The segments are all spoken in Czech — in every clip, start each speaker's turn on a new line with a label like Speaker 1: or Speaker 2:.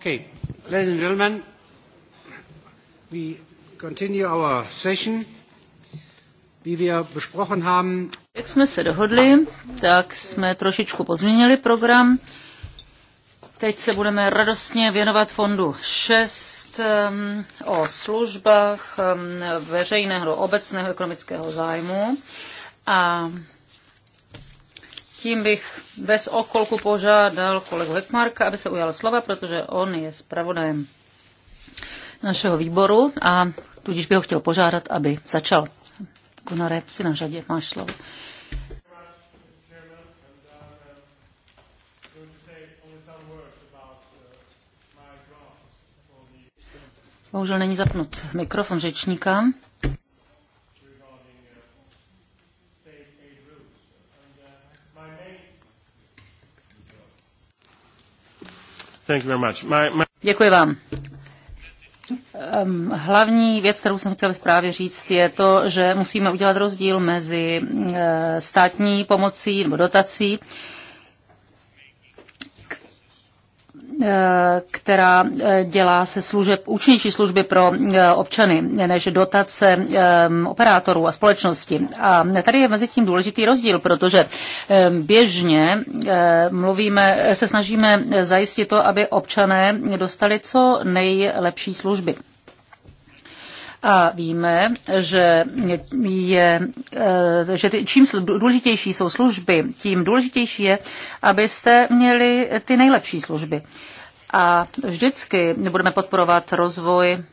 Speaker 1: Okay, ladies and gentlemen, we continue our
Speaker 2: session. Wie wir besprochen haben, jak jsme se dohodli, tak jsme trošičku pozměnili program. Teď se budeme radostně věnovat fondu 6 um, o službách um, veřejného obecného ekonomického zájmu. A tím bych bez okolku požádal kolegu Hekmarka, aby se ujal slova, protože on je zpravodajem našeho výboru a tudíž bych ho chtěl požádat, aby začal. Gunare, si na řadě, máš slovo. Bohužel není zapnut mikrofon řečníka. Děkuji vám. Ehm, hlavní věc, kterou jsem chtěl právě říct, je to, že musíme udělat rozdíl mezi eh, státní pomocí nebo dotací Eh, která eh, dělá se služeb, účinnější služby pro eh, občany než dotace operátorů a společnosti. A tady je mezi tím důležitý rozdíl, protože běžně mluvíme, se snažíme zajistit to, aby občané dostali co nejlepší služby. A víme, že, je, eh, že ty, čím důležitější jsou služby, tím důležitější je, abyste měli ty nejlepší služby. A vždycky budeme podporovat rozvoj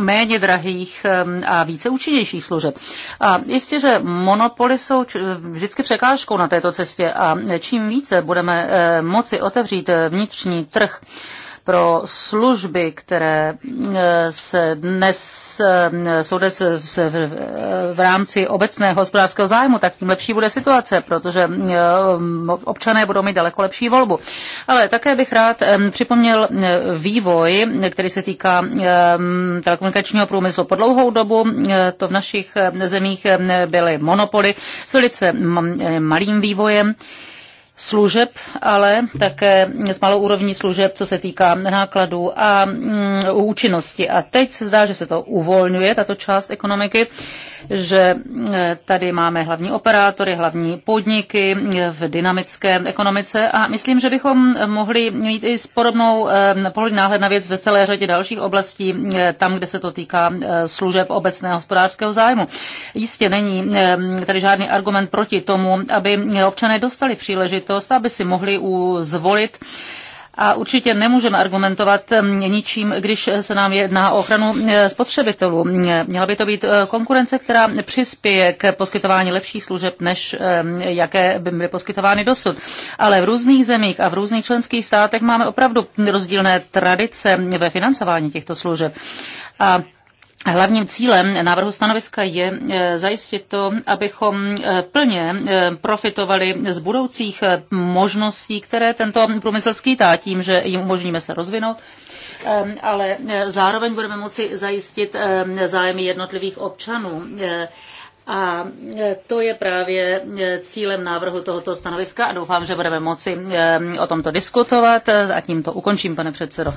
Speaker 2: méně drahých eh, a více účinnějších služeb. A jistě, že monopoly jsou vždycky překážkou na této cestě a čím více budeme eh, moci otevřít vnitřní trh, pro služby, které eh, se dnes eh, jsou dnes v rámci obecného hospodářského zájmu, tak tím lepší bude situace, protože eh, občané budou mít daleko lepší volbu. Ale také bych rád připomněl vývoj, který se týká telekomunikačního průmyslu. Po dlouhou dobu to v našich zemích byly monopoly s velice malým vývojem služeb, ale také s malou úrovní služeb, co se týká nákladů a mm, účinnosti. A teď se zdá, že se to uvolňuje, tato část ekonomiky, že mm, tady máme hlavní operátory, hlavní podniky v dynamické ekonomice a myslím, že bychom mohli mít i podobnou mm, pohled náhled na věc ve celé řadě dalších oblastí, tam, kde se to týká služeb obecného hospodářského zájmu. Jistě není tady žádný argument proti tomu, aby občané dostali příležitost příležitost, aby si mohli zvolit a určitě nemůžeme argumentovat ničím, když se nám jedná o ochranu spotřebitelů. Měla by to být e, konkurence, která přispěje k poskytování lepších služeb, než e, jaké by byly poskytovány dosud. Ale v různých zemích a v různých členských státech máme opravdu rozdílné tradice ve financování těchto služeb. A Hlavním cílem návrhu stanoviska je eh, zajistit to, abychom eh, plně eh, profitovali z budoucích možností, které tento průmysl skýtá tím, že jim umožníme se rozvinout ale zároveň budeme moci zajistit zájmy jednotlivých občanů. A to je právě cílem návrhu tohoto stanoviska a doufám, že budeme moci o tomto diskutovat a tím to ukončím, pane předsedo.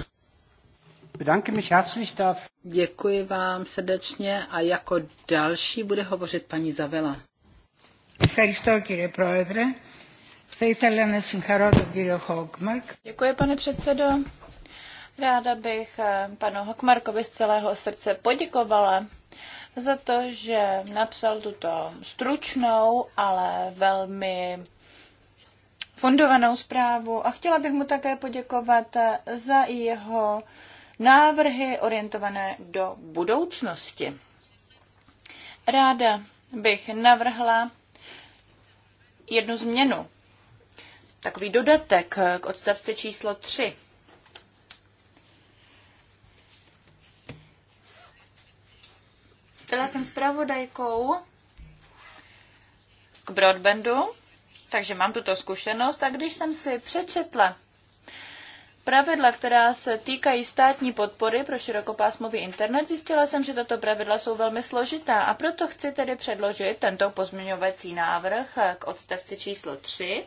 Speaker 3: Děkuji vám srdečně a jako další bude hovořit paní Zavela. Děkuji, pane předsedo.
Speaker 4: Ráda bych eh, panu Hokmarkovi z celého srdce poděkovala za to, že napsal tuto stručnou, ale velmi fundovanou zprávu a chtěla bych mu také poděkovat eh, za jeho návrhy orientované do budoucnosti. Ráda bych navrhla jednu změnu, takový dodatek k odstavci číslo 3. Byla jsem zpravodajkou k broadbandu, takže mám tuto zkušenost a když jsem si přečetla pravidla, která se týkají státní podpory pro širokopásmový internet, zjistila jsem, že tato pravidla jsou velmi složitá a proto chci tedy předložit tento pozměňovací návrh k odstavci číslo 3.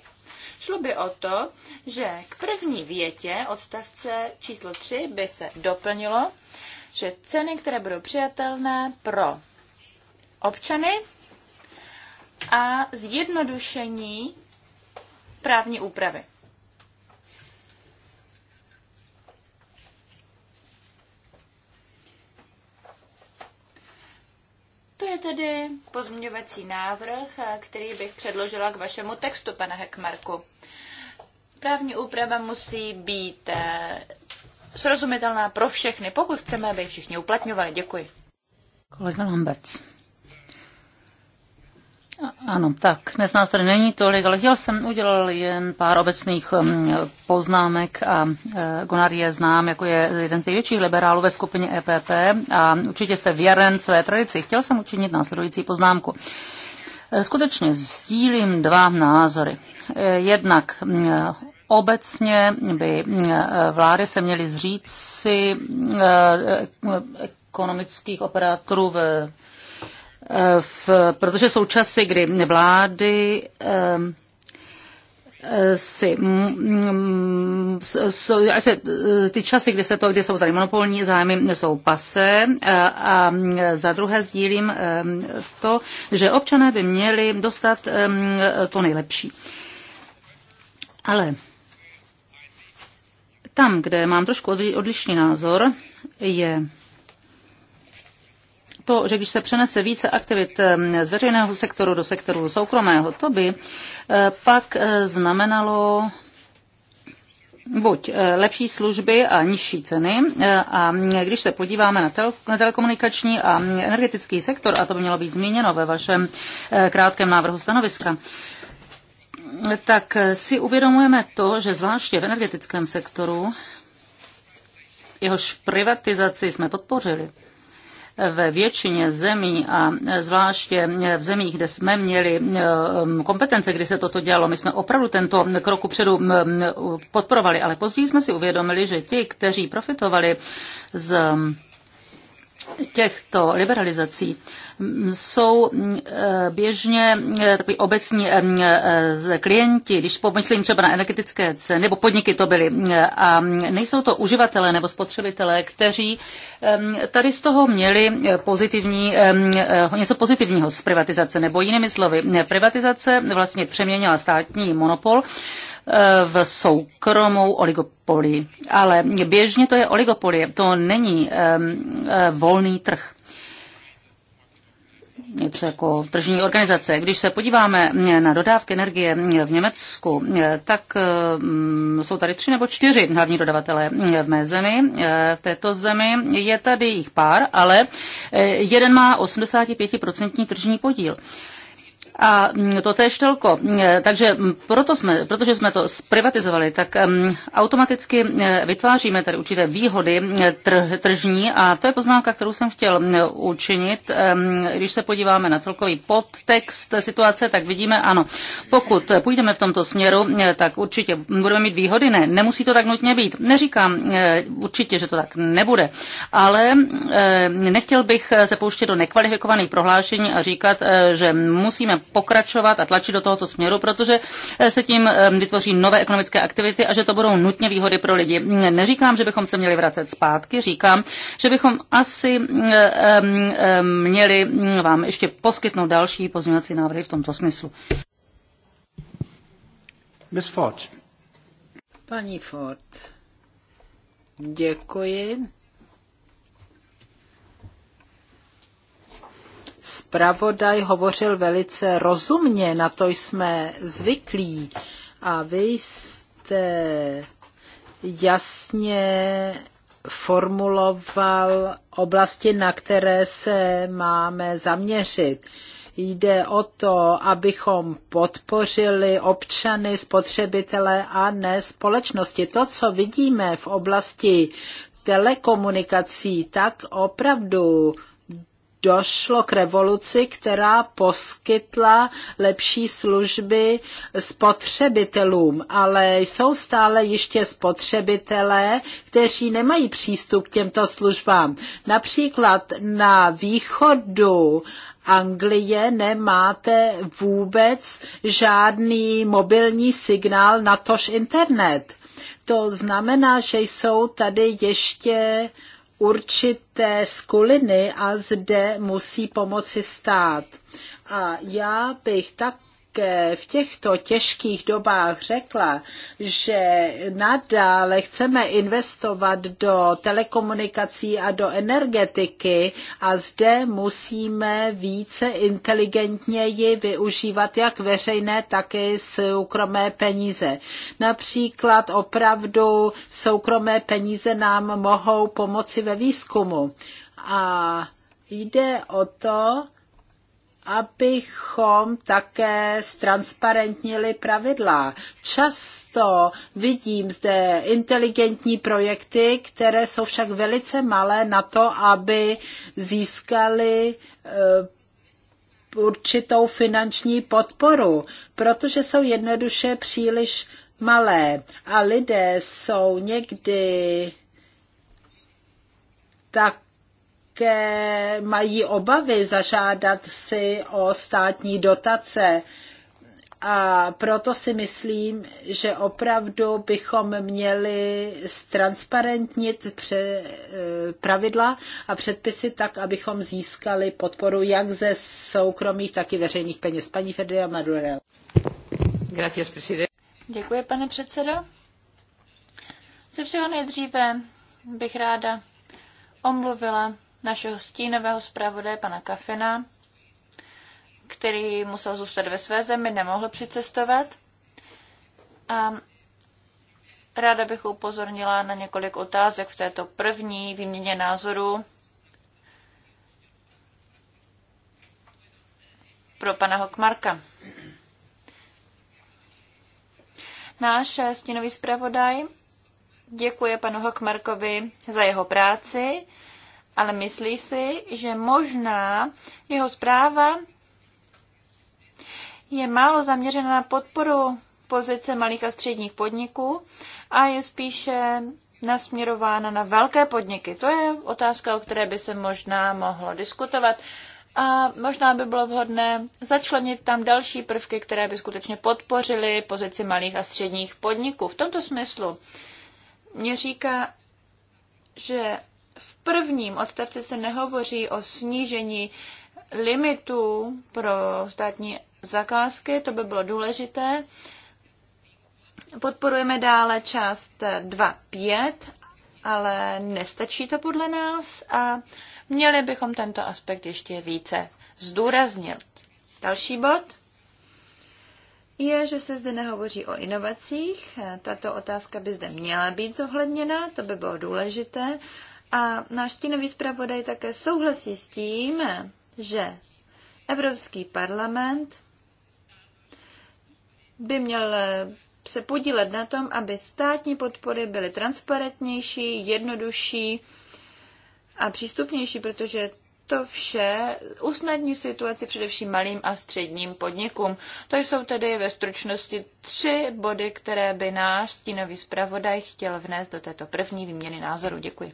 Speaker 4: Šlo by o to, že k první větě odstavce číslo 3 by se doplnilo, že ceny, které budou přijatelné pro občany a zjednodušení právní úpravy. To je tedy pozměňovací návrh, eh, který bych předložila k vašemu textu, pane Hekmarku. Právní úprava musí být eh, srozumitelná pro všechny, pokud chceme, aby všichni uplatňovali. Děkuji.
Speaker 2: Kolega Lambec. Ano, tak, dnes nás tady není tolik, ale chtěl jsem udělal jen pár obecných um, poznámek a uh, Gonar je znám jako je jeden z největších liberálů ve skupině EPP a určitě jste věren své tradici. Chtěl jsem učinit následující poznámku. Skutečně sdílím dva názory. Eh, jednak eh, obecně by eh, vlády se měly zříct si ekonomických operátorů v v, protože jsou časy, kdy vlády si, s, ty časy, kdy, se to, kdy jsou tady monopolní zájmy, jsou pase a, a za druhé sdílím to, že občané by měli dostat to nejlepší. Ale tam, kde mám trošku odlišný názor, je to, že když se přenese více aktivit z veřejného sektoru do sektoru soukromého, to by eh, pak eh, znamenalo buď eh, lepší služby a nižší ceny. A mm, když se podíváme na telekomunikační a mm, energetický sektor, a to by mělo být zmíněno ve vašem krátkém návrhu stanoviska, tak si uvědomujeme to, že zvláště v energetickém sektoru jehož privatizaci jsme podpořili ve většině zemí a zvláště v zemích, kde jsme měli eh, kompetence, kdy se toto dělalo, my jsme opravdu tento krok upředu podporovali, ale později jsme si uvědomili, že ti, kteří profitovali z těchto liberalizací mm, jsou mm, eh, běžně eh, takový obecní eh, mm, klienti, když pomyslím třeba na energetické ceny, nebo podniky to byly, a nejsou to uživatelé nebo spotřebitelé, kteří tady z toho měli pozitivní, něco pozitivního z privatizace, nebo jinými slovy, privatizace vlastně přeměnila státní monopol v soukromou oligopolii. Ale běžně to je oligopolie, to není volný trh něco jako tržní organizace. Když se podíváme na dodávky energie v Německu, tak jsou tady tři nebo čtyři hlavní dodavatelé v mé zemi. E, v této zemi je tady jich pár, ale e, jeden má 85% tržní podíl. A mm, to též telko. Mm, takže mm, proto jsme, protože jsme to zprivatizovali, tak automaticky vytváříme tady určité výhody tržní a to je poznámka, kterou jsem chtěl učinit. Když se podíváme na celkový podtext situace, tak vidíme, ano, pokud půjdeme v tomto směru, tak určitě budeme mít výhody. Ne, nemusí to tak nutně být. Neříkám určitě, že to tak nebude, ale nechtěl bych se pouštět do nekvalifikovaných prohlášení a říkat, že musíme pokračovat a tlačit do tohoto směru, protože eh, se tím eh, vytvoří nové ekonomické aktivity a že to budou nutně výhody pro lidi. Hm, neříkám, že bychom se měli vracet zpátky, říkám, že bychom asi eh, měli hm, vám ještě poskytnout další pozměňovací návrhy v tomto smyslu.
Speaker 1: Miss Ford.
Speaker 3: Paní Ford, děkuji. Spravodaj hovořil velice rozumně, na to jsme zvyklí. A vy jste jasně formuloval oblasti, na které se máme zaměřit. Jde o to, abychom podpořili občany, spotřebitele a ne společnosti. To, co vidíme v oblasti telekomunikací, tak opravdu došlo k revoluci, která poskytla lepší služby spotřebitelům, ale jsou stále ještě spotřebitelé, kteří nemají přístup k těmto službám. Například na východu Anglie nemáte vůbec žádný mobilní signál, na tož internet. To znamená, že jsou tady ještě určité skuliny a zde musí pomoci stát. A já bych tak v těchto těžkých dobách řekla, že nadále chceme investovat do telekomunikací a do energetiky a zde musíme více inteligentněji využívat jak veřejné, tak i soukromé peníze. Například opravdu soukromé peníze nám mohou pomoci ve výzkumu. A jde o to, abychom také ztransparentnili pravidla. Často vidím zde inteligentní projekty, které jsou však velice malé na to, aby získali eh, určitou finanční podporu, protože jsou jednoduše příliš malé a lidé jsou někdy tak také mají obavy zažádat si o státní dotace. A proto si myslím, že opravdu bychom měli transparentnit e, pravidla a předpisy tak, abychom získali podporu jak ze soukromých, tak i veřejných peněz. Paní Ferdia Madurel. Děkuji, pane předsedo.
Speaker 4: Ze všeho nejdříve bych ráda omluvila našeho stínového zpravodaje pana Kafina, který musel zůstat ve své zemi, nemohl přicestovat. A ráda bych upozornila na několik otázek v této první výměně názorů pro pana Hokmarka. Náš stínový zpravodaj děkuje panu Hokmarkovi za jeho práci ale myslí si, že možná jeho zpráva je málo zaměřena na podporu pozice malých a středních podniků a je spíše nasměrována na velké podniky. To je otázka, o které by se možná mohlo diskutovat. A možná by bylo vhodné začlenit tam další prvky, které by skutečně podpořily pozici malých a středních podniků. V tomto smyslu mě říká, že v prvním odstavci se nehovoří o snížení limitů pro státní zakázky, to by bylo důležité. Podporujeme dále část 2.5, ale nestačí to podle nás a měli bychom tento aspekt ještě více zdůraznit. Další bod je, že se zde nehovoří o inovacích. Tato otázka by zde měla být zohledněna, to by bylo důležité. A náš stínový zpravodaj také souhlasí s tím, že Evropský parlament by měl se podílet na tom, aby státní podpory byly transparentnější, jednodušší a přístupnější, protože to vše usnadní situaci především malým a středním podnikům. To jsou tedy ve stručnosti tři body, které by náš stínový zpravodaj chtěl vnést do této první výměny názoru. Děkuji.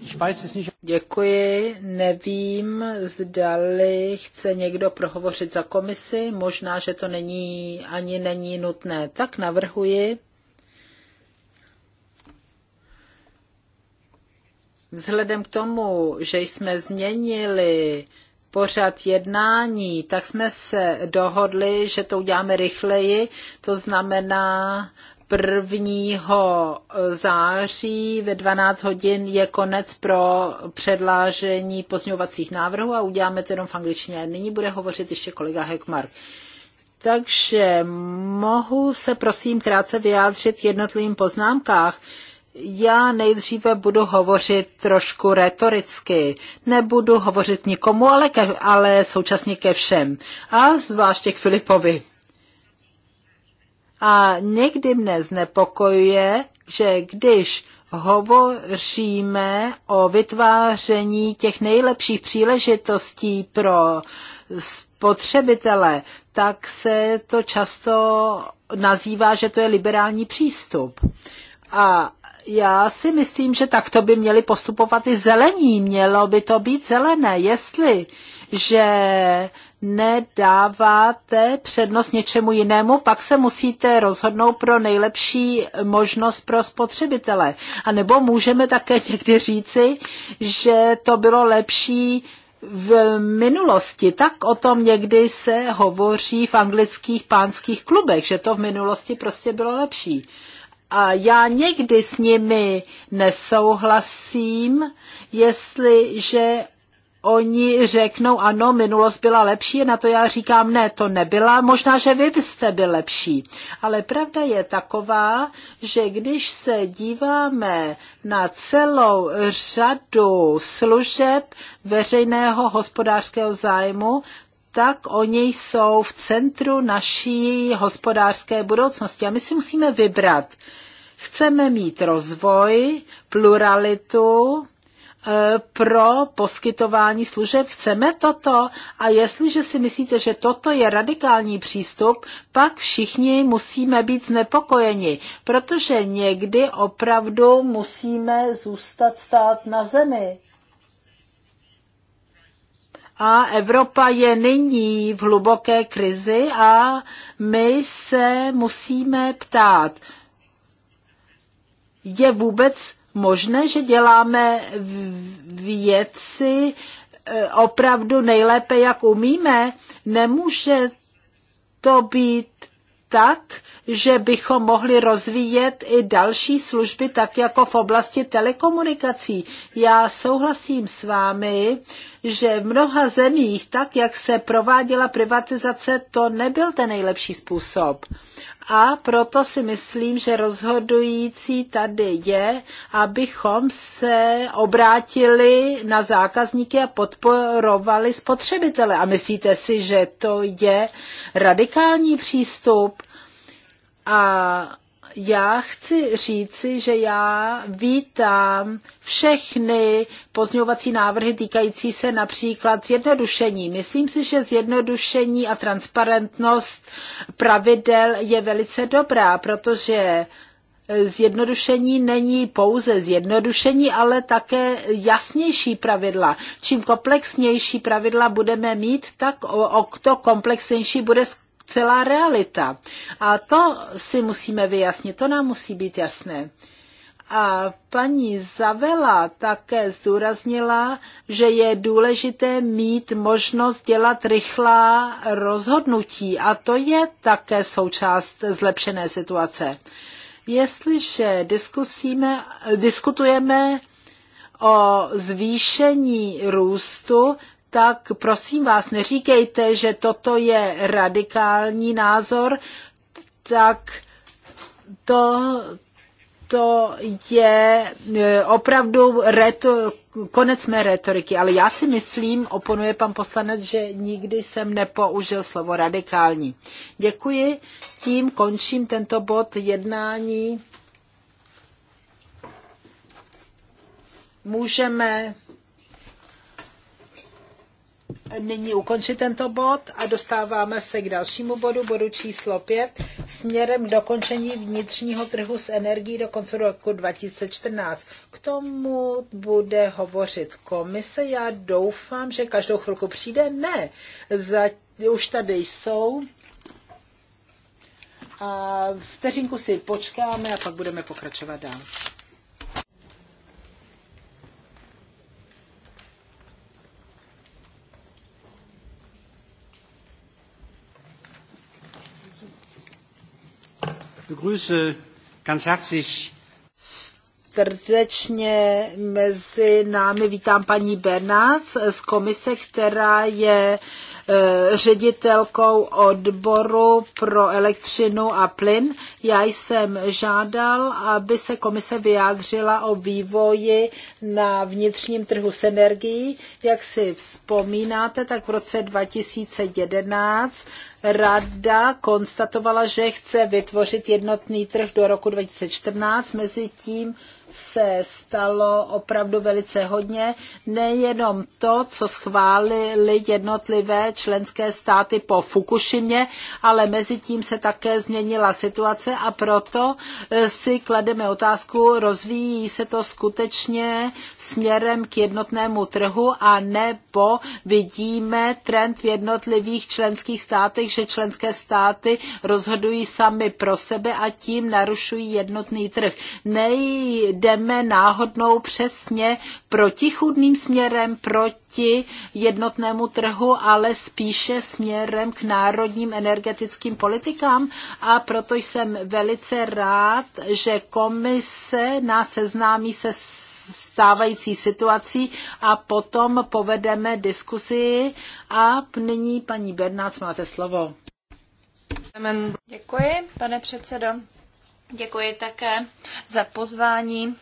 Speaker 3: Ich weiß es nicht. Děkuji. Nevím, zdali chce někdo prohovořit za komisi. Možná, že to není ani není nutné. Tak navrhuji. Vzhledem k tomu, že jsme změnili pořad jednání, tak jsme se dohodli, že to uděláme rychleji, to znamená 1. září ve 12 hodin je konec pro předlážení pozměňovacích návrhů a uděláme to jenom v angličtině. Nyní bude hovořit ještě kolega Hekmar. Takže mohu se prosím krátce vyjádřit k jednotlivým poznámkách já nejdříve budu hovořit trošku retoricky. Nebudu hovořit nikomu, ale, ke, ale současně ke všem. A zvláště k Filipovi. A někdy mne znepokojuje, že když hovoříme o vytváření těch nejlepších příležitostí pro spotřebitele, tak se to často nazývá, že to je liberální přístup. A já si myslím, že takto by měli postupovat i zelení. Mělo by to být zelené. Jestli, že nedáváte přednost něčemu jinému, pak se musíte rozhodnout pro nejlepší možnost pro spotřebitele. A nebo můžeme také někdy říci, že to bylo lepší v minulosti, tak o tom někdy se hovoří v anglických pánských klubech, že to v minulosti prostě bylo lepší. A já někdy s nimi nesouhlasím, jestliže oni řeknou, ano, minulost byla lepší, na to já říkám, ne, to nebyla, možná, že vy byste byl lepší. Ale pravda je taková, že když se díváme na celou řadu služeb veřejného hospodářského zájmu, tak oni jsou v centru naší hospodářské budoucnosti. A my si musíme vybrat, Chceme mít rozvoj, pluralitu, e, pro poskytování služeb. Chceme toto a jestliže si myslíte, že toto je radikální přístup, pak všichni musíme být znepokojeni, protože někdy opravdu musíme zůstat stát na zemi. A Evropa je nyní v hluboké krizi a my se musíme ptát, je vůbec možné, že děláme věci e, opravdu nejlépe, jak umíme? Nemůže to být tak, že bychom mohli rozvíjet i další služby, tak jako v oblasti telekomunikací. Já souhlasím s vámi, že v mnoha zemích, tak jak se prováděla privatizace, to nebyl ten nejlepší způsob a proto si myslím, že rozhodující tady je, abychom se obrátili na zákazníky a podporovali spotřebitele. A myslíte si, že to je radikální přístup? A já chci říci, že já vítám všechny pozňovací návrhy týkající se například zjednodušení. Myslím si, že zjednodušení a transparentnost pravidel je velice dobrá, protože zjednodušení není pouze zjednodušení, ale také jasnější pravidla. Čím komplexnější pravidla budeme mít, tak o, o to komplexnější bude celá realita. A to si musíme vyjasnit, to nám musí být jasné. A paní Zavela také zdůraznila, že je důležité mít možnost dělat rychlá rozhodnutí a to je také součást zlepšené situace. Jestliže diskutujeme o zvýšení růstu, tak prosím vás, neříkejte, že toto je radikální názor, tak to, to je e, opravdu reto, konec mé retoriky, ale já si myslím, oponuje pan poslanec, že nikdy jsem nepoužil slovo radikální. Děkuji, tím končím tento bod jednání. Můžeme nyní ukončit tento bod a dostáváme se k dalšímu bodu, bodu číslo 5, směrem k dokončení vnitřního trhu s energií do konce roku 2014. K tomu bude hovořit komise. Já doufám, že každou chvilku přijde. Ne, za, už tady jsou. A vteřinku si počkáme a pak budeme pokračovat dál. begrüße ganz herzlich srdečně mezi námi vítám paní Bernac z komise, která je Eh, ředitelkou odboru pro elektřinu a plyn. Já jsem žádal, aby se komise vyjádřila o vývoji na vnitřním trhu s energií. Jak si vzpomínáte, tak v roce 2011 Rada konstatovala, že chce vytvořit jednotný trh do roku 2014. Mezitím se stalo opravdu velice hodně. Nejenom to, co schválili jednotlivé členské státy po Fukušimě, ale mezi tím se také změnila situace a proto eh, si klademe otázku, rozvíjí se to skutečně směrem k jednotnému trhu a nebo vidíme trend v jednotlivých členských státech, že členské státy rozhodují sami pro sebe a tím narušují jednotný trh. Nej jdeme náhodnou přesně chudným směrem proti jednotnému trhu, ale spíše směrem k národním energetickým politikám. A proto jsem velice rád, že komise nás seznámí se stávající situací a potom povedeme diskusi. A nyní paní Bernác, máte slovo.
Speaker 4: Děkuji, pane předsedo. Děkuji také za pozvání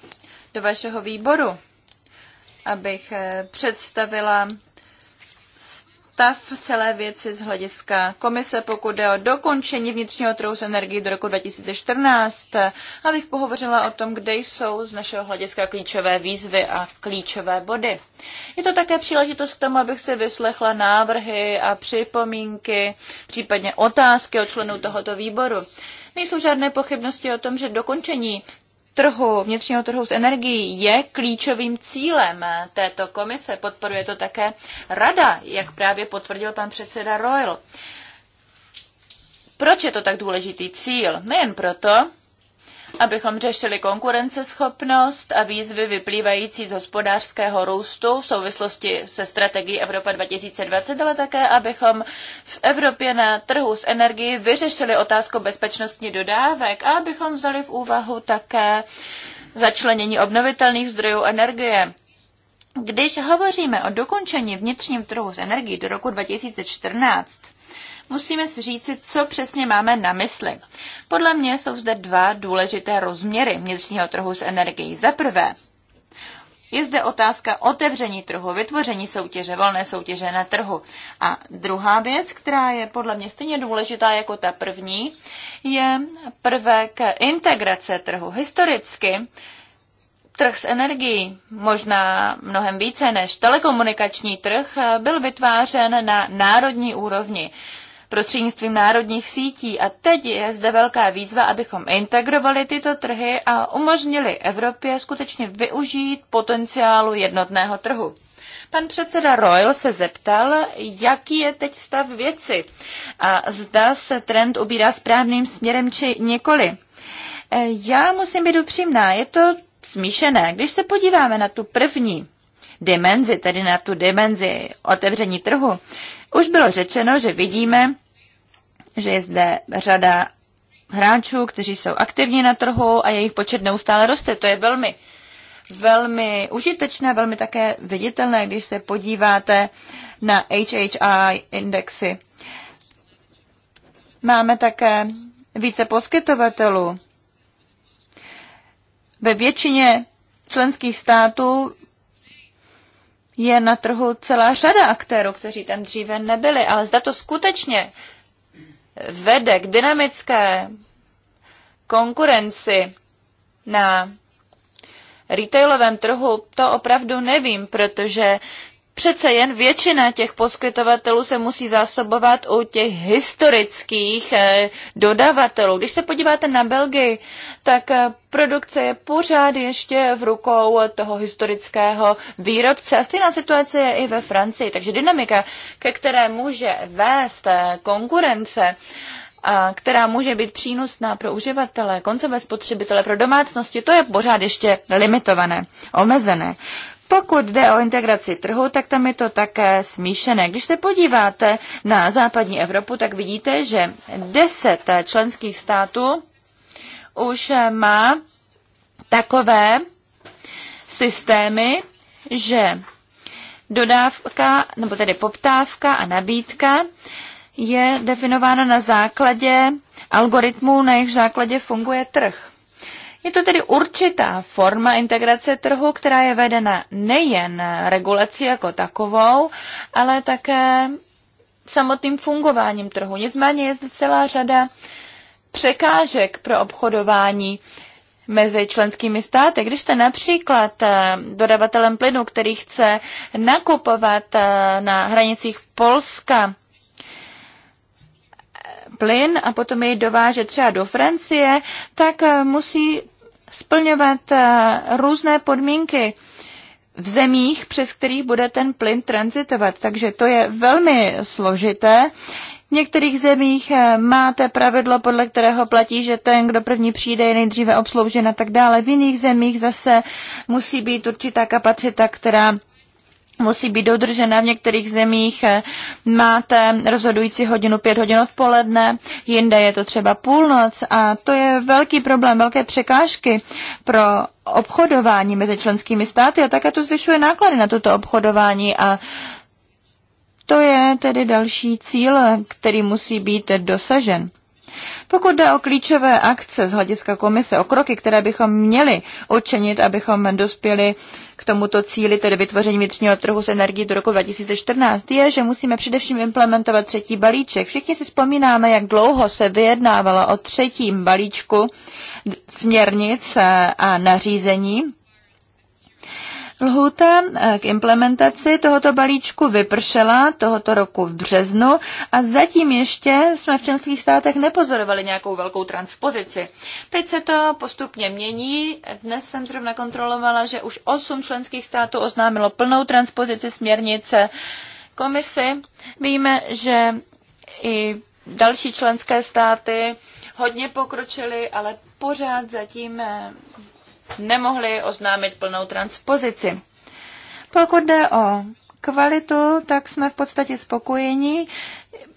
Speaker 4: do vašeho výboru, abych eh, představila stav celé věci z hlediska komise, pokud jde o dokončení vnitřního trhu s energií do roku 2014, abych pohovořila o tom, kde jsou z našeho hlediska klíčové výzvy a klíčové body. Je to také příležitost k tomu, abych si vyslechla návrhy a připomínky, případně otázky od členů tohoto výboru. Nejsou žádné pochybnosti o tom, že dokončení trhu, vnitřního trhu s energií je klíčovým cílem této komise. Podporuje to také rada, jak právě potvrdil pan předseda Royal. Proč je to tak důležitý cíl? Nejen proto, abychom řešili konkurenceschopnost a výzvy vyplývající z hospodářského růstu v souvislosti se strategií Evropa 2020, ale také abychom v Evropě na trhu s energií vyřešili otázku bezpečnostní dodávek a abychom vzali v úvahu také začlenění obnovitelných zdrojů energie. Když hovoříme o dokončení vnitřním trhu s energií do roku 2014, musíme si říci, co přesně máme na mysli. Podle mě jsou zde dva důležité rozměry vnitřního trhu s energií. Za prvé, je zde otázka otevření trhu, vytvoření soutěže, volné soutěže na trhu. A druhá věc, která je podle mě stejně důležitá jako ta první, je prvek integrace trhu. Historicky trh s energií, možná mnohem více než telekomunikační trh, byl vytvářen na národní úrovni prostřednictvím národních sítí. A teď je zde velká výzva, abychom integrovali tyto trhy a umožnili Evropě skutečně využít potenciálu jednotného trhu. Pan předseda Royal se zeptal, jaký je teď stav věci a zda se trend ubírá správným směrem či nikoli. E, já musím být upřímná, je to smíšené. Když se podíváme na tu první dimenzi, tedy na tu dimenzi otevření trhu, už bylo řečeno, že vidíme, že je zde řada hráčů, kteří jsou aktivní na trhu a jejich počet neustále roste. To je velmi, velmi užitečné, velmi také viditelné, když se podíváte na HHI indexy. Máme také více poskytovatelů. Ve většině členských států je na trhu celá řada aktérů, kteří tam dříve nebyli, ale zda to skutečně vede k dynamické konkurenci na retailovém trhu, to opravdu nevím, protože Přece jen většina těch poskytovatelů se musí zásobovat u těch historických eh, dodavatelů. Když se podíváte na Belgii, tak eh, produkce je pořád ještě v rukou toho historického výrobce. A stejná situace je i ve Francii. Takže dynamika, ke které může vést eh, konkurence, a která může být přínosná pro uživatele, koncové spotřebitele, pro domácnosti, to je pořád ještě limitované, omezené. Pokud jde o integraci trhu, tak tam je to také smíšené. Když se podíváte na západní Evropu, tak vidíte, že deset členských států už má takové systémy, že dodávka, nebo tedy poptávka a nabídka je definována na základě algoritmů, na jejich základě funguje trh. Je to tedy určitá forma integrace trhu, která je vedena nejen regulací jako takovou, ale také samotným fungováním trhu. Nicméně je zde celá řada překážek pro obchodování mezi členskými státy. Když jste například eh, dodavatelem plynu, který chce nakupovat eh, na hranicích Polska plyn a potom jej dováže třeba do Francie, tak eh, musí splňovat eh, různé podmínky v zemích, přes kterých bude ten plyn transitovat. Takže to je velmi složité. V některých zemích eh, máte pravidlo, podle kterého platí, že ten, kdo první přijde, je nejdříve obsloužen a tak dále. V jiných zemích zase musí být určitá kapacita, která musí být dodržena. V některých zemích eh, máte rozhodující hodinu pět hodin odpoledne, jinde je to třeba půlnoc a to je velký problém, velké překážky pro obchodování mezi členskými státy a také to zvyšuje náklady na toto obchodování a to je tedy další cíl, který musí být dosažen. Pokud jde o klíčové akce z hlediska komise, o kroky, které bychom měli učinit, abychom dospěli k tomuto cíli, tedy vytvoření vnitřního trhu s energií do roku 2014, je, že musíme především implementovat třetí balíček. Všichni si vzpomínáme, jak dlouho se vyjednávalo o třetím balíčku směrnic a nařízení Lhůta eh, k implementaci tohoto balíčku vypršela tohoto roku v březnu a zatím ještě jsme v členských státech nepozorovali nějakou velkou transpozici. Teď se to postupně mění. Dnes jsem zrovna kontrolovala, že už osm členských států oznámilo plnou transpozici směrnice komisi. Víme, že i další členské státy hodně pokročily, ale pořád zatím eh, nemohli oznámit plnou transpozici. Pokud jde o kvalitu, tak jsme v podstatě spokojení.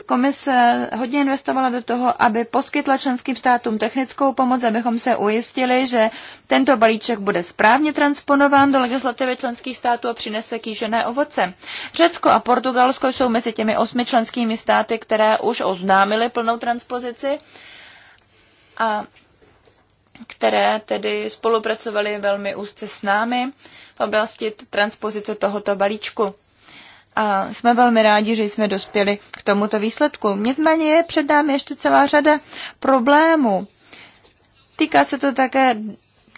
Speaker 4: Komise hodně investovala do toho, aby poskytla členským státům technickou pomoc, abychom se ujistili, že tento balíček bude správně transponován do legislativy členských států a přinese kýžené ovoce. Řecko a Portugalsko jsou mezi těmi osmi členskými státy, které už oznámily plnou transpozici. A které tedy spolupracovaly velmi úzce s námi v oblasti transpozice tohoto balíčku. A jsme velmi rádi, že jsme dospěli k tomuto výsledku. Nicméně je před námi ještě celá řada problémů. Týká se to také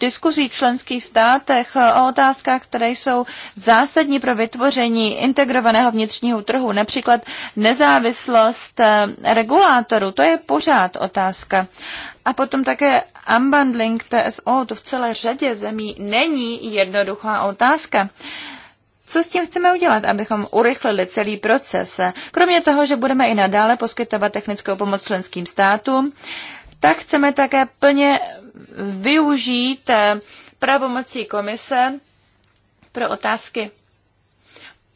Speaker 4: diskuzí v členských státech o otázkách, které jsou zásadní pro vytvoření integrovaného vnitřního trhu, například nezávislost eh, regulátorů, to je pořád otázka. A potom také unbundling TSO, to v celé řadě zemí není jednoduchá otázka. Co s tím chceme udělat, abychom urychlili celý proces? Kromě toho, že budeme i nadále poskytovat technickou pomoc členským státům, tak chceme také plně využít eh, pravomocí komise pro otázky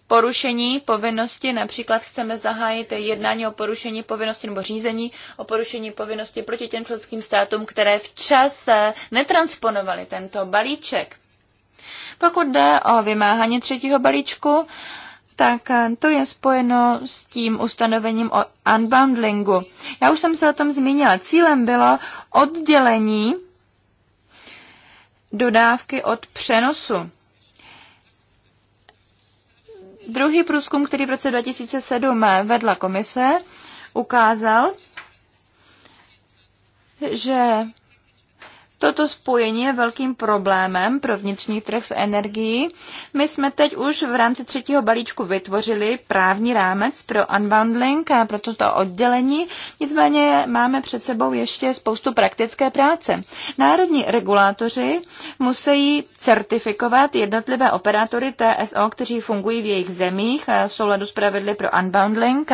Speaker 4: porušení povinnosti, například chceme zahájit jednání o porušení povinnosti nebo řízení o porušení povinnosti proti těm členským státům, které včas eh, netransponovaly tento balíček. Pokud jde o vymáhání třetího balíčku, tak eh, to je spojeno s tím ustanovením o unbundlingu. Já už jsem se o tom zmínila. Cílem bylo oddělení dodávky od přenosu. Druhý průzkum, který v roce 2007 vedla komise, ukázal, že Toto spojení je velkým problémem pro vnitřní trh s energií. My jsme teď už v rámci třetího balíčku vytvořili právní rámec pro unbundling a pro toto oddělení, nicméně máme před sebou ještě spoustu praktické práce. Národní regulátoři musí certifikovat jednotlivé operátory TSO, kteří fungují v jejich zemích v souladu s pravidly pro unbundling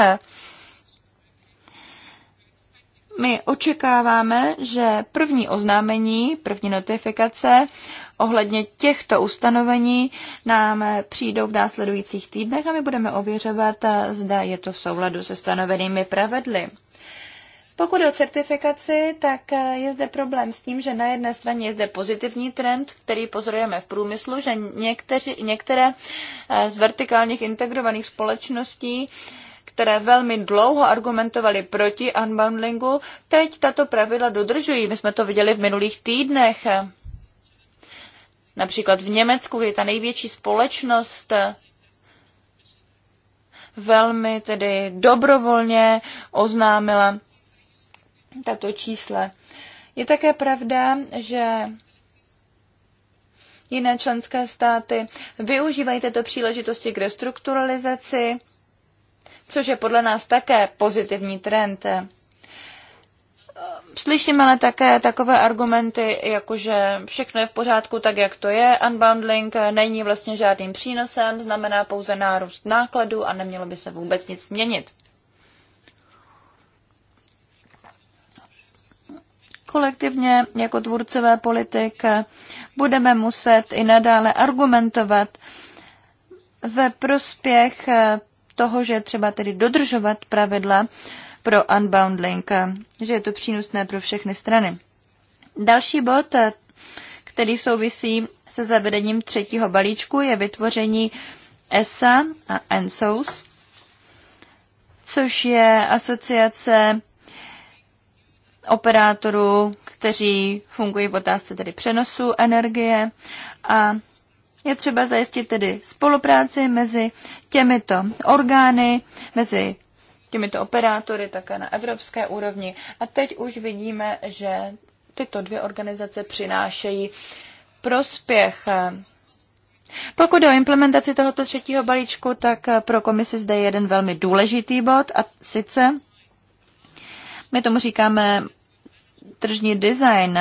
Speaker 4: my očekáváme, že první oznámení, první notifikace ohledně těchto ustanovení nám přijdou v následujících týdnech a my budeme ověřovat, zda je to v souladu se stanovenými pravidly. Pokud o certifikaci, tak je zde problém s tím, že na jedné straně je zde pozitivní trend, který pozorujeme v průmyslu, že někteři, některé eh, z vertikálních integrovaných společností uh, které velmi dlouho argumentovaly proti unbundlingu, teď tato pravidla dodržují. My jsme to viděli v minulých týdnech. Například v Německu, je ta největší společnost velmi tedy dobrovolně oznámila tato čísla. Je také pravda, že jiné členské státy využívají této příležitosti k restrukturalizaci což je podle nás také pozitivní trend. Slyším ale také takové argumenty, jakože všechno je v pořádku tak, jak to je, unbundling není vlastně žádným přínosem, znamená pouze nárůst nákladů a nemělo by se vůbec nic měnit. Kolektivně jako tvůrcové politik budeme muset i nadále argumentovat ve prospěch toho, že třeba tedy dodržovat pravidla pro Unbound Link, že je to přínosné pro všechny strany. Další bod, který souvisí se zavedením třetího balíčku, je vytvoření ESA a ENSOS, což je asociace operátorů, kteří fungují v otázce tedy přenosu energie a je třeba zajistit tedy spolupráci mezi těmito orgány, mezi těmito operátory také na evropské úrovni. A teď už vidíme, že tyto dvě organizace přinášejí prospěch. Pokud jde o implementaci tohoto třetího balíčku, tak pro komisi zde je jeden velmi důležitý bod a sice my tomu říkáme tržní design.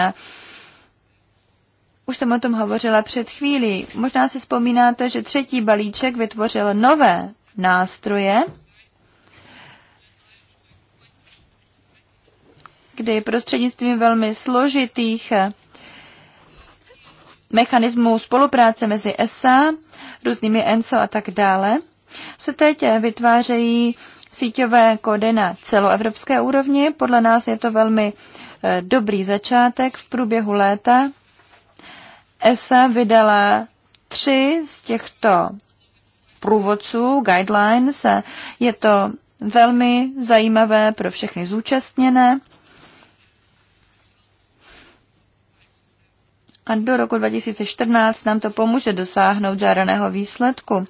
Speaker 4: Už jsem o tom hovořila před chvílí. Možná si vzpomínáte, že třetí balíček vytvořil nové nástroje, kdy prostřednictvím velmi složitých mechanismů spolupráce mezi ESA, různými ENSO a tak dále, se teď vytvářejí síťové kódy na celoevropské úrovni. Podle nás je to velmi eh, dobrý začátek. V průběhu léta ESA vydala tři z těchto průvodců, guidelines. Je to velmi zajímavé pro všechny zúčastněné. A do roku 2014 nám to pomůže dosáhnout žádaného výsledku.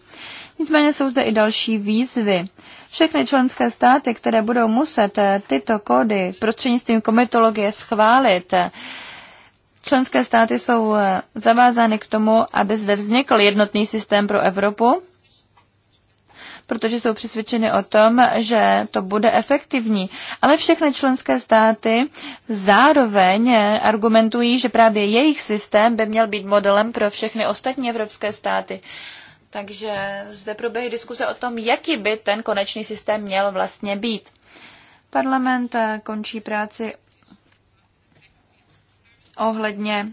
Speaker 4: Nicméně jsou zde i další výzvy. Všechny členské státy, které budou muset eh, tyto kódy prostřednictvím komitologie schválit, eh, Členské státy jsou eh, zavázány k tomu, aby zde vznikl jednotný systém pro Evropu, protože jsou přesvědčeny o tom, že to bude efektivní. Ale všechny členské státy zároveň eh, argumentují, že právě jejich systém by měl být modelem pro všechny ostatní evropské státy. Takže zde proběhly diskuse o tom, jaký by ten konečný systém měl vlastně být. Parlament eh, končí práci ohledně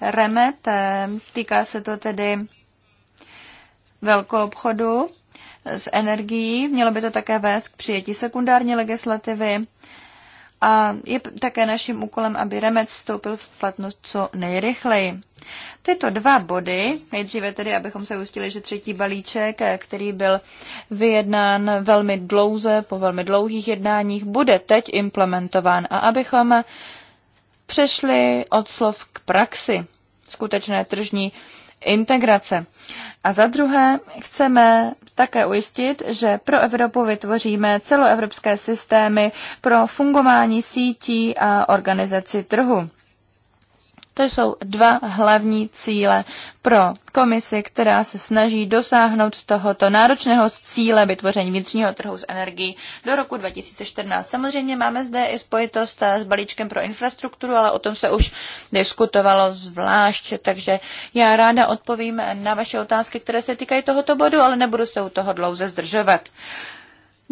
Speaker 4: remet. Eh, Týká se to tedy velkou obchodu s energií. Mělo by to také vést k přijetí sekundární legislativy. A je také naším úkolem, aby remet vstoupil v platnost co nejrychleji. Tyto dva body, nejdříve tedy, abychom se ujistili, že třetí balíček, eh, který byl vyjednán velmi dlouze, po velmi dlouhých jednáních, bude teď implementován a abychom přešli od slov k praxi skutečné tržní integrace. A za druhé chceme také ujistit, že pro Evropu vytvoříme celoevropské systémy pro fungování sítí a organizaci trhu. To jsou dva hlavní cíle pro komisi, která se snaží dosáhnout tohoto náročného cíle vytvoření vnitřního trhu s energií do roku 2014. Samozřejmě máme zde i spojitost s balíčkem pro infrastrukturu, ale o tom se už diskutovalo zvlášť, takže já ráda odpovím na vaše otázky, které se týkají tohoto bodu, ale nebudu se u toho dlouze zdržovat.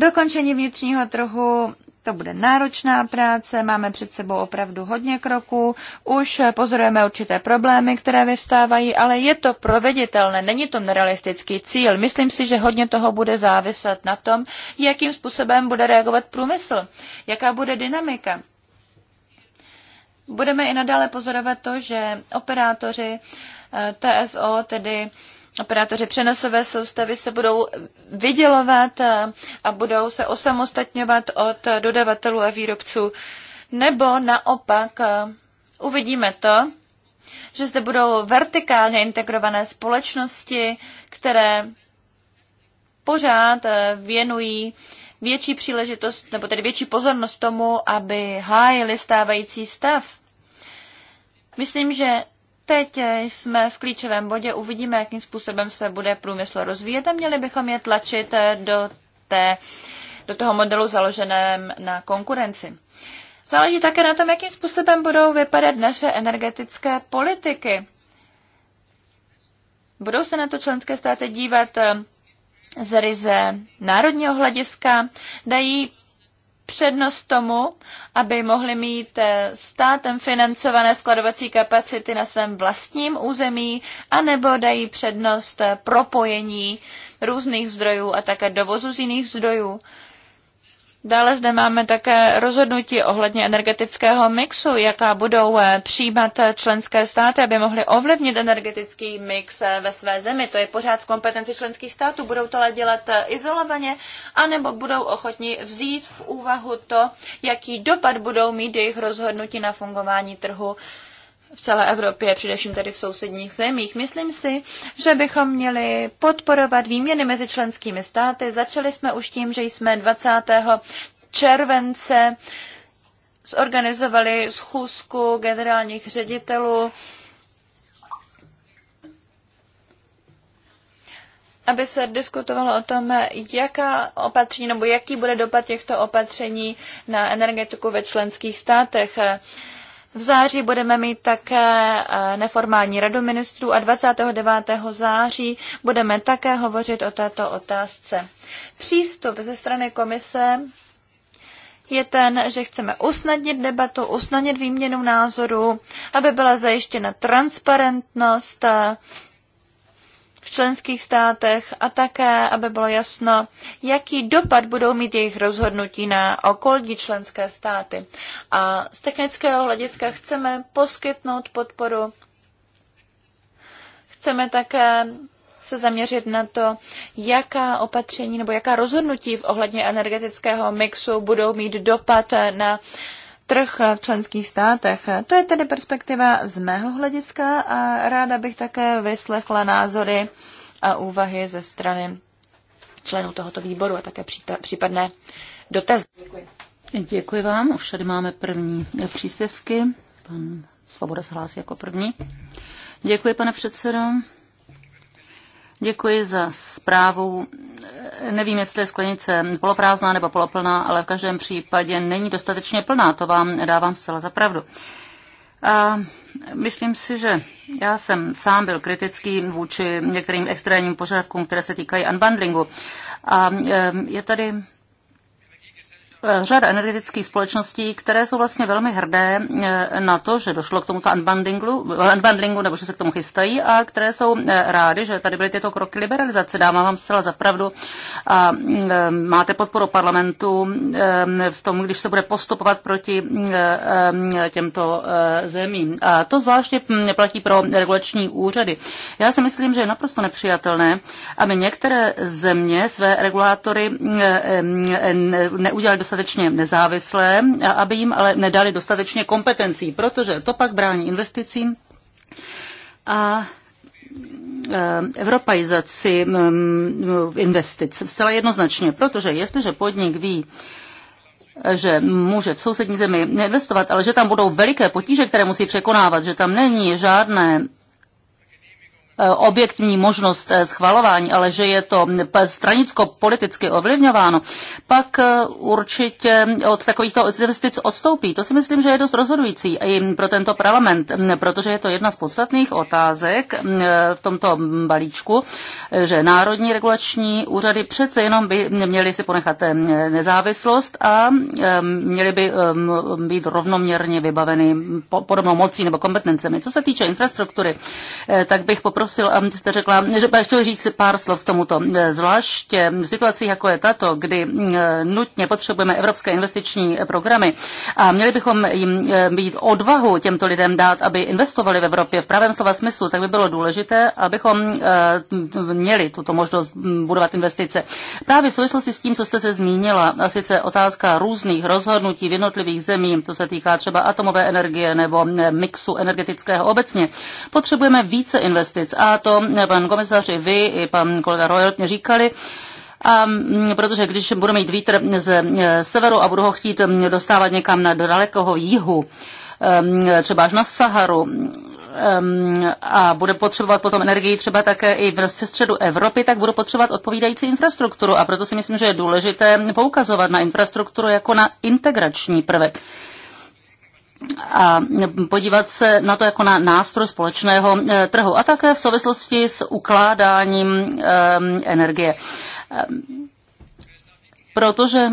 Speaker 4: Dokončení vnitřního trhu to bude náročná práce, máme před sebou opravdu hodně kroků, už pozorujeme určité problémy, které vystávají, ale je to proveditelné, není to nerealistický cíl. Myslím si, že hodně toho bude záviset na tom, jakým způsobem bude reagovat průmysl, jaká bude dynamika. Budeme i nadále pozorovat to, že operátoři eh, TSO, tedy operátoři přenosové soustavy se budou vydělovat eh, a budou se osamostatňovat od dodavatelů a výrobců. Nebo naopak eh, uvidíme to, že zde budou vertikálně integrované společnosti, které pořád eh, věnují větší příležitost, nebo tedy větší pozornost tomu, aby hájili stávající stav. Myslím, že Teď jsme v klíčovém bodě, uvidíme, jakým způsobem se bude průmysl rozvíjet a měli bychom je tlačit do, té, do toho modelu založeném na konkurenci. Záleží také na tom, jakým způsobem budou vypadat naše energetické politiky. Budou se na to členské státy dívat eh, z ryze národního hlediska, dají přednost tomu, aby mohli mít eh, státem financované skladovací kapacity na svém vlastním území, anebo dají přednost eh, propojení různých zdrojů a také dovozu z jiných zdrojů. Dále zde máme také rozhodnutí ohledně energetického mixu, jaká budou eh, přijímat eh, členské státy, aby mohly ovlivnit energetický mix eh, ve své zemi. To je pořád v kompetenci členských států. Budou to ale dělat izolovaně, anebo budou ochotní vzít v úvahu to, jaký dopad budou mít jejich rozhodnutí na fungování trhu v celé Evropě, především tady v sousedních zemích. Myslím si, že bychom měli podporovat výměny mezi členskými státy. Začali jsme už tím, že jsme 20. července zorganizovali schůzku generálních ředitelů, aby se diskutovalo o tom, jaká opatření nebo jaký bude dopad těchto opatření na energetiku ve členských státech. V září budeme mít také eh, neformální radu ministrů a 29. září budeme také hovořit o této otázce. Přístup ze strany komise je ten, že chceme usnadnit debatu, usnadnit výměnu názorů, aby byla zajištěna transparentnost eh, členských státech a také, aby bylo jasno, jaký dopad budou mít jejich rozhodnutí na okolní členské státy. A z technického hlediska chceme poskytnout podporu. Chceme také se zaměřit na to, jaká opatření nebo jaká rozhodnutí v ohledně energetického mixu budou mít dopad na uh, trh v členských státech. To je tedy perspektiva z mého hlediska a ráda bych také vyslechla názory a úvahy ze strany členů tohoto výboru a také případné
Speaker 2: dotazy. Děkuji. Děkuji vám. Už tady máme první příspěvky. Pan Svoboda se hlásí jako první. Děkuji, pane předsedo. Děkuji za zprávu nevím, jestli je sklenice poloprázdná nebo poloplná, ale v každém případě není dostatečně plná, to vám dávám zcela za pravdu. A myslím si, že já jsem sám byl kritický vůči některým extrémním požadavkům, které se týkají unbundlingu. A e, je tady řada energetických společností, které jsou vlastně velmi hrdé eh, na to, že došlo k tomuto unbundlingu, eh, unbundlingu nebo že se k tomu chystají a které jsou eh, rády, že tady byly tyto kroky liberalizace. Dávám vám zcela zapravdu a máte podporu parlamentu v tom, když se bude postupovat proti těmto zemím. A to zvláště hm, platí pro regulační úřady. Já si myslím, že je naprosto nepřijatelné, aby některé země své regulátory neudělali dostatečně nezávislé, aby jim ale nedali dostatečně kompetencí, protože to pak brání investicím a eh, evropajizaci mm, mm, investic. Vcela jednoznačně, protože jestliže podnik ví, že může v sousední zemi investovat, ale že tam budou veliké potíže, které musí překonávat, že tam není žádné Eh, objektivní možnost eh, schvalování, ale že je to stranicko-politicky ovlivňováno, pak eh, určitě od takovýchto investic odstoupí. To si myslím, že je dost rozhodující i pro tento parlament, protože je to jedna z podstatných otázek v tomto balíčku, že národní regulační úřady přece jenom by měly si ponechat nezávislost a měly by být rovnoměrně vybaveny podobnou mocí nebo kompetencemi. Co se týče infrastruktury, tak bych poprosil poprosil, abyste řekla, že chtěl říct pár slov k tomuto. Zvláště v situaci, jako je tato, kdy eh, nutně potřebujeme evropské investiční programy a měli bychom jim eh, být odvahu těmto lidem dát, aby investovali v Evropě v pravém slova smyslu, tak by bylo důležité, abychom eh, měli tuto možnost mm, budovat investice. Právě v souvislosti s tím, co jste se zmínila, a sice otázka různých rozhodnutí v jednotlivých zemí, to se týká třeba atomové energie nebo mixu energetického obecně, potřebujeme více investic a to pan komisař i vy, i pan kolega Royal říkali, a protože když budu mít vítr z e, severu a budu ho chtít dostávat někam na dalekého jihu, třeba až na Saharu, a bude potřebovat potom energii třeba také i v středu Evropy, tak budu potřebovat odpovídající infrastrukturu. A proto si myslím, že je důležité poukazovat na infrastrukturu jako na integrační prvek a podívat se na to jako na nástroj společného eh, trhu a také v souvislosti s ukládáním ehm, energie. Ehm, protože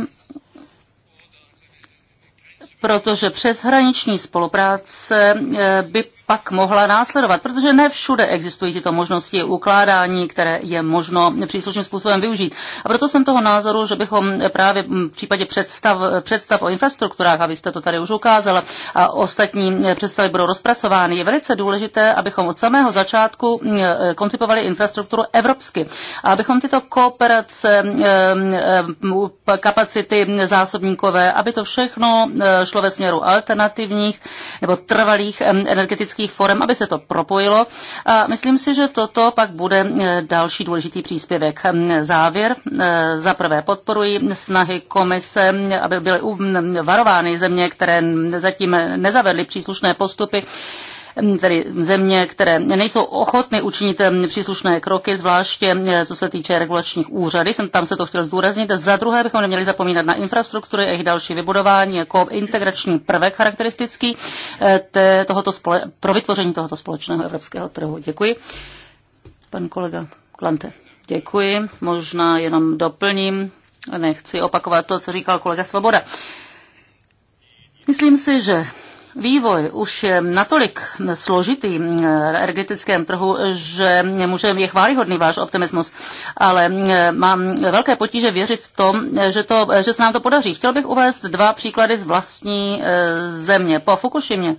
Speaker 2: protože přeshraniční spolupráce eh, by pak mohla následovat, protože ne všude existují tyto možnosti ukládání, které je možno příslušným způsobem využít. A proto jsem toho názoru, že bychom právě v případě představ, představ o infrastrukturách, abyste to tady už ukázala, a ostatní představy budou rozpracovány, je velice důležité, abychom od samého začátku eh, koncipovali infrastrukturu evropsky. A abychom tyto kooperace, eh, eh, kapacity zásobníkové, aby to všechno šlo ve směru alternativních nebo trvalých energetických politických forem, aby se to propojilo. A myslím si, že toto pak bude e, další důležitý příspěvek. Hm, závěr. E, za prvé podporuji snahy komise, aby byly varovány země, které zatím nezavedly příslušné postupy tedy země, které nejsou ochotny učinit příslušné kroky, zvláště e, co se týče regulačních úřady. Jsem tam se to chtěl zdůraznit. Za druhé bychom neměli zapomínat na infrastruktury a jejich další vybudování jako integrační prvek charakteristický e, tohoto spole- pro vytvoření tohoto společného evropského trhu. Děkuji. Pan kolega Klante. Děkuji. Možná jenom doplním. Nechci opakovat to, co říkal kolega Svoboda. Myslím si, že vývoj už je natolik složitý v eh, energetickém trhu, že může, je chválihodný váš optimismus, ale eh, mám velké potíže věřit v tom, eh, že, to, že se nám to podaří. Chtěl bych uvést dva příklady z vlastní země. Po Fukushimě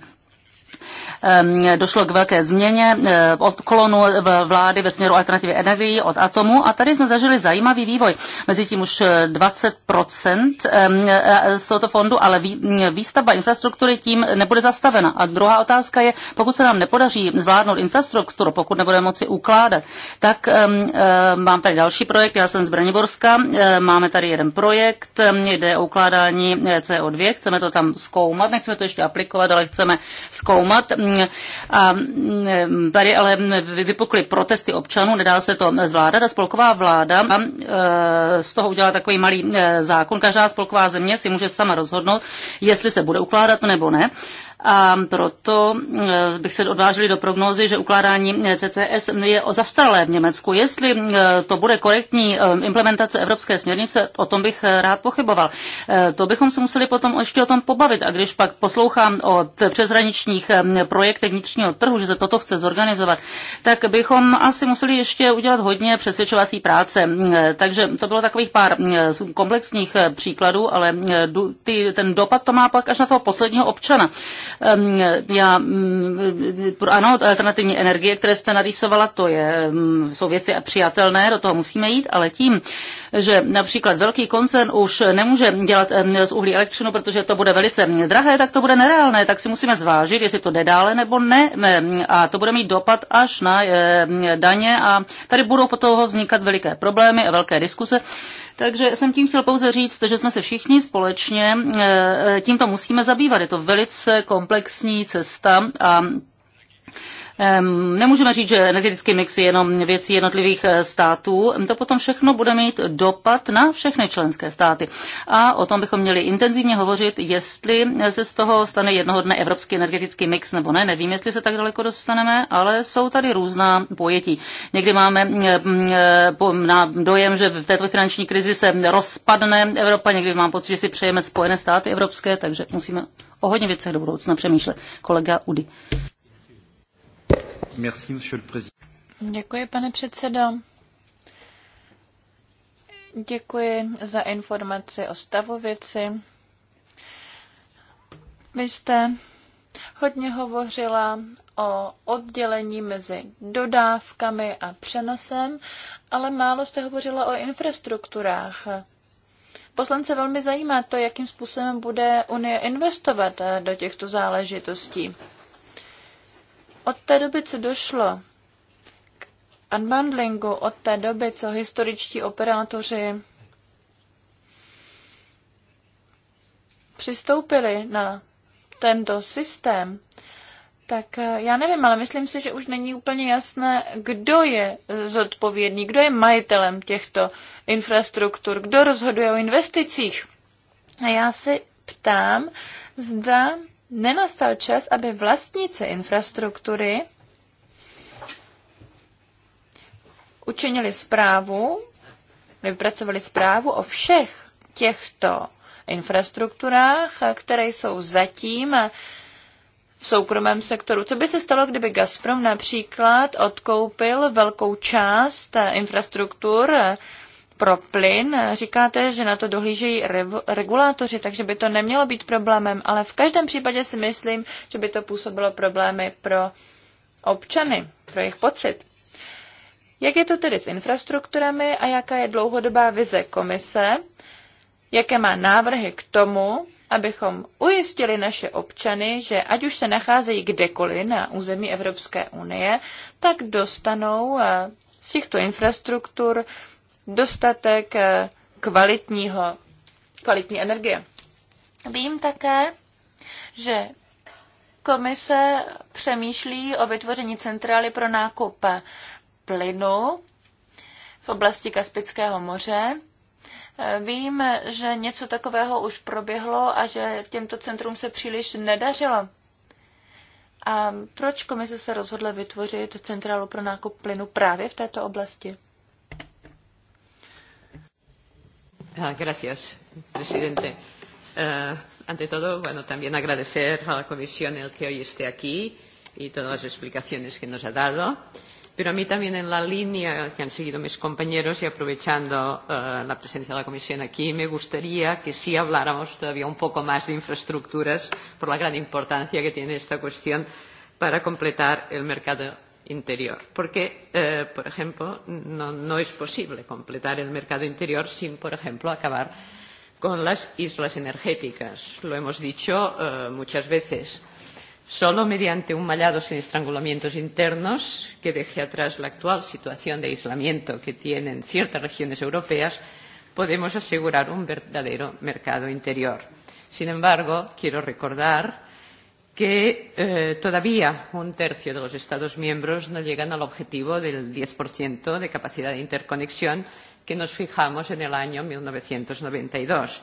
Speaker 2: Ehm, došlo k velké změně eh, od kolonu vlády ve směru alternativy energii od atomu a tady jsme zažili zajímavý vývoj. Mezitím už 20% eh, ehm, eh, z tohoto fondu, ale mm, výstavba infrastruktury tím nebude zastavena. A druhá otázka je, pokud se nám nepodaří zvládnout infrastrukturu, pokud nebudeme moci ukládat, tak ehm, mám tady další projekt, já jsem z Braniborska, máme tady jeden projekt, jde o ukládání CO2, chceme to tam zkoumat, nechceme to ještě aplikovat, ale chceme zkoumat, mm, a mm, tady ale vypukly protesty občanů, nedá se to zvládat a spolková vláda e, z toho udělala takový malý e, zákon. Každá spolková země si může sama rozhodnout, jestli se bude ukládat nebo ne a proto eh, bych se odvážili do prognózy, že ukládání eh, CCS je o zastaralé v Německu. Jestli eh, to bude korektní implementace evropské směrnice, o tom bych rád pochyboval. To bychom se museli potom ještě o tom pobavit. A když pak poslouchám o přezraničních projektech vnitřního trhu, že se toto chce zorganizovat, tak bychom asi museli ještě udělat hodně přesvědčovací práce. Takže to bylo takových pár komplexních příkladů, ale ten dopad to má pak až na toho posledního občana. Ehm, já, mm, ano, alternativní energie, které jste narýsovala, to je, mm, jsou věci přijatelné, do toho musíme jít, ale tím, že například velký koncern už nemůže dělat ehm, z uhlí elektřinu, protože to bude velice mm, drahé, tak to bude nereálné, tak si musíme zvážit, jestli to jde dále nebo ne. A to bude mít dopad až na ehm, daně a tady budou po toho vznikat veliké problémy a velké diskuse takže jsem tím chtěl pouze říct, že jsme se všichni společně eh, eh, tímto musíme zabývat. Je to velice komplexní cesta a Nemůžeme říct, že energetický mix je jenom věcí jednotlivých eh, států. To potom všechno bude mít dopad na všechny členské státy. A o tom bychom měli intenzivně hovořit, jestli eh, se z toho stane jednoho dne evropský energetický mix nebo ne. Nevím, jestli se tak daleko dostaneme, ale jsou tady různá pojetí. Někdy máme mm, eh, mm, na dojem, že v této finanční krizi se rozpadne Evropa, někdy mám pocit, že si přejeme Spojené státy evropské, takže musíme o hodně věcech do budoucna přemýšlet. Kolega Udy.
Speaker 4: Děkuji, pane předsedo. Děkuji za informaci o stavu věci. Vy jste hodně hovořila o oddělení mezi dodávkami a přenosem, ale málo jste hovořila o infrastrukturách. Poslance velmi zajímá to, jakým způsobem bude Unie investovat do těchto záležitostí. Od té doby, co došlo k unbundlingu, od té doby, co historičtí operátoři přistoupili na tento systém, tak eh, já nevím, ale myslím si, že už není úplně jasné, kdo je zodpovědný, kdo je majitelem těchto infrastruktur, kdo rozhoduje o investicích. A já si ptám, zda nenastal čas, aby vlastníci infrastruktury učinili zprávu, vypracovali zprávu o všech těchto infrastrukturách, které jsou zatím v soukromém sektoru. Co by se stalo, kdyby Gazprom například odkoupil velkou část infrastruktur pro plyn. Říkáte, že na to dohlížejí regulátoři, takže by to nemělo být problémem, ale v každém případě si myslím, že by to působilo problémy pro občany, pro jejich pocit. Jak je to tedy s infrastrukturami a jaká je dlouhodobá vize komise? Jaké má návrhy k tomu, abychom ujistili naše občany, že ať už se nacházejí kdekoliv na území Evropské unie, tak dostanou eh, z těchto infrastruktur dostatek eh, kvalitního, kvalitní energie. Vím také, že komise přemýšlí o vytvoření centrály pro nákup plynu v oblasti Kaspického moře. Eh, vím, že něco takového už proběhlo a že těmto centrum se příliš nedařilo. A proč komise se rozhodla vytvořit centrálu pro nákup plynu právě v této oblasti?
Speaker 1: Ah, gracias, presidente. Uh, ante todo, bueno, también agradecer a la comisión el que hoy esté aquí y todas las explicaciones que nos ha dado. Pero a mí también en la línea que han seguido mis compañeros y aprovechando uh, la presencia de la Comisión aquí, me gustaría que sí habláramos todavía un poco más de infraestructuras por la gran importancia que tiene esta cuestión para completar el mercado interior, porque, eh, por ejemplo, no, no es posible completar el mercado interior sin, por ejemplo, acabar con las islas energéticas. Lo hemos dicho eh, muchas veces. Solo mediante un mallado sin estrangulamientos internos que deje atrás la actual situación de aislamiento que tienen ciertas regiones europeas podemos asegurar un verdadero mercado interior. Sin embargo, quiero recordar que eh, todavía un tercio de los Estados miembros no llegan al objetivo del 10% de capacidad de interconexión que nos fijamos en el año 1992.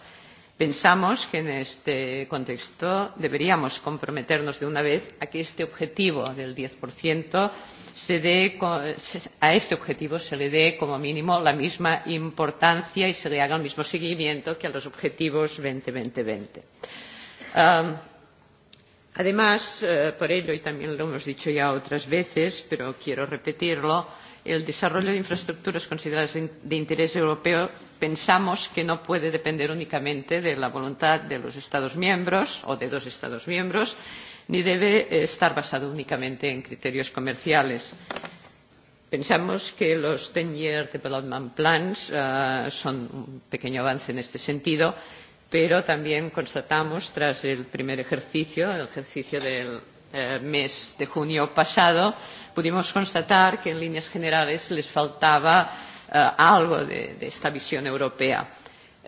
Speaker 1: Pensamos que en este contexto deberíamos comprometernos de una vez a que este objetivo del 10% se dé, a este objetivo se le dé como mínimo la misma importancia y se le haga el mismo seguimiento que a los objetivos 20-20-20. Um, Además, eh, por ello, y también lo hemos dicho ya otras veces, pero quiero repetirlo, el desarrollo de infraestructuras consideradas de interés europeo pensamos que no puede depender únicamente de la voluntad de los Estados miembros o de dos Estados miembros, ni debe eh, estar basado únicamente en criterios comerciales. Pensamos que los 10-year development plans uh, son un pequeño avance en este sentido, pero también constatamos tras el primer ejercicio, el ejercicio del eh, mes de junio pasado, pudimos constatar que en líneas generales les faltaba eh, algo de, de esta visión europea.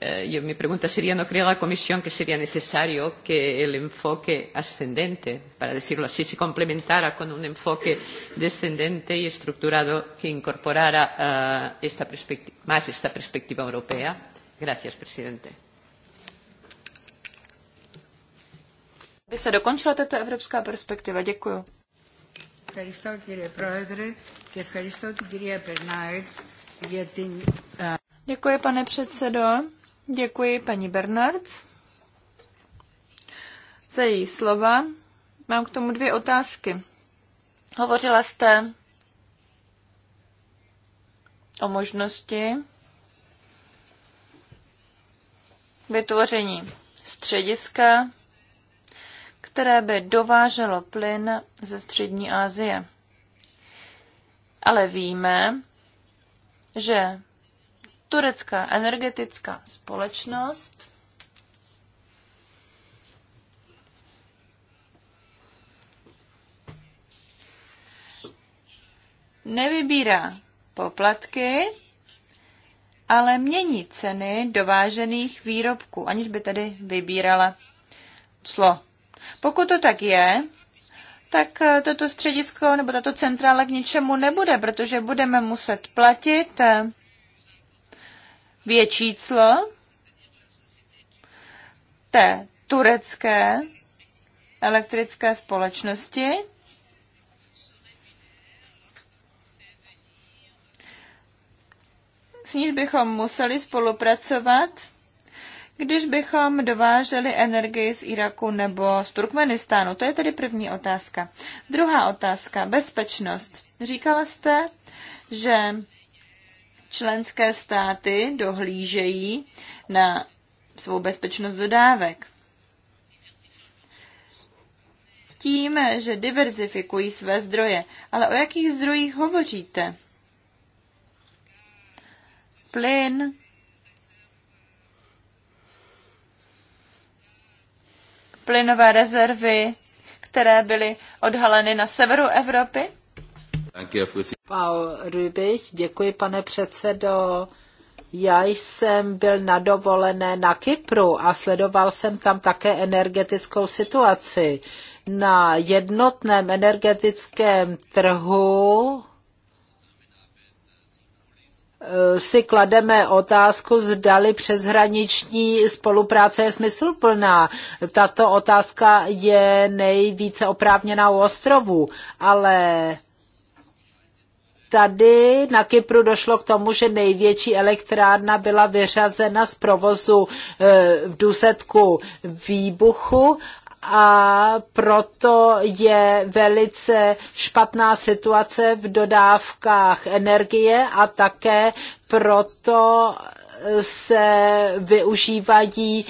Speaker 1: Eh, yo, mi pregunta sería, ¿no cree la Comisión que sería necesario que el enfoque ascendente, para decirlo así, se complementara con un enfoque descendente y estructurado que incorporara eh, esta más esta perspectiva europea? Gracias, presidente.
Speaker 4: by se dokončila tato evropská perspektiva. Děkuju. Děkuji, pane předsedo. Děkuji, paní Bernard. Za její slova mám k tomu dvě otázky. Hovořila jste o možnosti vytvoření střediska které by dováželo plyn ze střední Asie. Ale víme, že turecká energetická společnost nevybírá poplatky, ale mění ceny dovážených výrobků, aniž by tedy vybírala clo. Pokud to tak je, tak eh, toto středisko nebo tato centrála k ničemu nebude, protože budeme muset platit eh, větší clo té turecké elektrické společnosti, s níž bychom museli spolupracovat když bychom dováželi energii z Iraku nebo z Turkmenistánu? To je tedy první otázka. Druhá otázka, bezpečnost. Říkala jste, že členské státy dohlížejí na svou bezpečnost dodávek. Tím, že diverzifikují své zdroje. Ale o jakých zdrojích hovoříte? Plyn, plynové rezervy, které byly odhaleny na severu Evropy?
Speaker 3: Paul Rübich, děkuji pane předsedo. Já jsem byl na dovolené na Kypru a sledoval jsem tam také energetickou situaci. Na jednotném energetickém trhu Eh, si klademe otázku, zdali přeshraniční spolupráce je smysluplná. Tato otázka je nejvíce oprávněná u ostrovů, ale tady na Kypru došlo k tomu, že největší elektrárna byla vyřazena z provozu eh, v důsledku výbuchu a proto je velice špatná situace v dodávkách energie a také proto se využívají e,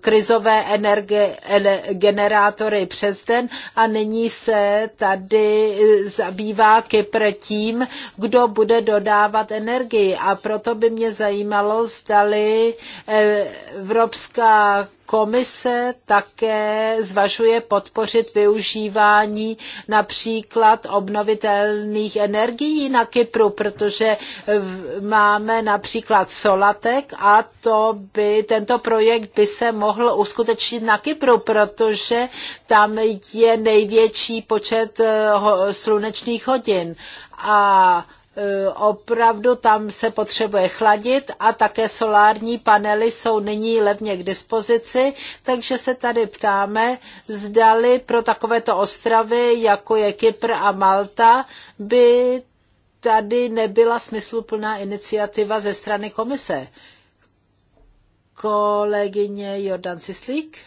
Speaker 3: krizové energie, generátory přes den a nyní se tady e, zabývá Kypr tím, kdo bude dodávat energii. A proto by mě zajímalo, zdali e, Evropská Komise také zvažuje podpořit využívání například obnovitelných energií na Kypru, protože máme například Solatek a to by, tento projekt by se mohl uskutečnit na Kypru, protože tam je největší počet eh, slunečných hodin. A Eh, opravdu tam se potřebuje chladit a také solární panely jsou nyní levně k dispozici, takže se tady ptáme, zdali pro takovéto ostravy, jako je Kypr a Malta, by tady nebyla smysluplná iniciativa ze strany komise. Kolegyně Jordan Cislík.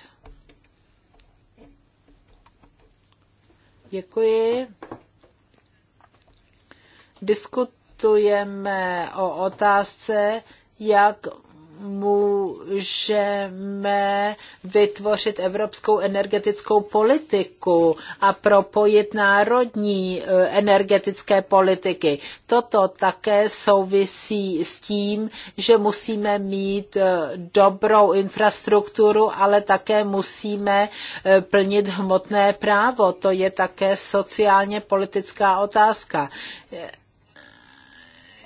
Speaker 3: Děkuji diskutujeme o otázce, jak můžeme vytvořit evropskou energetickou politiku a propojit národní eh, energetické politiky. Toto také souvisí s tím, že musíme mít eh, dobrou infrastrukturu, ale také musíme eh, plnit hmotné právo. To je také sociálně politická otázka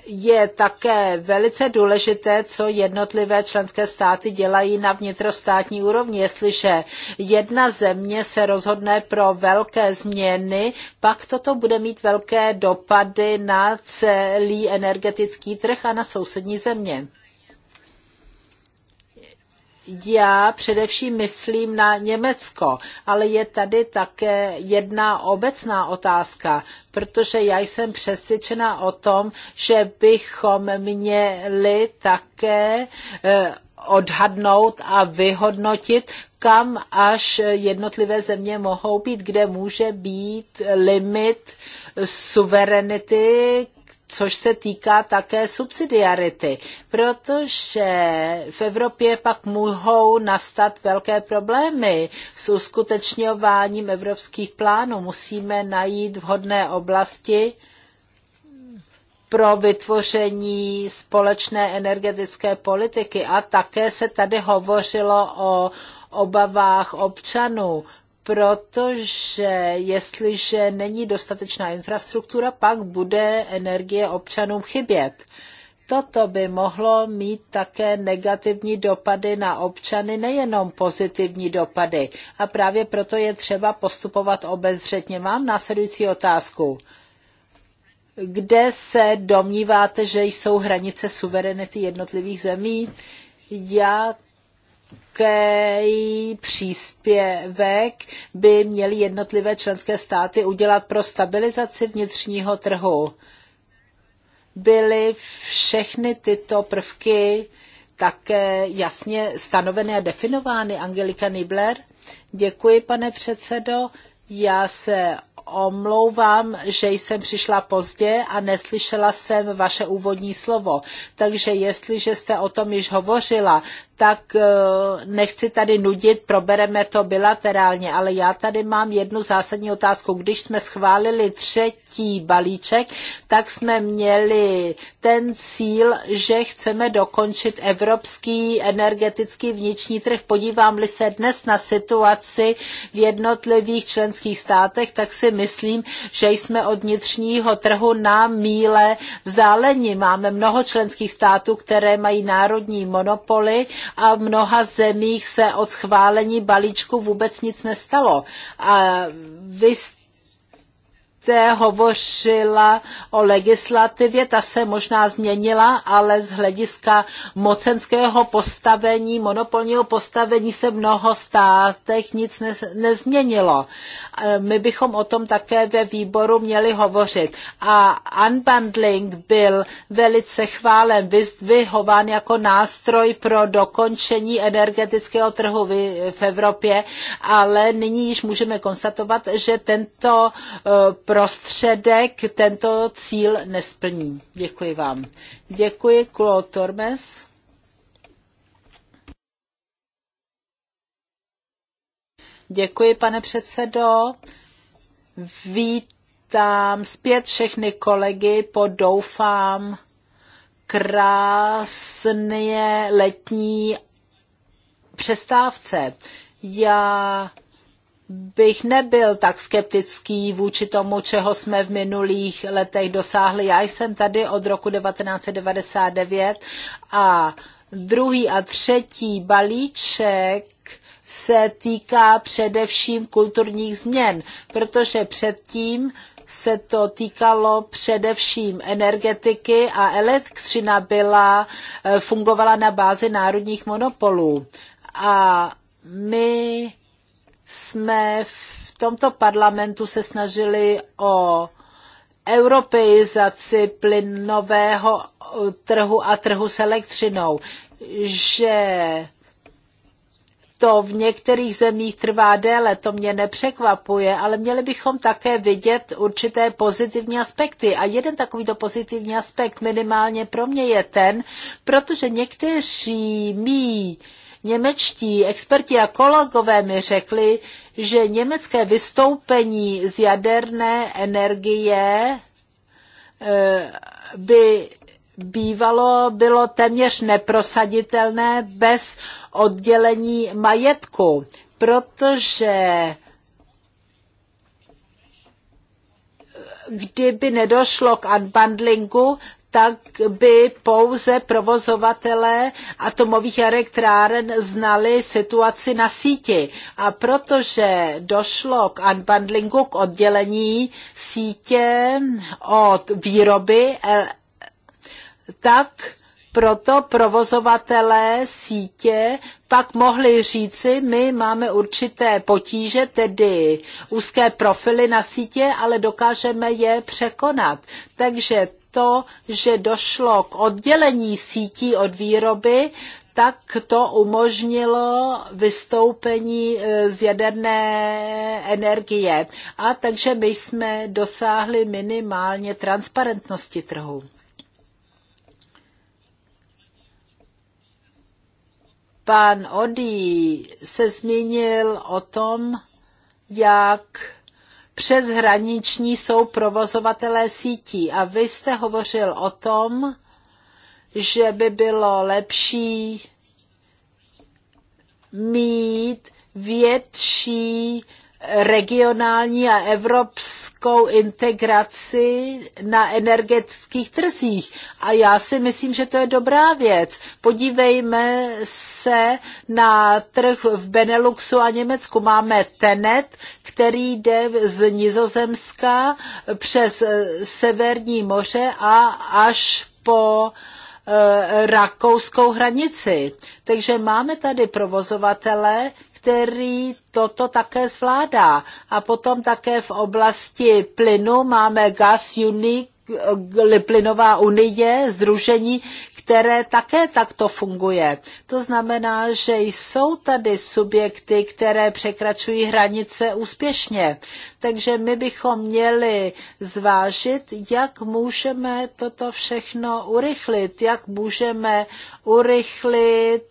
Speaker 3: je také velice důležité, co jednotlivé členské státy dělají na vnitrostátní úrovni. Jestliže jedna země se rozhodne pro velké změny, pak toto bude mít velké dopady na celý energetický trh a na sousední země já především myslím na Německo, ale je tady také jedna obecná otázka, protože já jsem přesvědčena o tom, že bychom měli také eh, odhadnout a vyhodnotit, kam až jednotlivé země mohou být, kde může být limit suverenity, což se týká také subsidiarity, protože v Evropě pak mohou nastat velké problémy s uskutečňováním evropských plánů. Musíme najít vhodné oblasti pro vytvoření společné energetické politiky a také se tady hovořilo o obavách občanů protože jestliže není dostatečná infrastruktura, pak bude energie občanům chybět. Toto by mohlo mít také negativní dopady na občany, nejenom pozitivní dopady. A právě proto je třeba postupovat obezřetně. Mám následující otázku. Kde se domníváte, že jsou hranice suverenity jednotlivých zemí? Já jaký příspěvek by měly jednotlivé členské státy udělat pro stabilizaci vnitřního trhu. Byly všechny tyto prvky také jasně stanoveny a definovány, Angelika Nibler? Děkuji, pane předsedo. Já se omlouvám, že jsem přišla pozdě a neslyšela jsem vaše úvodní slovo. Takže jestliže jste o tom již hovořila, tak eh, nechci tady nudit, probereme to bilaterálně, ale já tady mám jednu zásadní otázku. Když jsme schválili třetí balíček, tak jsme měli ten cíl, že chceme dokončit evropský energetický vnitřní trh. Podívám-li se dnes na situaci v jednotlivých členských státech, tak si myslím, že jsme od vnitřního trhu na míle vzdáleni. Máme mnoho členských států, které mají národní monopoly a v mnoha zemích se od schválení balíčku vůbec nic nestalo. A vy jste jste hovořila o legislativě, ta se možná změnila, ale z hlediska mocenského postavení, monopolního postavení se v mnoho státech nic ne, nezměnilo. E, my bychom o tom také ve výboru měli hovořit. A unbundling byl velice chválen, vyzdvihován jako nástroj pro dokončení energetického trhu v Evropě, ale nyní již můžeme konstatovat, že tento e, prostředek tento cíl nesplní. Děkuji vám. Děkuji, Kulo Tormes. Děkuji, pane předsedo. Vítám zpět všechny kolegy po doufám krásné letní přestávce. Já bych nebyl tak skeptický vůči tomu, čeho jsme v minulých letech dosáhli. Já jsem tady od roku 1999 a druhý a třetí balíček se týká především kulturních změn, protože předtím se to týkalo především energetiky a elektřina byla, eh, fungovala na bázi národních monopolů. A my jsme v tomto parlamentu se snažili o europeizaci plynového trhu a trhu s elektřinou, že to v některých zemích trvá déle, to mě nepřekvapuje, ale měli bychom také vidět určité pozitivní aspekty. A jeden takovýto pozitivní aspekt minimálně pro mě je ten, protože někteří mý Němečtí experti a kolegové mi řekli, že německé vystoupení z jaderné energie eh, by bývalo, bylo téměř neprosaditelné bez oddělení majetku, protože kdyby nedošlo k unbundlingu, tak by pouze provozovatelé atomových elektráren znali situaci na síti. A protože došlo k unbundlingu, k oddělení sítě od výroby, e, tak proto provozovatelé sítě pak mohli říci, my máme určité potíže, tedy úzké profily na sítě, ale dokážeme je překonat. Takže to, že došlo k oddělení sítí od výroby, tak to umožnilo vystoupení e, z jaderné energie. A takže my jsme dosáhli minimálně transparentnosti trhu. Pan Odí se zmínil o tom, jak přeshraniční jsou provozovatelé sítí. A vy jste hovořil o tom, že by bylo lepší mít větší regionální a evropskou integraci na energetických trzích. A já si myslím, že to je dobrá věc. Podívejme se na trh v Beneluxu a Německu. Máme Tenet, který jde z Nizozemska přes eh, Severní moře a až po eh, rakouskou hranici. Takže máme tady provozovatele, který toto také zvládá. A potom také v oblasti plynu máme Gas Unique, eh, plynová unie, združení, které také takto funguje. To znamená, že jsou tady subjekty, které překračují hranice úspěšně. Takže my bychom měli zvážit, jak můžeme toto všechno urychlit, jak můžeme urychlit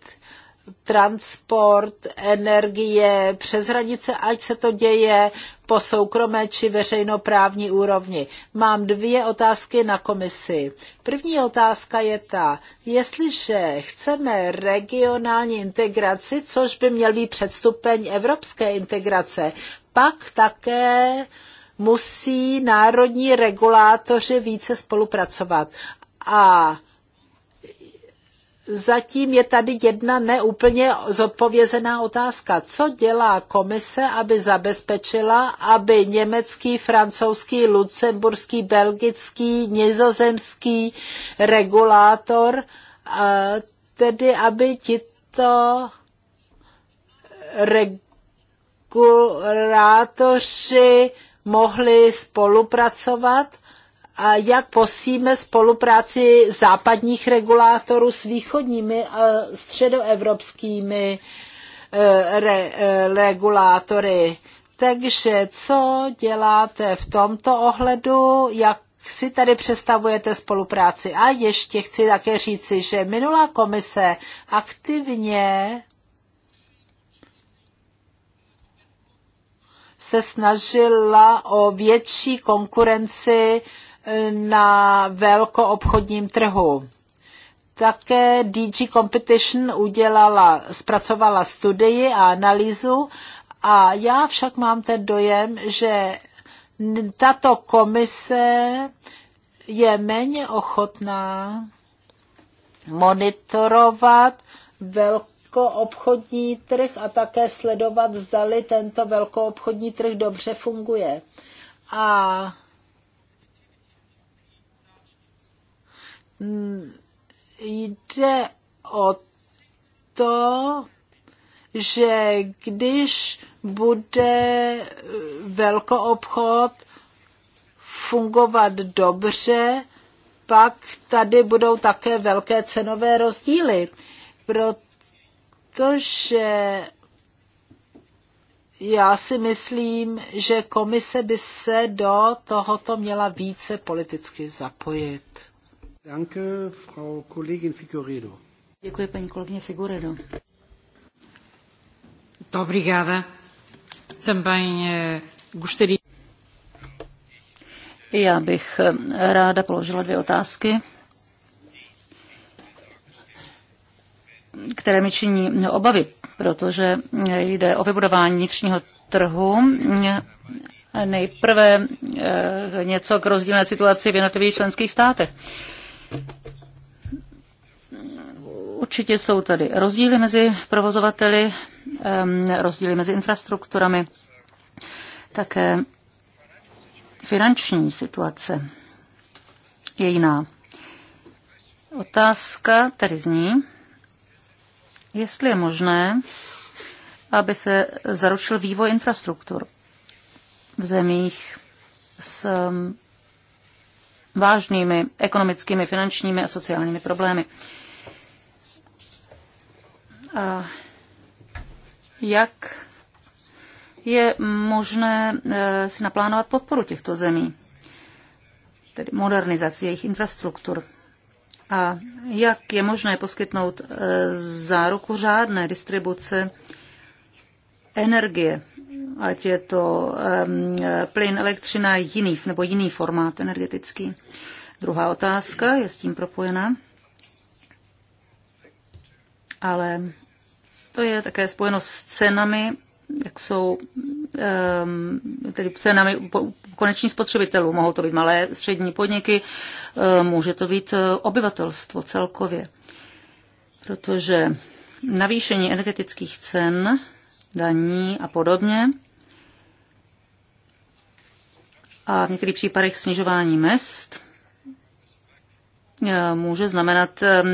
Speaker 3: transport, energie přes hranice, ať se to děje po soukromé či veřejnoprávní úrovni. Mám dvě otázky na komisi. První otázka je ta, jestliže chceme regionální integraci, což by měl být předstupeň evropské integrace, pak také musí národní regulátoři více spolupracovat. A zatím je tady jedna neúplně zodpovězená otázka. Co dělá komise, aby zabezpečila, aby německý, francouzský, lucemburský, belgický, nizozemský regulátor, tedy aby tito regulátoři mohli spolupracovat jak posíme spolupráci západních regulátorů s východními a středoevropskými eh, re, eh, regulátory. Takže co děláte v tomto ohledu, jak si tady představujete spolupráci? A ještě chci také říci, že minulá komise aktivně se snažila o větší konkurenci na velkoobchodním trhu. Také DG Competition udělala, zpracovala studii a analýzu a já však mám ten dojem, že tato komise je méně ochotná monitorovat velkoobchodní trh a také sledovat, zdali tento velkoobchodní trh dobře funguje. A Jde o to, že když bude velkoobchod fungovat dobře, pak tady budou také velké cenové rozdíly, protože já si myslím, že komise by se do tohoto měla více politicky zapojit. Danke, Frau Kollegin
Speaker 1: Figueredo.
Speaker 2: Děkuji, paní kolegyně Figueredo.
Speaker 1: Obrigada. Também gostaria...
Speaker 2: Já bych eh, ráda položila dvě otázky, které mi činí obavy, protože jde o vybudování vnitřního trhu Nejprve eh, něco k rozdílné situaci v jednotlivých členských státech. Určitě jsou tady rozdíly mezi provozovateli, rozdíly mezi infrastrukturami, také finanční situace je jiná. Otázka tedy zní, jestli je možné, aby se zaručil vývoj infrastruktur v zemích s vážnými ekonomickými, finančními a sociálními problémy. A jak je možné eh, si naplánovat podporu těchto zemí, tedy modernizaci jejich infrastruktur? A jak je možné poskytnout eh, záruku řádné distribuce energie ať je to plyn, elektřina, jiný nebo jiný formát energetický. Druhá otázka je s tím propojená, ale to je také spojeno s cenami, jak jsou tedy cenami koneční spotřebitelů. Mohou to být malé, střední podniky, eh, může to být eh, obyvatelstvo celkově. Protože navýšení energetických cen, daní a podobně a v některých případech snižování mest eh, může znamenat eh,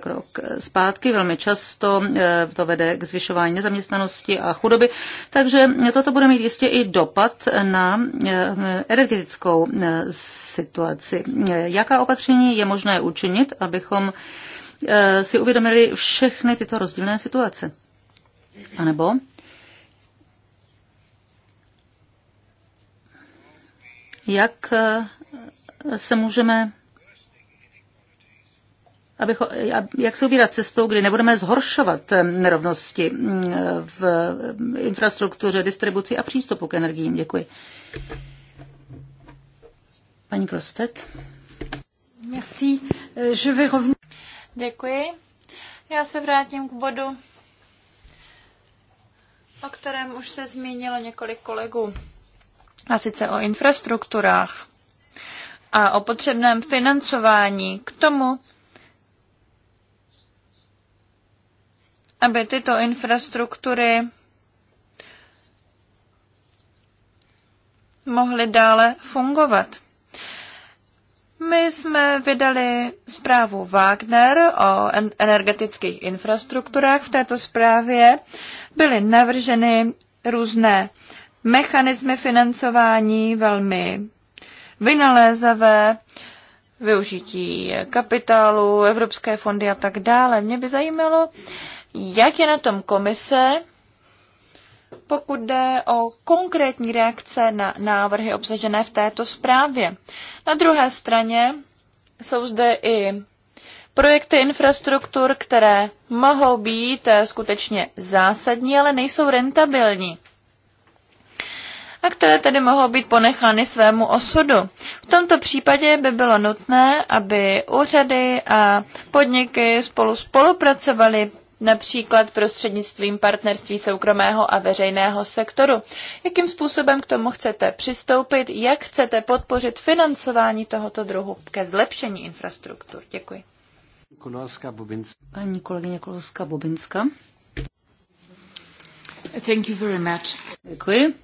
Speaker 2: krok zpátky. Velmi často eh, to vede k zvyšování nezaměstnanosti a chudoby. Takže toto bude mít jistě i dopad na energetickou situaci. Jaká opatření je možné učinit, abychom si uvědomili všechny tyto rozdílné situace? A nebo jak eh, se můžeme Abycho, jak se ubírat cestou, kdy nebudeme zhoršovat eh, nerovnosti mm, v eh, infrastruktuře, distribuci a přístupu k energiím. Děkuji. Paní Krostet.
Speaker 3: Merci. Je vais
Speaker 4: Děkuji. Já se vrátím k bodu, o kterém už se zmínilo několik kolegů a sice o infrastrukturách a o potřebném financování k tomu, aby tyto infrastruktury mohly dále fungovat. My jsme vydali zprávu Wagner o energetických infrastrukturách. V této zprávě byly navrženy různé mechanismy financování velmi vynalézavé, využití kapitálu, evropské fondy a tak dále. Mě by zajímalo, jak je na tom komise, pokud jde o konkrétní reakce na návrhy obsažené v této zprávě. Na druhé straně jsou zde i projekty infrastruktur, které mohou být eh, skutečně zásadní, ale nejsou rentabilní a které tedy mohou být ponechány svému osudu. V tomto případě by bylo nutné, aby úřady a podniky spolu spolupracovaly například prostřednictvím partnerství soukromého a veřejného sektoru. Jakým způsobem k tomu chcete přistoupit, jak chcete podpořit financování tohoto druhu ke zlepšení infrastruktur? Děkuji.
Speaker 2: Paní kolegyně kolovská Bobinská. Thank you very much. Děkuji.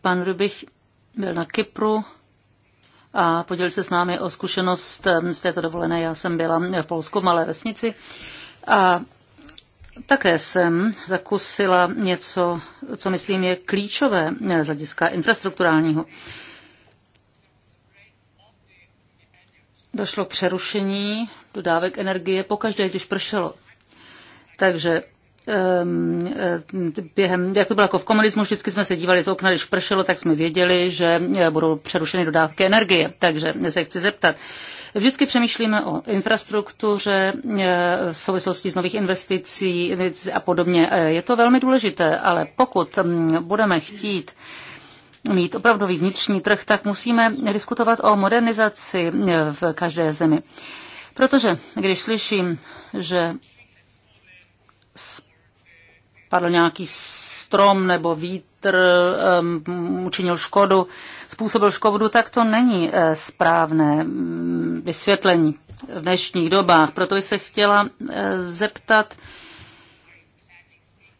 Speaker 2: Pan Rubich byl na Kypru a podělil se s námi o zkušenost ehm, z této dovolené. Já jsem byla v Polsku v malé vesnici a také jsem zakusila něco, co myslím je klíčové eh, z hlediska infrastrukturálního. Došlo k přerušení dodávek energie pokaždé, když pršelo. Takže Ehm, ehm, během, jak to bylo jako v komunismu, vždycky jsme se dívali z okna, když pršelo, tak jsme věděli, že e, budou přerušeny dodávky energie. Takže se chci zeptat. Vždycky přemýšlíme o infrastruktuře e, v souvislosti s nových investicí a podobně. E, je to velmi důležité, ale pokud budeme chtít mít opravdový vnitřní trh, tak musíme diskutovat o modernizaci v každé zemi. Protože když slyším, že spadl nějaký strom nebo vítr, um, učinil škodu, způsobil škodu, tak to není uh, správné mm, vysvětlení v dnešních dobách. Proto bych se chtěla uh, zeptat,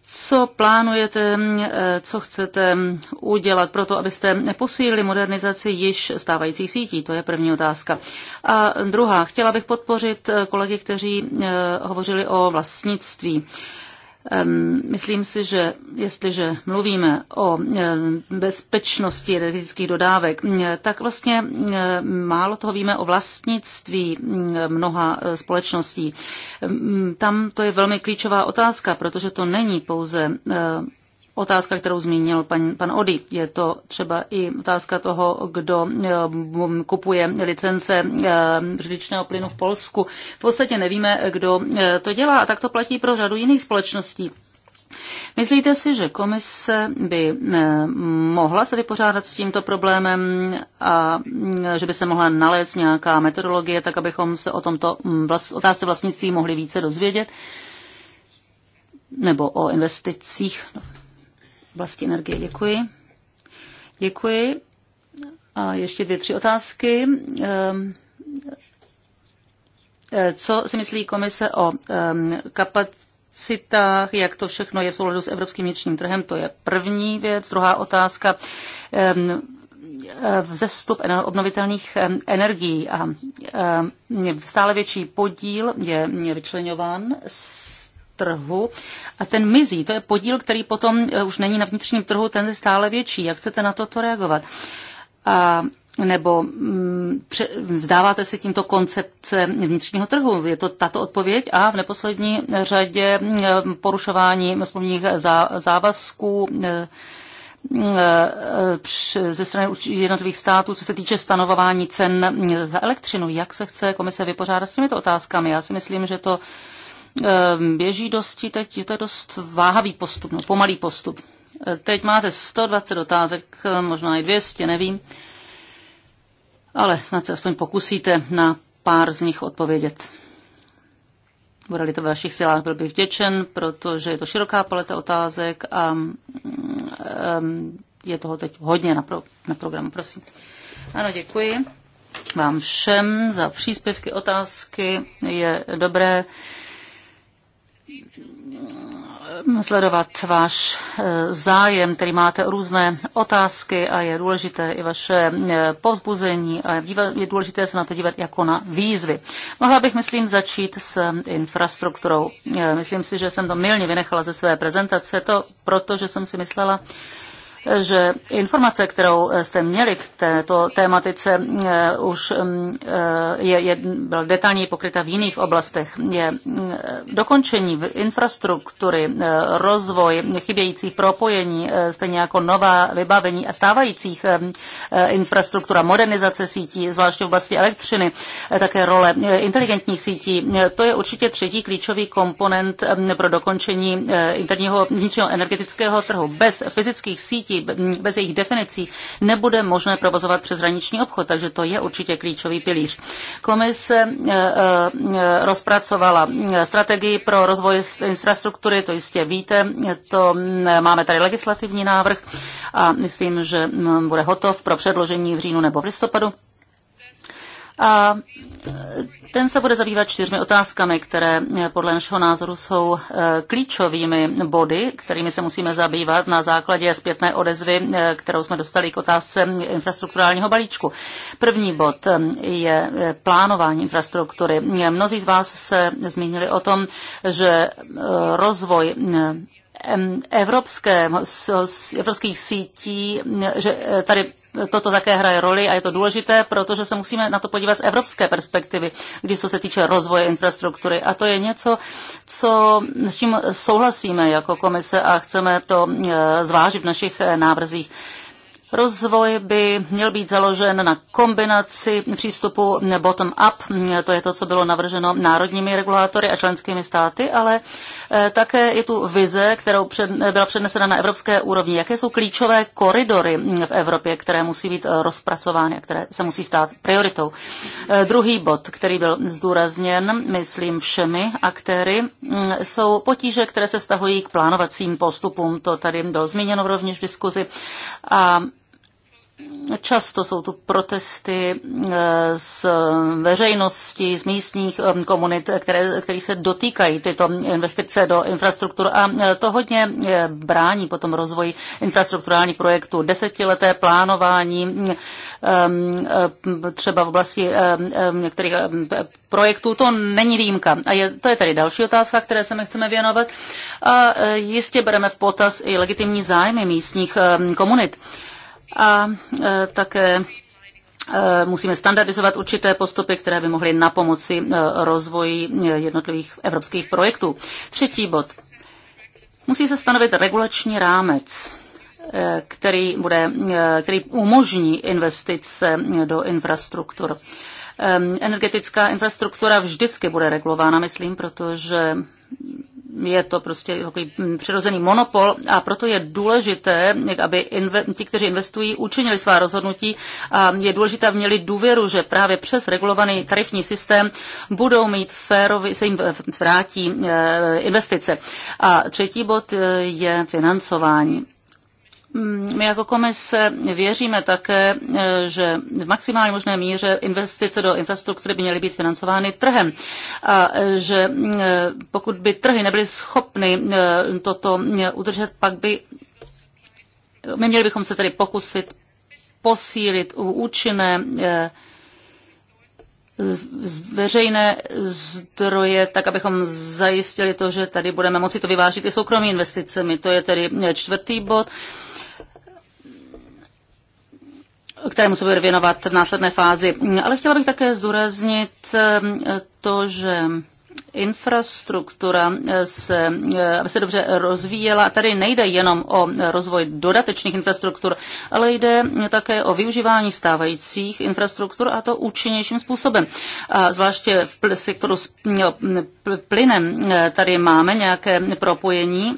Speaker 2: co plánujete, mm, eh, co chcete mm, udělat pro to, abyste posílili modernizaci již stávajících sítí? To je první otázka. A druhá, chtěla bych podpořit kolegy, kteří hovořili o vlastnictví. Myslím si, že jestliže mluvíme o bezpečnosti energetických dodávek, tak vlastně málo toho víme o vlastnictví mnoha e, společností. Tam to je velmi klíčová otázka, protože to není pouze otázka, kterou zmínil pan, pan Ody. Je to třeba i otázka toho, kdo eh, kupuje licence eh, řidičného plynu v Polsku. V podstatě nevíme, kdo eh, to dělá a tak to platí pro řadu jiných společností. Myslíte si, že komise by mohla se vypořádat s tímto problémem a že by se mohla nalézt nějaká metodologie, tak abychom se o tomto mm, otázce vlastnictví mohli více dozvědět? Nebo o investicích? oblasti energie. Děkuji. Děkuji. A ještě dvě, tři otázky. Ehm, e, co si myslí komise o ehm, kapacitách, jak to všechno je v souladu s evropským vnitřním trhem? To je první věc. Druhá otázka ehm, e, vzestup obnovitelných energií a stále větší podíl je vyčlenován z trhu a ten mizí. To je podíl, který potom eh, už není na vnitřním trhu, ten je stále větší. Jak chcete na toto reagovat? A nebo mm, vzdáváte se tímto koncepce vnitřního trhu. Je to tato odpověď a v neposlední řadě mm, porušování smluvních závazků eh, eh, ze strany jednotlivých států, co se týče stanovování cen mm, za elektřinu. Jak se chce komise vypořádat s těmito otázkami? Já si myslím, že to Ehm, běží dosti teď, je to dost váhavý postup, no, pomalý postup. Eh, teď máte 120 otázek, eh, možná i 200, nevím. Ale snad se aspoň pokusíte na pár z nich odpovědět. Bude-li to ve vašich silách, byl bych vděčen, protože je to široká paleta otázek a um, je toho teď hodně na, pro, na programu, prosím. Ano, děkuji vám všem za příspěvky, otázky. Je dobré sledovat váš eh, zájem, který máte různé otázky a je důležité i vaše eh, povzbuzení a je důležité se na to dívat jako na výzvy. Mohla bych, myslím, začít s infrastrukturou. Eh, myslím si, že jsem to milně vynechala ze své prezentace, to proto, že jsem si myslela, že informace, kterou eh, jste měli k této tématice, eh, už mm, eh, je, je byl detailně pokryta v jiných oblastech. Je mm, dokončení infrastruktury, rozvoj chybějících propojení, stejně jako nová vybavení a stávajících infrastruktura, modernizace sítí, zvláště v oblasti elektřiny, také role inteligentních sítí. To je určitě třetí klíčový komponent mm, pro dokončení interního vnitřního energetického trhu. Bez fyzických sítí bez jejich definicí nebude možné provozovat přeshraniční obchod, takže to je určitě klíčový pilíř. Komise eh, eh, rozpracovala eh, strategii pro rozvoj infrastruktury, to jistě víte, to máme tady legislativní návrh a myslím, že mm, bude hotov pro předložení v říjnu nebo v listopadu. A e, ten se bude zabývat čtyřmi otázkami, které e, podle našeho názoru jsou e, klíčovými body, kterými se musíme zabývat na základě zpětné odezvy, kterou jsme dostali k otázce infrastrukturálního balíčku. První bod je plánování infrastruktury. Mnozí z vás se zmínili o tom, že rozvoj evropské, evropských sítí, že e, tady toto také hraje roli a je to důležité, protože se musíme na to podívat z evropské perspektivy, když se týče rozvoje infrastruktury. A to je něco, co, s čím souhlasíme jako komise a chceme to e, zvážit v našich e, návrzích Rozvoj by měl být založen na kombinaci přístupu bottom-up, to je to, co bylo navrženo národními regulátory a členskými státy, ale eh, také je tu vize, kterou před, eh, byla přednesena na evropské úrovni. Jaké jsou klíčové koridory mm, v Evropě, které musí být eh, rozpracovány a které se musí stát prioritou? Druhý bod, který byl zdůrazněn, myslím, všemi aktéry, mm, jsou potíže, které se vztahují k plánovacím postupům. To tady bylo zmíněno rovněž v diskuzi. A Často jsou tu protesty eh, z veřejnosti, z místních eh, komunit, které, které se dotýkají tyto investice do infrastruktur a eh, to hodně brání potom rozvoji infrastrukturálních projektů. Desetileté plánování mm, ehm, třeba v oblasti některých projektů, to není výjimka. A je, to je tady další otázka, které se my chceme věnovat. A jistě bereme v potaz i legitimní zájmy místních komunit a e, také e, musíme standardizovat určité postupy, které by mohly na pomoci e, rozvoji jednotlivých evropských projektů. Třetí bod. Musí se stanovit regulační rámec který, bude, který umožní investice do infrastruktur. Energetická infrastruktura vždycky bude regulována, myslím, protože je to prostě takový přirozený monopol a proto je důležité, aby inve- ti, kteří investují, učinili svá rozhodnutí a je důležité, aby měli důvěru, že právě přes regulovaný tarifní systém budou mít férový, se jim vrátí eh, investice. A třetí bod eh, je financování. Mm, my jako komise věříme také, eh, že v maximální možné míře investice do infrastruktury by měly být financovány trhem a eh, že mm, eh, pokud by trhy nebyly schopny toto mm, udržet, pak by my měli bychom se tedy pokusit posílit účinné veřejné zdroje, tak abychom zajistili to, že tady budeme moci to vyvážit i soukromými investicemi. To je tedy čtvrtý bod kterému se bude věnovat v následné fázi. Ale chtěla bych také zdůraznit eh, to, že infrastruktura eh, se, eh, se dobře rozvíjela. Tady nejde jenom o rozvoj dodatečných infrastruktur, ale jde také o využívání stávajících infrastruktur a to účinnějším způsobem. A zvláště v sektoru s plynem eh, tady máme nějaké propojení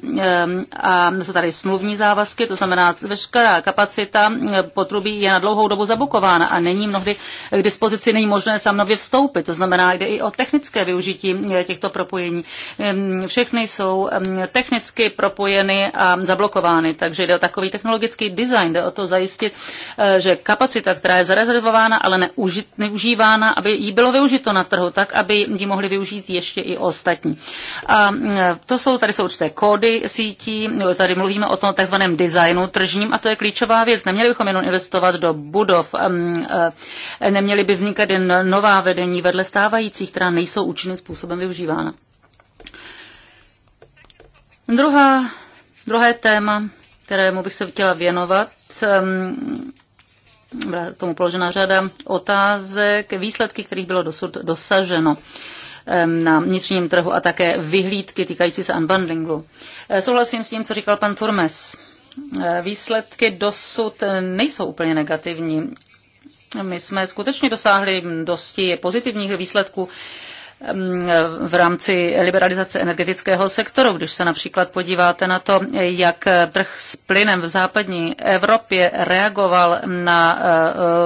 Speaker 2: a jsou tady smluvní závazky, to znamená veškerá kapacita potrubí je na dlouhou dobu zabukována a není mnohdy k dispozici, není možné sám nově vstoupit. To znamená, jde i o technické využití těchto propojení. Všechny jsou technicky propojeny a zablokovány, takže jde o takový technologický design, jde o to zajistit, eh, že kapacita, která je zarezervována, ale neužit, neužívána, aby jí bylo využito na trhu, tak aby ji mohli využít ještě i ostatní. A mm, to jsou, tady jsou určité kódy sítí, tady mluvíme o tom takzvaném designu tržním a to je klíčová věc. Neměli bychom jenom investovat do budov, eh, neměli by vznikat jen nová vedení vedle stávajících, která nejsou účinným způsobem využívána používána. Druhá, druhé téma, kterému bych se chtěla věnovat, ehm, byla tomu položena řada otázek, výsledky, kterých bylo dosud dosaženo ehm, na vnitřním trhu a také vyhlídky týkající se unbundlingu. Eh, souhlasím s tím, co říkal pan Turmes. Eh, výsledky dosud nejsou úplně negativní. My jsme skutečně dosáhli dosti pozitivních výsledků v rámci liberalizace energetického sektoru. Když se například podíváte na to, jak trh s plynem v západní Evropě reagoval na eh,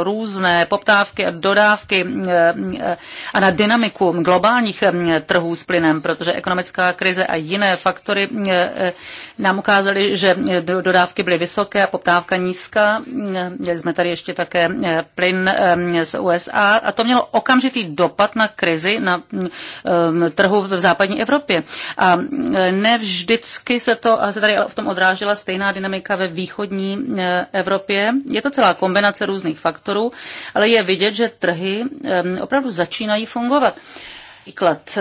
Speaker 2: různé poptávky a dodávky eh, a na dynamiku globálních trhů s plynem, protože ekonomická krize a jiné faktory eh, nám ukázaly, že dodávky byly vysoké a poptávka nízká. Měli jsme tady ještě také plyn z USA a to mělo okamžitý dopad na krizi, na Um, trhu v západní Evropě. A um, ne vždycky se to se tady v tom odrážela stejná dynamika ve východní eh, Evropě. Je to celá kombinace různých faktorů, ale je vidět, že trhy um, opravdu začínají fungovat. Příklad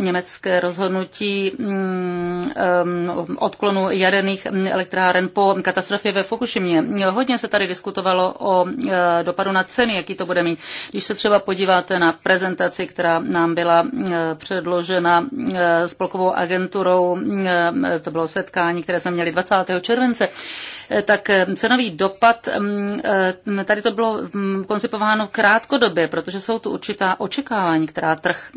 Speaker 2: německé rozhodnutí mm, um, odklonu jaderných elektráren po katastrofě ve Fukushimě. Hodně se tady diskutovalo o eh, dopadu na ceny, jaký to bude mít. Když se třeba podíváte na prezentaci, která nám byla eh, předložena eh, spolkovou agenturou, to bylo setkání, které jsme měli 20. července, tak cenový dopad, mm, tady to bylo mm, koncipováno krátkodobě, protože jsou tu určitá očekávání, která trh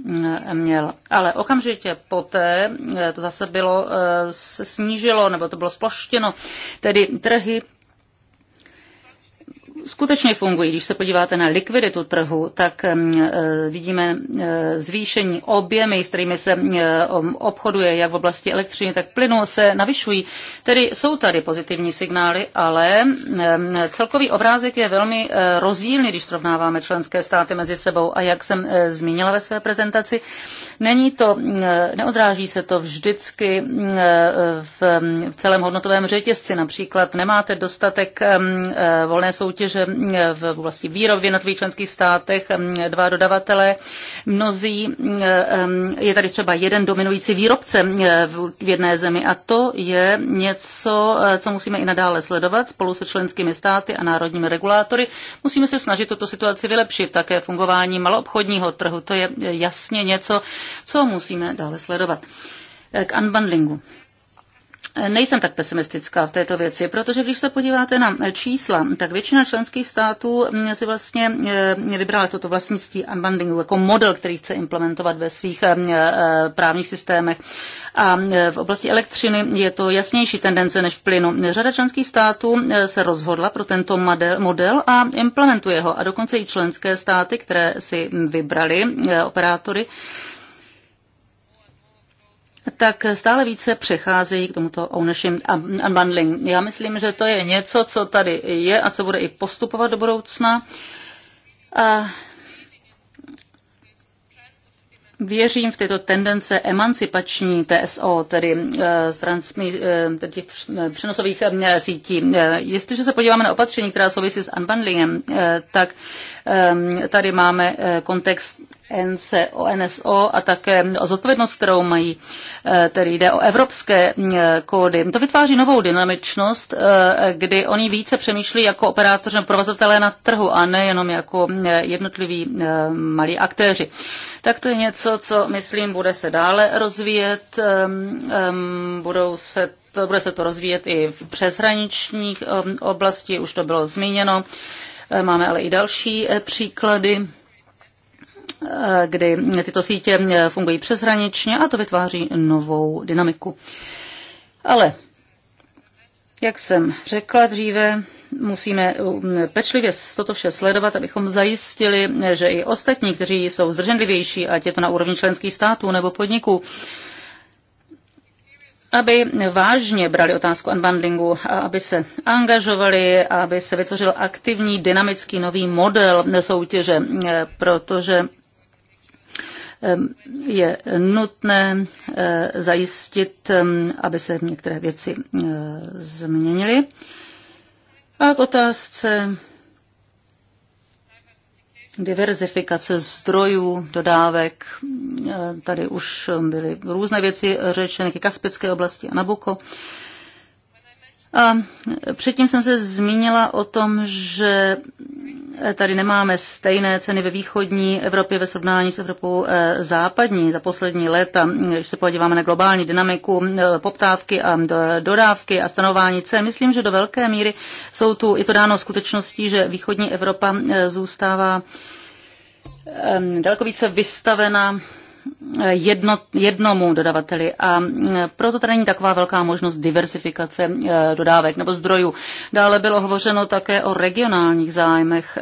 Speaker 2: měl. Ale okamžitě poté eh, to zase bylo eh, snížilo, nebo to bylo sploštěno. Tedy trhy skutečně fungují. Když se podíváte na likviditu trhu, tak e, vidíme e, zvýšení objemy, s kterými se e, obchoduje jak v oblasti elektřiny, tak plynu se navyšují. Tedy jsou tady pozitivní signály, ale celkový obrázek je velmi rozdílný, když srovnáváme členské státy mezi sebou. A jak jsem zmínila ve své prezentaci, není to, neodráží se to vždycky v celém hodnotovém řetězci. Například nemáte dostatek volné soutěže že mm, v oblasti výroby v jednotlivých členských státech mm, dva dodavatele. Mnozí, mm, je tady třeba jeden dominující výrobce v jedné zemi a to je něco, eh, co musíme i nadále sledovat spolu se členskými státy a národními regulátory. Musíme se snažit tuto situaci vylepšit, také fungování maloobchodního trhu. To je jasně něco, co musíme dále sledovat. Eh, k unbundlingu. Eh, nejsem tak pesimistická v této věci, protože když se podíváte na eh, čísla, tak většina členských států mm, si vlastně eh, vybrala toto vlastnictví unbundingu jako model, který chce implementovat ve svých právních systémech. A v oblasti elektřiny je to jasnější tendence než v plynu. Řada členských států se rozhodla pro tento model a implementuje ho. A dokonce i členské státy, které si vybrali operátory, tak stále více přecházejí k tomuto ownership unbundling. Já myslím, že to je něco, co tady je a co bude i postupovat do budoucna. A věřím v tyto tendence emancipační TSO, tedy z eh, transmi, eh, tedy přenosových eh, sítí. Jestliže se podíváme na opatření, která souvisí s unbundlingem, tak ehm, tady máme kontext NSO a také o zodpovědnost, kterou mají, eh, tedy jde o evropské eh, kódy. To vytváří novou dynamičnost, eh, kdy oni více přemýšlí jako operátoři nebo provazatelé na trhu a ne jenom jako jednotliví malí aktéři. Tak to je něco, co myslím bude se dále rozvíjet, budou se to, bude se to rozvíjet i v přeshraničních oblasti, už to bylo zmíněno. Máme ale i další příklady. Eh, kdy tyto sítě fungují přeshraničně a to vytváří novou dynamiku. Ale, jak jsem řekla dříve, musíme eh, pečlivě toto vše sledovat, abychom zajistili, že i ostatní, kteří jsou zdrženlivější, ať je to na úrovni členských států nebo podniků, aby vážně brali otázku unbundlingu, a aby se angažovali, a aby se vytvořil aktivní, dynamický nový model soutěže, eh, protože je nutné eh, zajistit, aby se některé věci eh, změnily. A k otázce diverzifikace zdrojů, dodávek. Eh, tady už byly různé věci řečeny ke Kaspické oblasti a Nabuko. A předtím jsem se zmínila o tom, že tady nemáme stejné ceny ve východní Evropě ve srovnání s Evropou eh, západní za poslední léta. Když se podíváme na globální dynamiku eh, poptávky a dodávky a stanování cen, myslím, že do velké míry jsou tu, i to dáno skutečností, že východní Evropa eh, zůstává daleko více vystavena jedno, jednomu dodavateli a proto tady není taková velká možnost diversifikace e, dodávek nebo zdrojů. Dále bylo hovořeno také o regionálních zájmech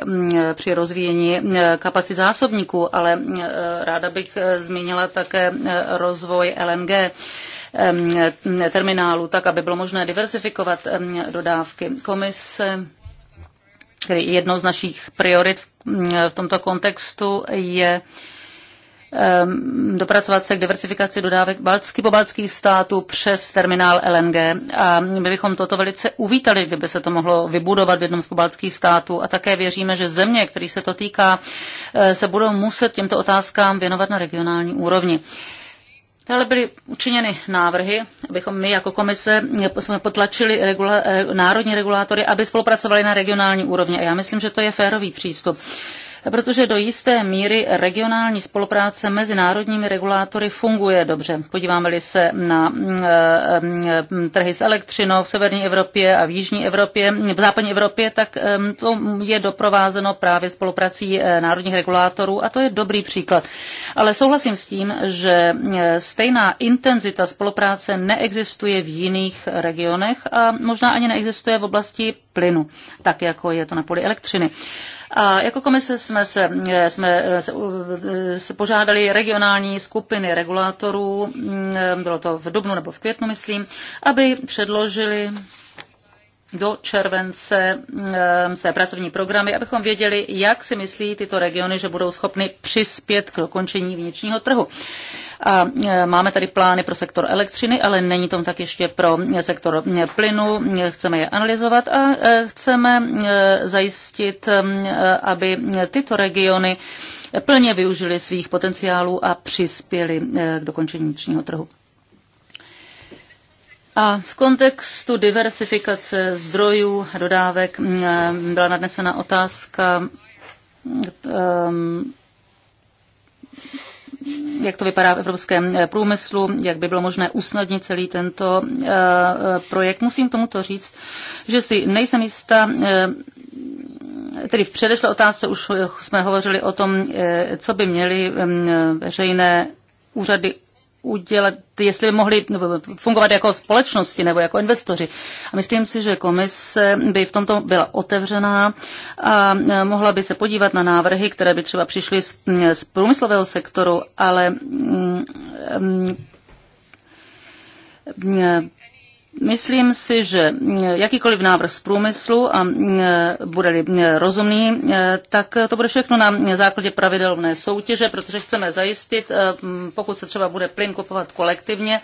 Speaker 2: při rozvíjení e, kapacit zásobníků, ale e, ráda bych zmínila také rozvoj LNG terminálu, tak aby bylo možné diversifikovat dodávky. Komise Jednou z našich priorit v tomto kontextu je Ehm, dopracovat se k diversifikaci dodávek baltsky pobaltských států přes terminál LNG. A my bychom toto velice uvítali, kdyby se to mohlo vybudovat v jednom z pobaltských států. A také věříme, že země, který se to týká, eh, se budou muset těmto otázkám věnovat na regionální úrovni. Dále byly učiněny návrhy, abychom my jako komise jsme potlačili regula- eh, národní regulátory, aby spolupracovali na regionální úrovni. A já myslím, že to je férový přístup protože do jisté míry regionální spolupráce mezi národními regulátory funguje dobře. Podíváme-li se na mm, e, mm, e, trhy s elektřinou v severní Evropě a v jižní Evropě, v západní Evropě, tak to je doprovázeno právě spoluprací e, národních regulátorů a to je dobrý příklad. Ale souhlasím s tím, že stejná intenzita spolupráce neexistuje v jiných regionech a možná ani neexistuje v oblasti plynu, tak jako je to na poli elektřiny. A jako komise jsme se, jsme se, se požádali regionální skupiny regulátorů, mm, bylo to v dubnu nebo v květnu, myslím, aby předložili do července mm, své pracovní programy, abychom věděli, jak si myslí tyto regiony, že budou schopny přispět k dokončení vnitřního trhu. A e, máme tady plány pro sektor elektřiny, ale není tom tak ještě pro e, sektor e, plynu. Chceme je analyzovat a chceme zajistit, aby tyto regiony plně využili svých potenciálů a přispěli k dokončení vnitřního trhu. A v kontextu diversifikace zdrojů a dodávek byla nadnesena otázka jak to vypadá v evropském eh, průmyslu, jak by bylo možné usnadnit celý tento eh, eh, projekt. Musím tomuto říct, že si nejsem jistá, tedy v předešlé otázce už jsme hovořili o tom, co by měly mm, veřejné úřady udělat, jestli by mohli fungovat jako společnosti nebo jako investoři. A myslím si, že komise by v tomto byla otevřená a e, mohla by se podívat na návrhy, které by třeba přišly z, z průmyslového sektoru, ale mm, mm, Myslím si, že mm, jakýkoliv návrh z průmyslu a mm, bude mm, rozumný, tak to bude všechno na základě pravidelné soutěže, protože chceme zajistit, pokud se třeba bude plyn kupovat kolektivně,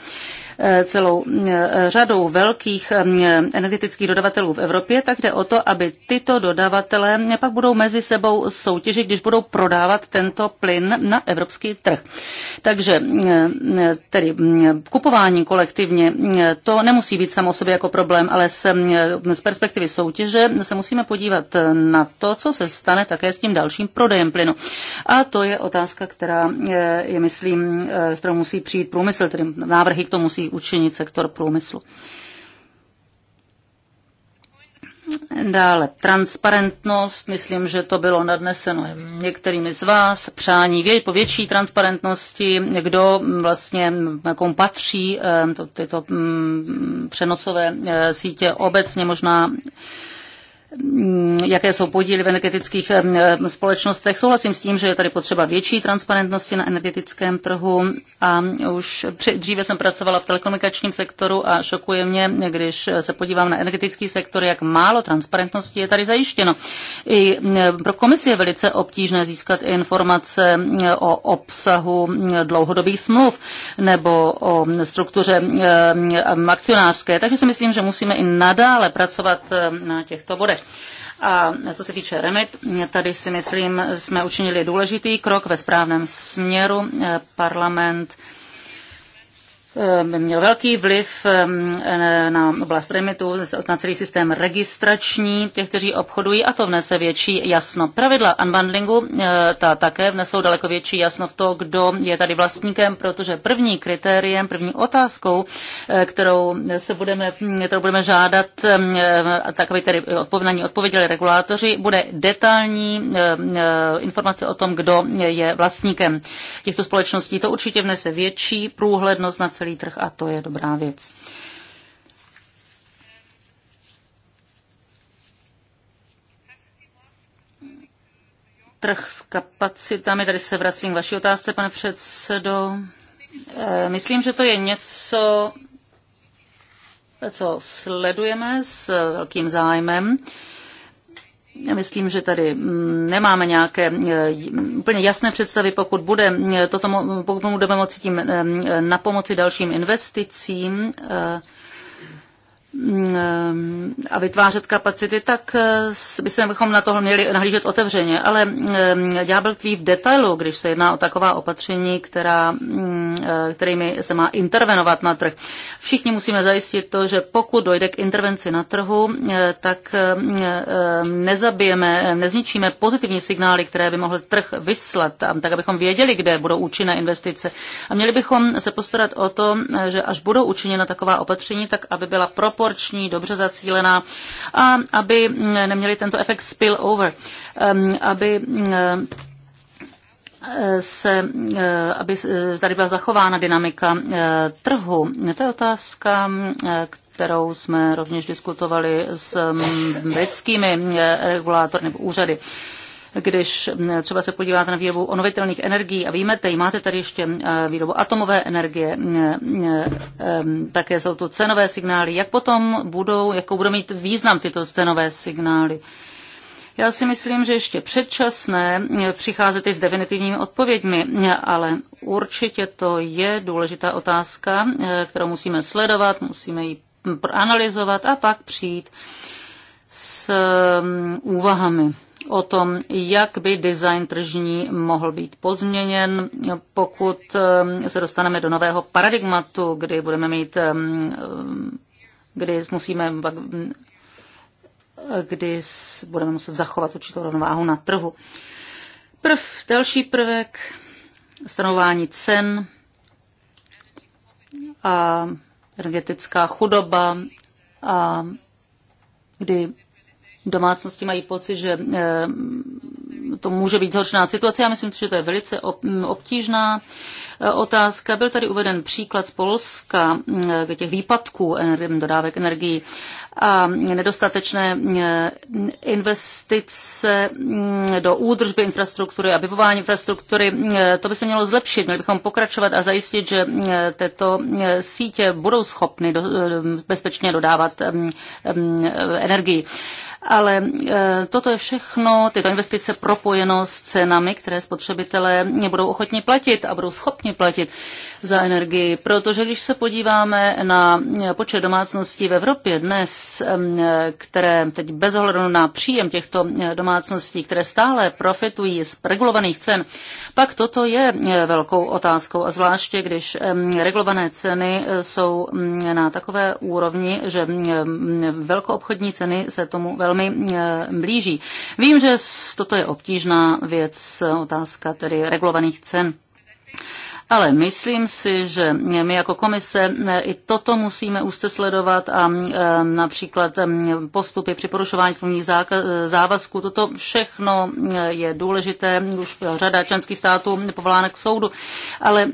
Speaker 2: celou řadou velkých energetických dodavatelů v Evropě, tak jde o to, aby tyto dodavatele pak budou mezi sebou soutěžit, když budou prodávat tento plyn na evropský trh. Takže tedy kupování kolektivně, to nemusí být samo sobě jako problém, ale z, z perspektivy soutěže se musíme podívat na to, co se stane také s tím dalším prodejem plynu. A to je otázka, která e, je, myslím, e, kterou musí přijít průmysl, tedy návrhy k tomu musí učinit sektor průmyslu. Dále transparentnost, myslím, že to bylo nadneseno některými z vás, přání vě- po větší transparentnosti, kdo vlastně kom patří eh, to, tyto mm, přenosové eh, sítě obecně možná Mm, jaké jsou podíly v energetických společnostech. Souhlasím s tím, že je tady potřeba větší transparentnosti na energetickém trhu a už dříve jsem pracovala v telekomunikačním sektoru a šokuje mě, když se podívám na energetický sektor, jak málo transparentnosti je tady zajištěno. I pro komisi je velice obtížné získat informace o obsahu dlouhodobých smluv nebo o struktuře akcionářské, takže si myslím, že musíme i nadále pracovat na těchto bodech letech. A co se týče remit, tady si myslím, jsme učinili důležitý krok ve správném směru. Parlament Ehm, měl velký vliv ehm, eh, na oblast remitu, na celý systém registrační těch, kteří obchodují a to vnese větší jasno. Pravidla unbundlingu eh, ta také vnesou daleko větší jasno v to, kdo je tady vlastníkem, protože první kritériem, první otázkou, eh, kterou se budeme, hm, kterou budeme žádat, ehm, tak aby tedy na ní odpověděli regulátoři, bude detailní informace o tom, kdo je vlastníkem těchto společností. To určitě vnese větší průhlednost na celý celý trh a to je dobrá věc. Trh s kapacitami, tady se vracím k vaší otázce, pane předsedo. Eh, myslím, že to je něco, co sledujeme s velkým zájmem. Myslím, že tady mm, nemáme nějaké e, úplně jasné představy, pokud, bude e, toto, pokud budeme moci tím e, na pomoci dalším investicím. Mm, a vytvářet kapacity, tak eh, bychom na tohle měli nahlížet otevřeně. Ale mm, ďábel tkví v detailu, když se jedná o taková opatření, která, mm, eh, kterými se má intervenovat na trh. Všichni musíme zajistit to, že pokud dojde k intervenci na trhu, eh, tak nezabijeme, nezničíme pozitivní signály, které by mohl trh vyslat, tak abychom věděli, kde budou účinné investice. A měli bychom se postarat o to, že až budou učiněna taková opatření, tak aby byla propojena proporční, dobře zacílená a aby mm, neměli tento efekt spill over, aby mm, eh, se, eh, aby eh, tady byla zachována dynamika trhu. To je otázka, mm, kterou jsme rovněž diskutovali s britskými regulátory nebo úřady. Když třeba se podíváte na výrobu onovitelných energií a víme, tady máte tady ještě výrobu atomové energie, také jsou to cenové signály. Jak potom budou, jakou budou mít význam tyto cenové signály? Já si myslím, že ještě předčasné přicházet i s definitivními odpověďmi, ale určitě to je důležitá otázka, kterou musíme sledovat, musíme ji analyzovat a pak přijít s úvahami o tom, jak by design tržní mohl být pozměněn, pokud ehm, se dostaneme do nového paradigmatu, kdy budeme mít, ehm, ehm, kdy musíme kdy budeme muset zachovat určitou rovnováhu na trhu. Prv, další prvek, stanování cen a energetická chudoba a kdy domácnosti mají pocit, že eh, to může být zhoršená situace. Já myslím, že to je velice obtížná eh, otázka. Byl tady uveden příklad z Polska eh, těch výpadků dodávek energií a nedostatečné investice mm, do údržby infrastruktury a vyvování infrastruktury. To by se mělo zlepšit. Měli bychom pokračovat a zajistit, že tyto sítě budou schopny bezpečně dodávat mm, mm, energii ale e, toto je všechno, tyto investice propojeno s cenami, které spotřebitelé budou ochotni platit a budou schopni platit za energii, protože když se podíváme na počet domácností v Evropě dnes, které teď bez ohledu na příjem těchto e, domácností, které stále profitují z regulovaných cen, pak toto je e, velkou otázkou a zvláště, když regulované ceny jsou na takové úrovni, že velkoobchodní ceny se tomu velmi velmi eh, blíží. Vím, že toto je obtížná věc, otázka tedy regulovaných cen. Ale myslím si, že my jako komise eh, i toto musíme úzce sledovat a eh, například postupy při porušování smluvních závazků. Toto všechno je důležité. Už řada členských států povolána k soudu. Ale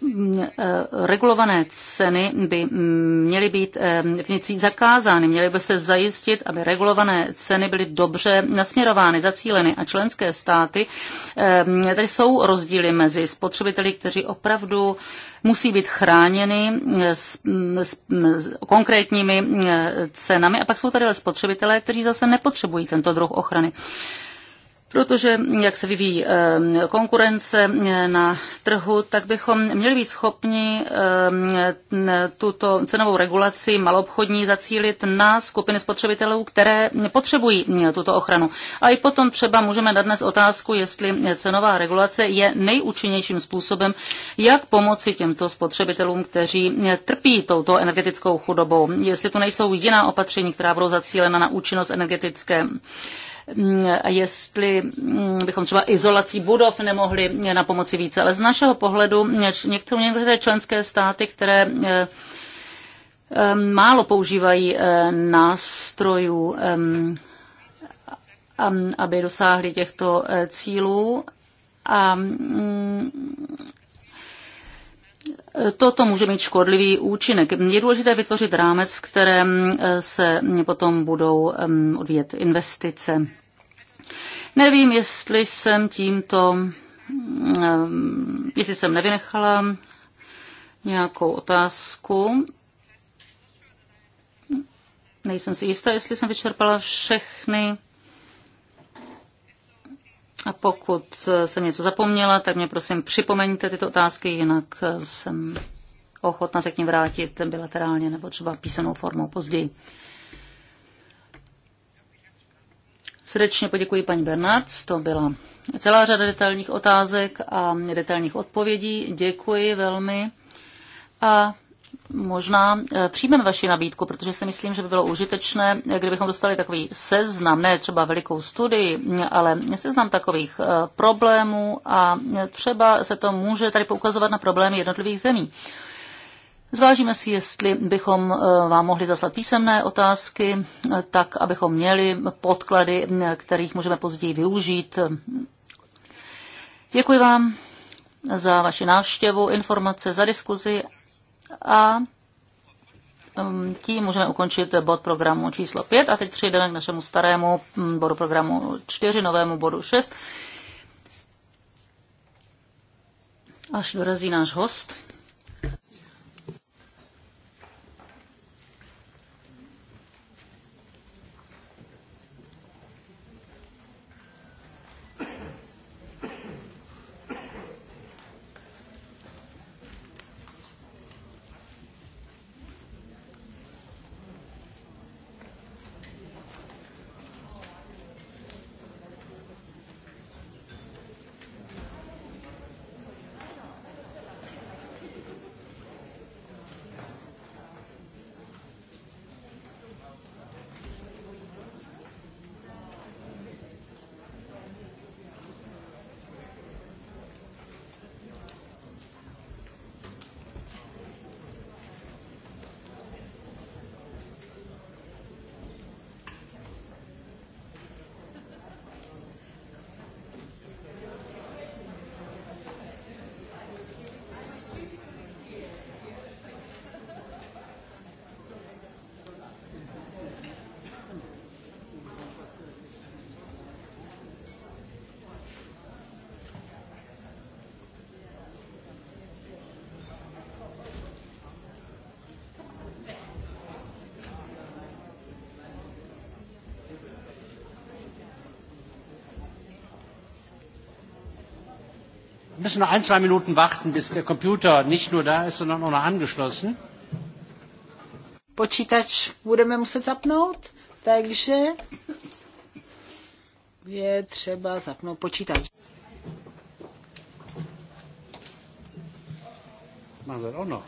Speaker 2: Eh, regulované ceny by měly být eh, vnitřní zakázány. Měly by se zajistit, aby regulované ceny byly dobře nasměrovány, zacíleny a členské státy. Eh, tady jsou rozdíly mezi spotřebiteli, kteří opravdu musí být chráněny s, s, s konkrétními cenami a pak jsou tady ale spotřebitelé, kteří zase nepotřebují tento druh ochrany. Protože jak se vyvíjí ehm, konkurence eh, na trhu, tak bychom měli být schopni ehm, tuto cenovou regulaci malobchodní zacílit na skupiny spotřebitelů, které potřebují tuto ochranu. A i potom třeba můžeme dnes otázku, jestli cenová regulace je nejúčinnějším způsobem, jak pomoci těmto spotřebitelům, kteří trpí touto energetickou chudobou. Jestli to nejsou jiná opatření, která budou zacílena na účinnost energetické Mm, jestli mm, bychom třeba izolací budov nemohli na pomoci více. Ale z našeho pohledu některé členské státy, které eh, eh, málo používají eh, nástrojů, aby dosáhli těchto cílů. A mm, Toto může mít škodlivý účinek. Je důležité vytvořit rámec, v kterém se potom budou odvíjet investice. Nevím, jestli jsem tímto, mm, eh, jestli jsem nevynechala nějakou otázku. Nejsem si jistá, jestli jsem vyčerpala všechny. A pokud eh, jsem něco zapomněla, tak mě prosím připomeňte tyto otázky, jinak eh, jsem ochotna se k ním vrátit bilaterálně nebo třeba písanou formou později. Srdečně poděkuji paní Bernac, to byla celá řada detailních otázek a detailních odpovědí. Děkuji velmi. A možná eh, přijmeme vaši nabídku, protože si myslím, že by bylo užitečné, eh, kdybychom dostali takový seznam, ne třeba velikou studii, mm, ale seznam takových eh, problémů a třeba se to může tady poukazovat na problémy jednotlivých zemí. Zvážíme si, jestli bychom eh, vám mohli zaslat písemné otázky, eh, tak abychom měli podklady, eh, kterých můžeme později využít. Děkuji vám za vaši návštěvu, informace, za diskuzi a mm, tím můžeme ukončit bod programu číslo 5 a teď přejdeme k našemu starému mm, bodu programu 4, novému bodu 6. Až dorazí náš host.
Speaker 1: müssen noch ein, zwei Minuten warten, bis der Computer nicht nur da ist, sondern auch noch angeschlossen.
Speaker 3: Počítač budeme muset zapnout, takže je třeba zapnout počítač.
Speaker 1: Machen wir das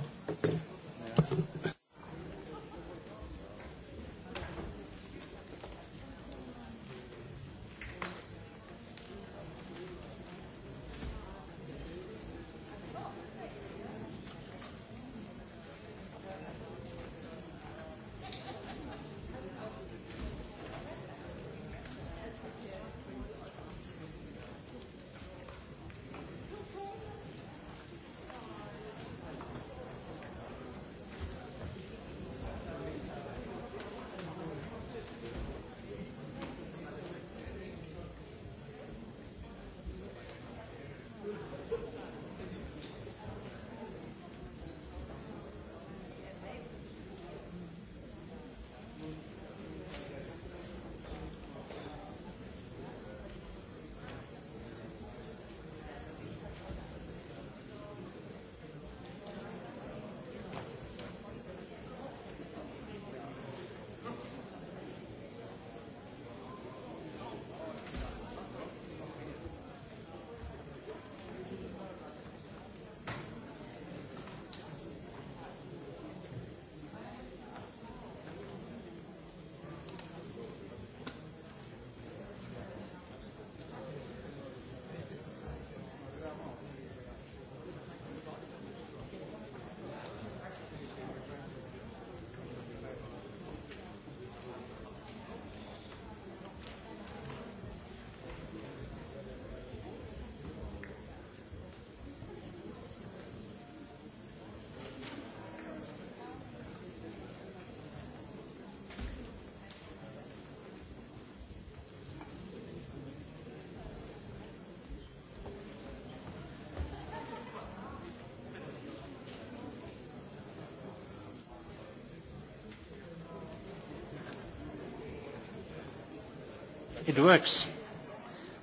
Speaker 1: it works.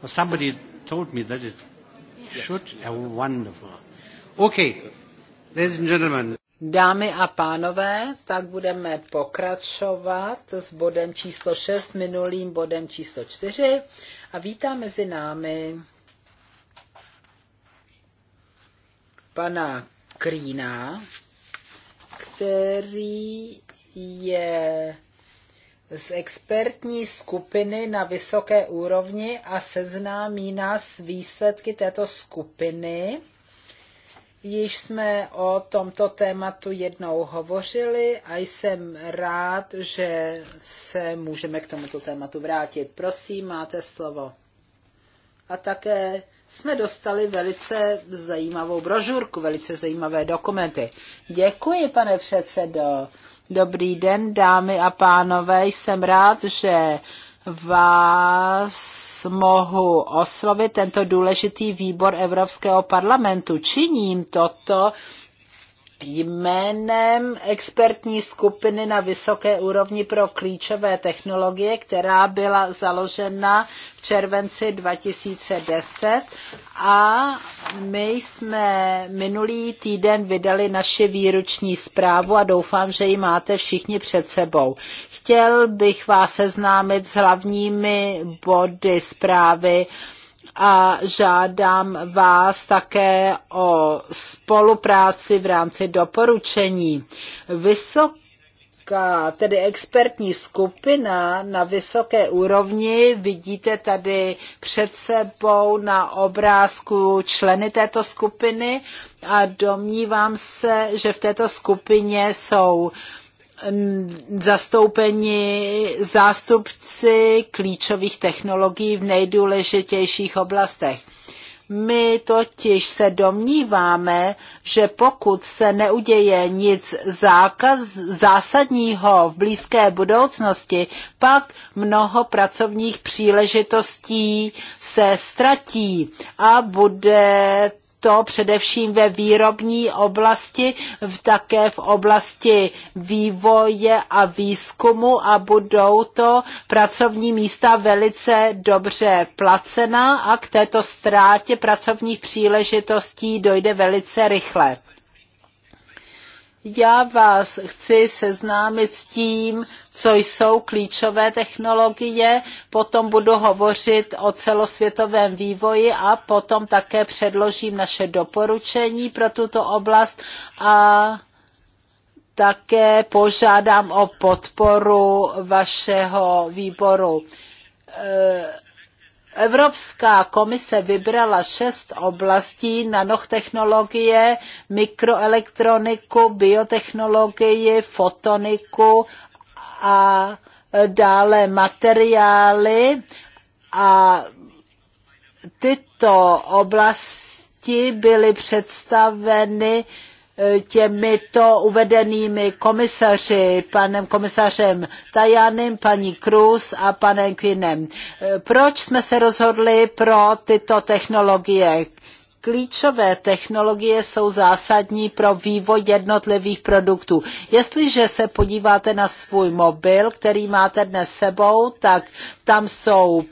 Speaker 1: Well, somebody told me that it yes. should. Oh, wonderful. Okay, ladies and gentlemen.
Speaker 3: Dámy a pánové, tak budeme pokračovat s bodem číslo 6, minulým bodem číslo 4 a vítám mezi námi pana Krína, který je z expertní skupiny na vysoké úrovni a seznámí nás s výsledky této skupiny. Již jsme o tomto tématu jednou hovořili a jsem rád, že se můžeme k tomuto tématu vrátit. Prosím, máte slovo. A také jsme dostali velice zajímavou brožurku, velice zajímavé dokumenty. Děkuji, pane předsedo. Dobrý den, dámy a pánové, jsem rád, že vás mohu oslovit tento důležitý výbor Evropského parlamentu. Činím toto jménem expertní skupiny na vysoké úrovni pro klíčové technologie, která byla založena v červenci 2010 a my jsme minulý týden vydali naši výroční zprávu a doufám, že ji máte všichni před sebou. Chtěl bych vás seznámit s hlavními body zprávy, a žádám vás také o spolupráci v rámci doporučení. Vysoká tedy expertní skupina na vysoké úrovni, vidíte tady před sebou na obrázku členy této skupiny a domnívám se, že v této skupině jsou zastoupeni zástupci klíčových technologií v nejdůležitějších oblastech. My totiž se domníváme, že pokud se neuděje nic zákaz, zásadního v blízké budoucnosti, pak mnoho pracovních příležitostí se ztratí a bude to především ve výrobní oblasti, také v oblasti vývoje a výzkumu a budou to pracovní místa velice dobře placená a k této ztrátě pracovních příležitostí dojde velice rychle. Já vás chci seznámit s tím, co jsou klíčové technologie, potom budu hovořit o celosvětovém vývoji a potom také předložím naše doporučení pro tuto oblast a také požádám o podporu vašeho výboru Evropská komise vybrala šest oblastí nanotechnologie, mikroelektroniku, biotechnologii, fotoniku a dále materiály a tyto oblasti byly představeny těmito uvedenými komisaři, panem komisařem Tajanem, paní Cruz a panem Quinnem. Proč jsme se rozhodli pro tyto technologie? klíčové technologie jsou zásadní pro vývoj jednotlivých produktů. Jestliže se podíváte na svůj mobil, který máte dnes sebou, tak tam jsou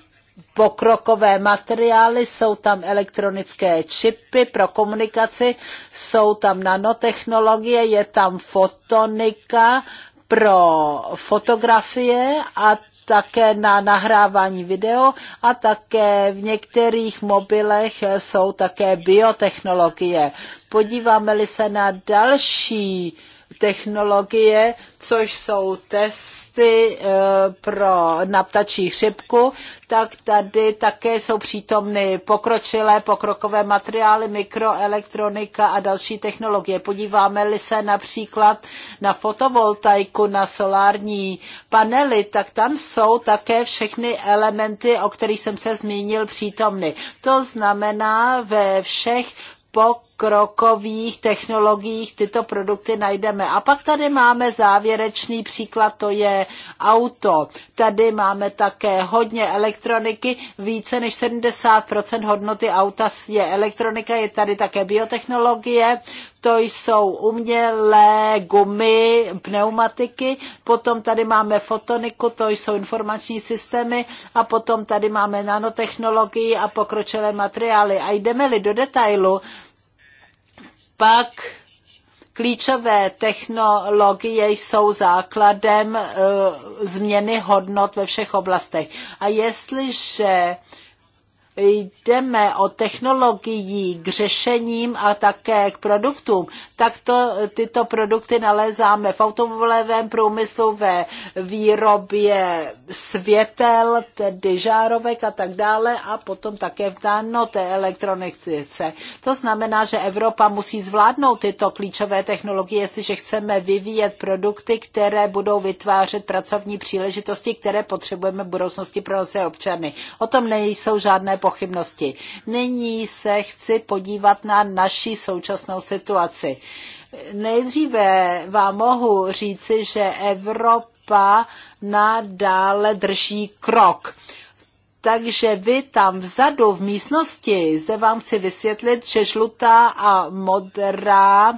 Speaker 3: pokrokové materiály, jsou tam elektronické čipy pro komunikaci, jsou tam nanotechnologie, je tam fotonika pro fotografie a také na nahrávání video a také v některých mobilech jsou také biotechnologie. Podíváme-li se na další technologie, což jsou testy, testy eh, pro na ptačí chřipku, tak tady také jsou přítomny pokročilé pokrokové materiály, mikroelektronika a další technologie. Podíváme-li se například na fotovoltaiku, na solární panely, tak tam jsou také všechny elementy, o kterých jsem se zmínil, přítomny. To znamená ve všech pokroků pokrokových technologiích tyto produkty najdeme. A pak tady máme závěrečný příklad, to je auto. Tady máme také hodně elektroniky, více než 70% hodnoty auta je elektronika, je tady také biotechnologie, to jsou umělé gumy, pneumatiky, potom tady máme fotoniku, to jsou informační systémy a potom tady máme nanotechnologii a pokročilé materiály. A jdeme-li do detailu, pak klíčové technologie jsou základem eh, změny hodnot ve všech oblastech. A jestliže jdeme o technologií k řešením a také k produktům, tak to, tyto produkty nalézáme v automobilovém průmyslu, ve výrobě světel, tedy žárovek a tak dále a potom také v té elektronice. To znamená, že Evropa musí zvládnout tyto klíčové technologie, jestliže chceme vyvíjet produkty, které budou vytvářet pracovní příležitosti, které potřebujeme v budoucnosti pro naše občany. O tom nejsou žádné pochybnosti. Nyní se chci podívat na naši současnou situaci. Nejdříve vám mohu říci, že Evropa nadále drží krok. Takže vy tam vzadu v místnosti, zde vám chci vysvětlit, že žlutá a modrá eh,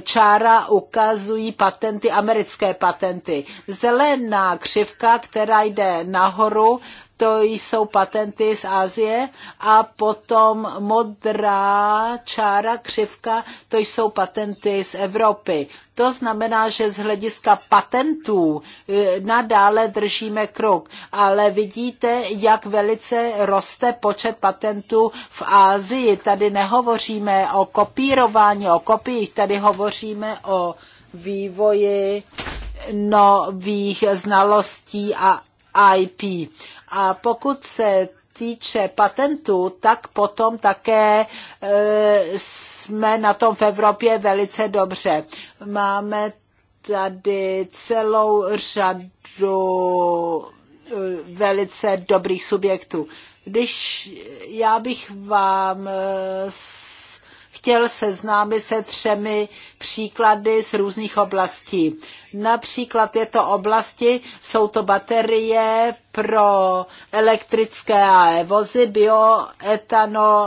Speaker 3: čára ukazují patenty, americké patenty. Zelená křivka, která jde nahoru, to jsou patenty z Asie a potom modrá čára křivka, to jsou patenty z Evropy. To znamená, že z hlediska patentů eh, nadále držíme krok, ale vidíte, jak velice roste počet patentů v Ázii. Tady nehovoříme o kopírování, o kopiích, tady hovoříme o vývoji nových znalostí a IP. A pokud se týče patentů, tak potom také e, jsme na tom v Evropě velice dobře. Máme tady celou řadu e, velice dobrých subjektů. Když já bych vám e, chtěl seznámit se třemi příklady z různých oblastí. Například je to oblasti jsou to baterie pro elektrické vozy, bioetanol,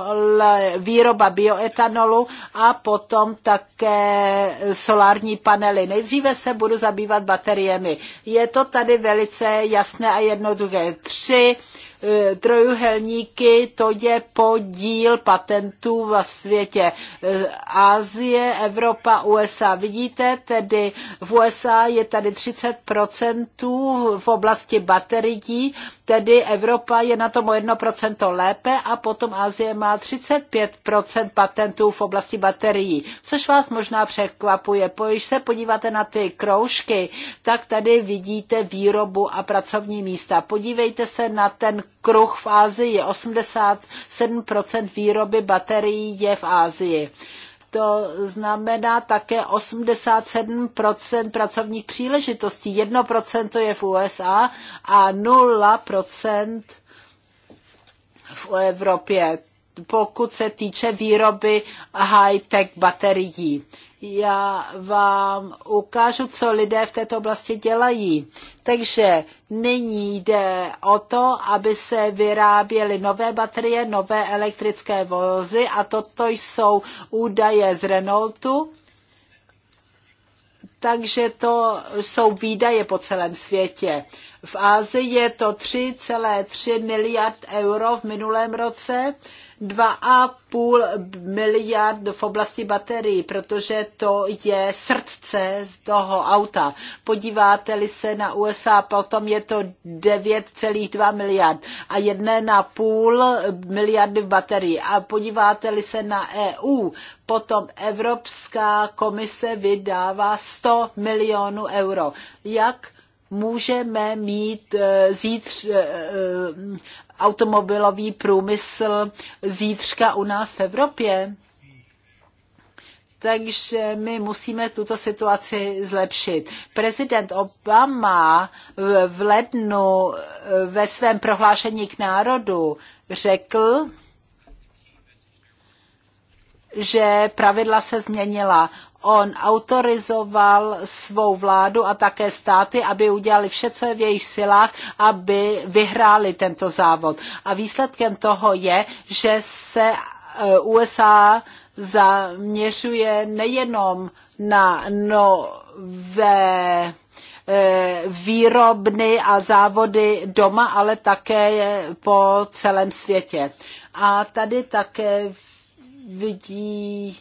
Speaker 3: výroba bioetanolu a potom také solární panely. Nejdříve se budu zabývat bateriemi. Je to tady velice jasné a jednoduché. Tři e, trojuhelníky, to je podíl patentů ve světě. E, Asie, Evropa, USA. Vidíte, tedy v USA je tady 30% v oblasti baterií, tedy Evropa je na tom o 1% lépe a potom Asie má 35% patentů v oblasti baterií, což vás možná překvapuje. Když se podíváte na ty kroužky, tak tady vidíte výrobu a pracovní místa. Podívejte se na ten kruh v Ázii. 87% výroby baterií je v Ázii to znamená také 87% pracovních příležitostí. 1% je v USA a 0% v Evropě pokud se týče výroby high-tech baterií. Já vám ukážu, co lidé v této oblasti dělají. Takže nyní jde o to, aby se vyráběly nové baterie, nové elektrické vozy a toto jsou údaje z Renaultu takže to jsou výdaje po celém světě. V Ázii je to 3,3 miliard euro v minulém roce 2,5 miliard v oblasti baterií, protože to je srdce toho auta. Podíváte-li se na USA, potom je to 9,2 miliard a 1,5 miliardy v baterii. A podíváte-li se na EU, potom Evropská komise vydává 100 milionů euro. Jak můžeme mít eh, zítř, eh, automobilový průmysl zítřka u nás v Evropě. Takže my musíme tuto situaci zlepšit. Prezident Obama v lednu eh, ve svém prohlášení k národu řekl, že pravidla se změnila on autorizoval svou vládu a také státy, aby udělali vše, co je v jejich silách, aby vyhráli tento závod. A výsledkem toho je, že se eh, USA zaměřuje nejenom na nové eh, výrobny a závody doma, ale také po celém světě. A tady také vidí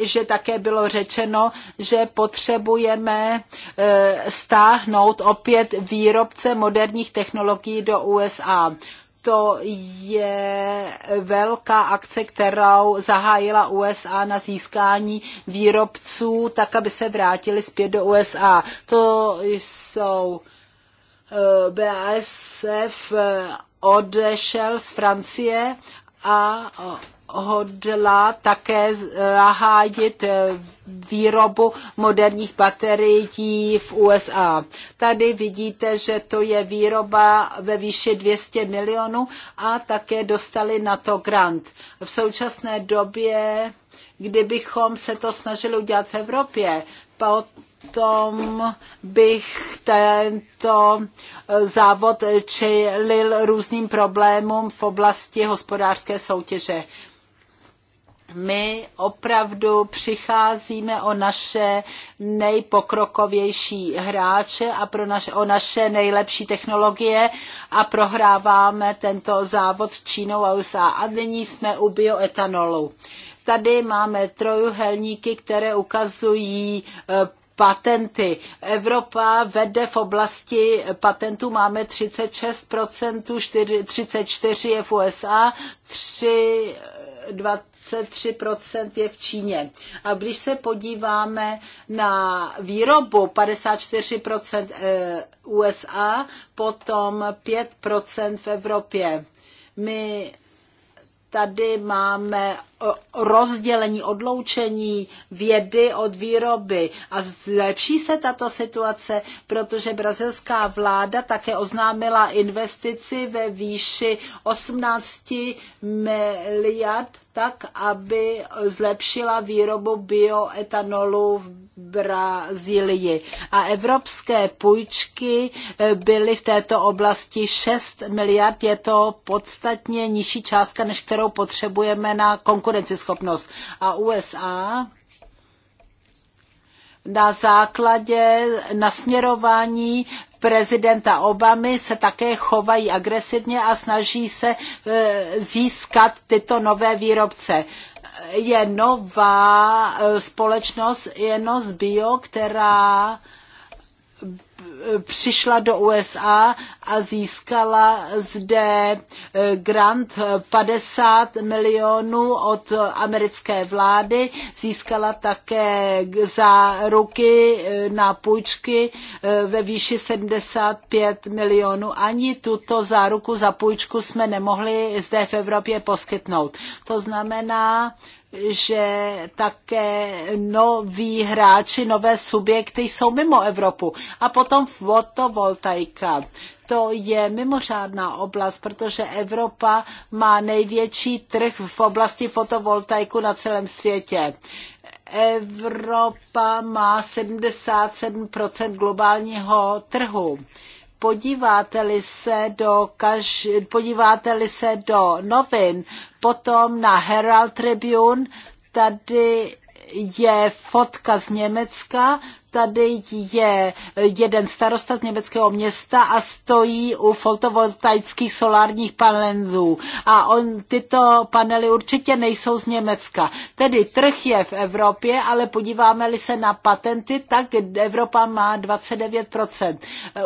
Speaker 3: že také bylo řečeno, že potřebujeme e, stáhnout opět výrobce moderních technologií do USA to je velká akce, kterou zahájila USA na získání výrobců, tak aby se vrátili zpět do USA. To jsou e, BASF odešel z Francie a hodla také zahájit eh, výrobu moderních baterií v USA. Tady vidíte, že to je výroba ve výši 200 milionů a také dostali na to grant. V současné době, kdybychom se to snažili udělat v Evropě, potom bych tento eh, závod čelil různým problémům v oblasti hospodářské soutěže my opravdu přicházíme o naše nejpokrokovější hráče a pro naš, o naše nejlepší technologie a prohráváme tento závod s Čínou a USA. A nyní jsme u bioetanolu. Tady máme trojuhelníky, které ukazují eh, patenty. Evropa vede v oblasti patentů, máme 36%, 34 je v USA, 3, 2, 23% je v Číně. A když se podíváme na výrobu 54% eh, USA, potom 5% v Evropě. My Tady máme rozdělení, odloučení vědy od výroby. A zlepší se tato situace, protože brazilská vláda také oznámila investici ve výši 18 miliard tak, aby zlepšila výrobu bioetanolu v Brazílii. A evropské půjčky eh, byly v této oblasti 6 miliard. Je to podstatně nižší částka, než kterou potřebujeme na konkurenceschopnost. A USA na základě nasměrování prezidenta Obamy se také chovají agresivně a snaží se eh, získat tyto nové výrobce je nová e, společnost Jenos Bio, která e, přišla do USA a získala zde e, grant 50 milionů od americké vlády. Získala také záruky na půjčky ve výši 75 milionů. Ani tuto záruku za půjčku jsme nemohli zde v Evropě poskytnout. To znamená, že také noví hráči, nové subjekty jsou mimo Evropu. A potom fotovoltaika. To je mimořádná oblast, protože Evropa má největší trh v oblasti fotovoltaiku na celém světě. Evropa má 77 globálního trhu podíváte-li se do, kaž, podíváte-li se do novin, potom na Herald Tribune, tady je fotka z Německa, tady je jeden starosta z německého města a stojí u fotovoltaických solárních panelů. A on, tyto panely určitě nejsou z Německa. Tedy trh je v Evropě, ale podíváme-li se na patenty, tak Evropa má 29%,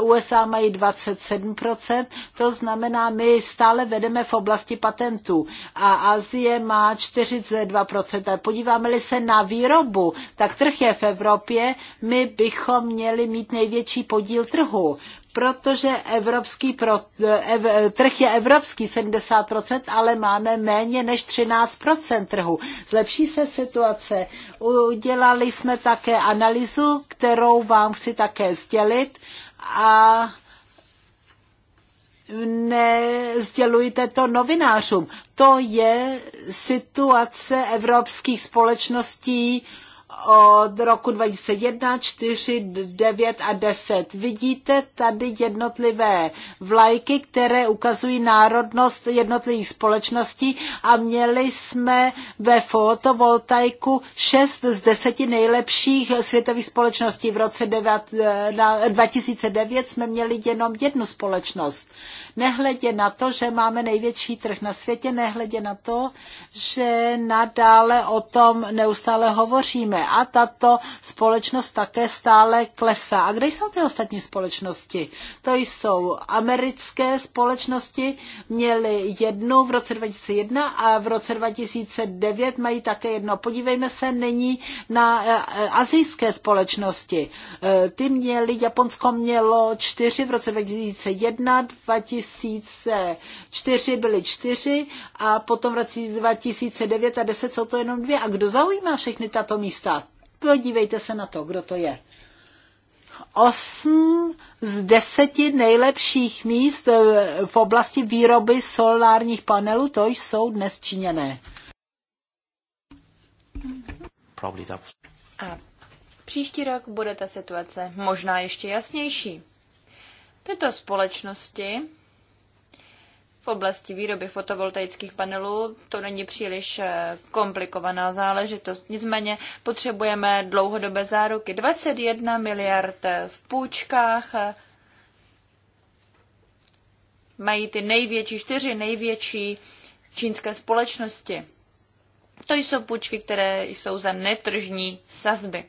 Speaker 3: USA mají 27%, to znamená, my stále vedeme v oblasti patentů a Asie má 42%. A podíváme-li se na výrobu, tak trh je v Evropě, my my bychom měli mít největší podíl trhu, protože evropský pro, eh, ev, eh, trh je evropský 70%, ale máme méně než 13% trhu. Zlepší se situace. Udělali jsme také analýzu, kterou vám chci také sdělit a nezdělujte to novinářům. To je situace evropských společností od roku 2001, 4, 9 a 10. Vidíte tady jednotlivé vlajky, které ukazují národnost jednotlivých společností a měli jsme ve fotovoltaiku 6 z 10 nejlepších světových společností. V roce 9, 2009 jsme měli jenom jednu společnost. Nehledě na to, že máme největší trh na světě, nehledě na to, že nadále o tom neustále hovoříme a tato společnost také stále klesá. A kde jsou ty ostatní společnosti? To jsou americké společnosti, měly jednu v roce 2001 a v roce 2009 mají také jedno. Podívejme se nyní na eh, azijské společnosti. Eh, ty měly, Japonsko mělo čtyři v roce 2001, 2004 byly čtyři a potom v roce 2009 a 10 jsou to jenom dvě. A kdo zaujímá všechny tato místa? Podívejte se na to, kdo to je. Osm z deseti nejlepších míst eh, v oblasti výroby solárních panelů, to jsou dnes činěné. A
Speaker 4: příští rok bude ta situace možná ještě jasnější. Tyto společnosti v oblasti výroby fotovoltaických panelů to není příliš eh, komplikovaná záležitost. Nicméně potřebujeme dlouhodobé záruky. 21 miliard eh, v půjčkách eh, mají ty největší, čtyři největší čínské společnosti. To jsou půjčky, které jsou za netržní sazby.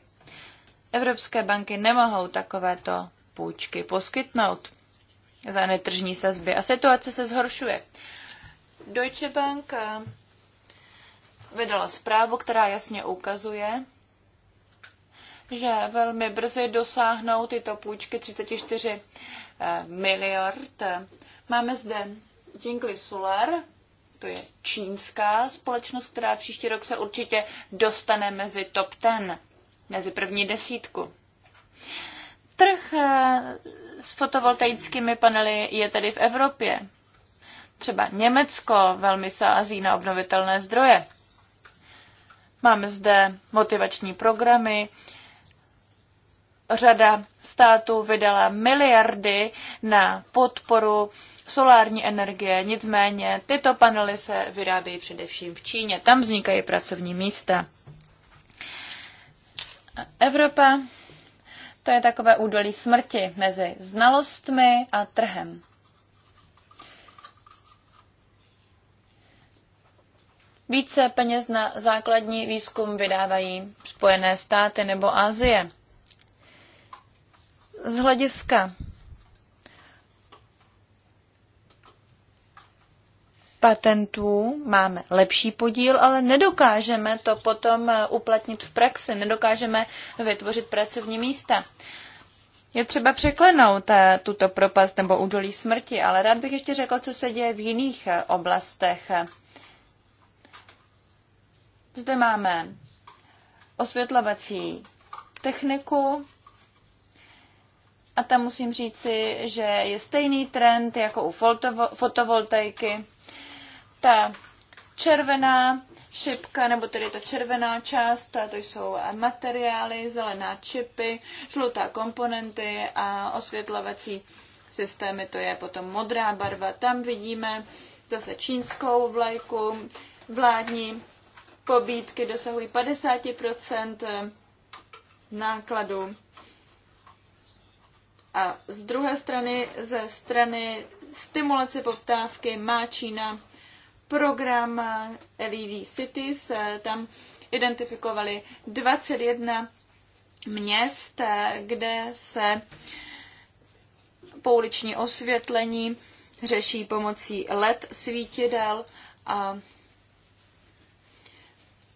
Speaker 4: Evropské banky nemohou takovéto půjčky poskytnout za netržní sazby a situace se zhoršuje. Deutsche Bank eh, vydala zprávu, která jasně ukazuje, že velmi brzy dosáhnou tyto půjčky 34 eh, miliard. Máme zde Jingli Solar, to je čínská společnost, která příští rok se určitě dostane mezi top ten, mezi první desítku. Trh eh, s fotovoltaickými panely je tedy v Evropě. Třeba Německo velmi sází na obnovitelné zdroje. Máme zde motivační programy. Řada států vydala miliardy na podporu solární energie, nicméně tyto panely se vyrábějí především v Číně. Tam vznikají pracovní místa. Evropa to je takové údolí smrti mezi znalostmi a trhem. Více peněz na základní výzkum vydávají Spojené státy nebo Asie. Z hlediska patentů máme lepší podíl, ale nedokážeme to potom eh, uplatnit v praxi, nedokážeme vytvořit pracovní místa. Je třeba překlenout eh, tuto propast nebo údolí smrti, ale rád bych ještě řekl, co se děje v jiných eh, oblastech. Zde máme osvětlovací techniku, a tam musím říci, že je stejný trend jako u fotovoltaiky ta červená šipka, nebo tedy ta červená část, to jsou materiály, zelená čipy, žlutá komponenty a osvětlovací systémy, to je potom modrá barva. Tam vidíme zase čínskou vlajku, vládní pobídky dosahují 50% nákladů. A z druhé strany, ze strany stimulace poptávky má Čína program LED Cities. Eh, tam identifikovali 21 měst, eh, kde se pouliční osvětlení řeší pomocí LED svítidel a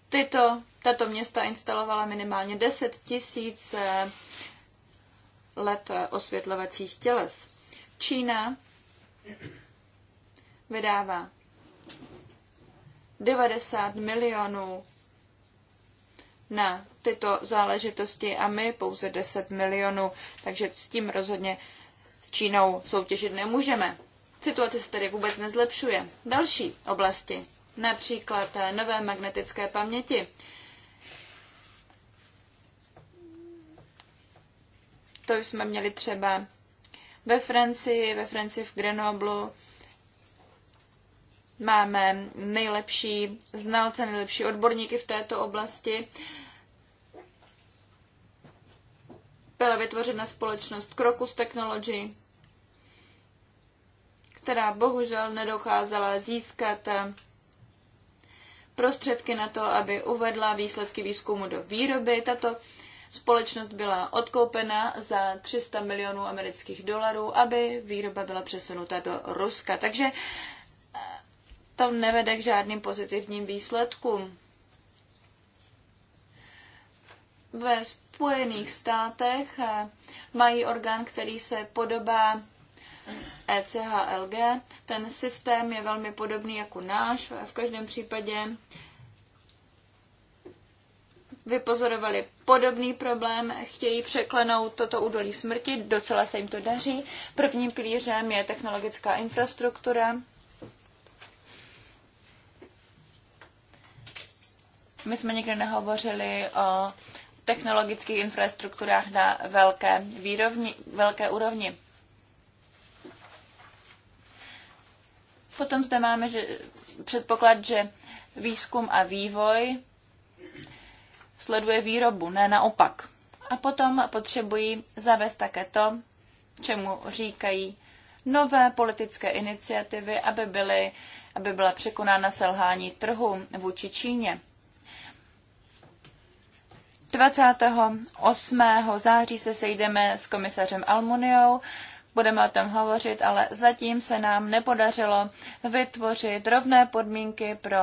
Speaker 4: tyto, tato města instalovala minimálně 10 tisíc eh, LED osvětlovacích těles. Čína vydává 90 milionů na tyto záležitosti a my pouze 10 milionů, takže s tím rozhodně s Čínou soutěžit nemůžeme. Situace se tedy vůbec nezlepšuje. Další oblasti, například nové magnetické paměti. To jsme měli třeba ve Francii, ve Francii v Grenoblu, máme nejlepší znalce, nejlepší odborníky v této oblasti. Byla vytvořena společnost Krokus Technology, která bohužel nedokázala získat prostředky na to, aby uvedla výsledky výzkumu do výroby. Tato společnost byla odkoupena za 300 milionů amerických dolarů, aby výroba byla přesunuta do Ruska. Takže to nevede k žádným pozitivním výsledkům. Ve Spojených státech eh, mají orgán, který se podobá ECHLG. Ten systém je velmi podobný jako náš. V každém případě vypozorovali podobný problém, chtějí překlenout toto údolí smrti, docela se jim to daří. Prvním pilířem je technologická infrastruktura, My jsme nikdy nehovořili o technologických infrastrukturách na velké, výrovni, velké úrovni. Potom zde máme že předpoklad, že výzkum a vývoj sleduje výrobu, ne naopak. A potom potřebují zavést také to, čemu říkají nové politické iniciativy, aby, byly, aby byla překonána selhání trhu vůči Číně. 28. září se sejdeme s komisařem Almuniou, budeme o tom hovořit, ale zatím se nám nepodařilo vytvořit rovné podmínky pro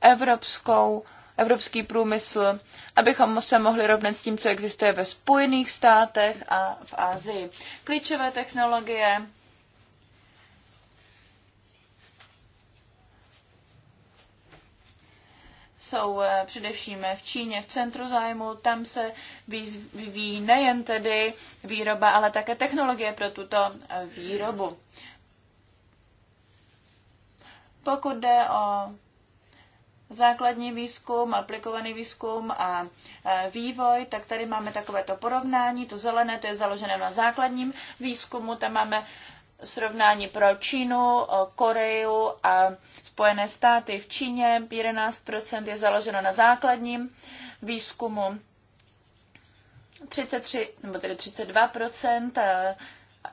Speaker 4: evropskou evropský průmysl, abychom se mohli rovnat s tím, co existuje ve Spojených státech a v Asii. Klíčové technologie, jsou eh, především v Číně v centru zájmu. Tam se vyvíjí nejen tedy výroba, ale také technologie pro tuto eh, výrobu. Pokud jde o základní výzkum, aplikovaný výzkum a eh, vývoj, tak tady máme takovéto porovnání. To zelené, to je založené na základním výzkumu, tam máme srovnání pro Čínu, Koreju a Spojené státy. V Číně 11% je založeno na základním výzkumu, 33, nebo tedy 32% eh,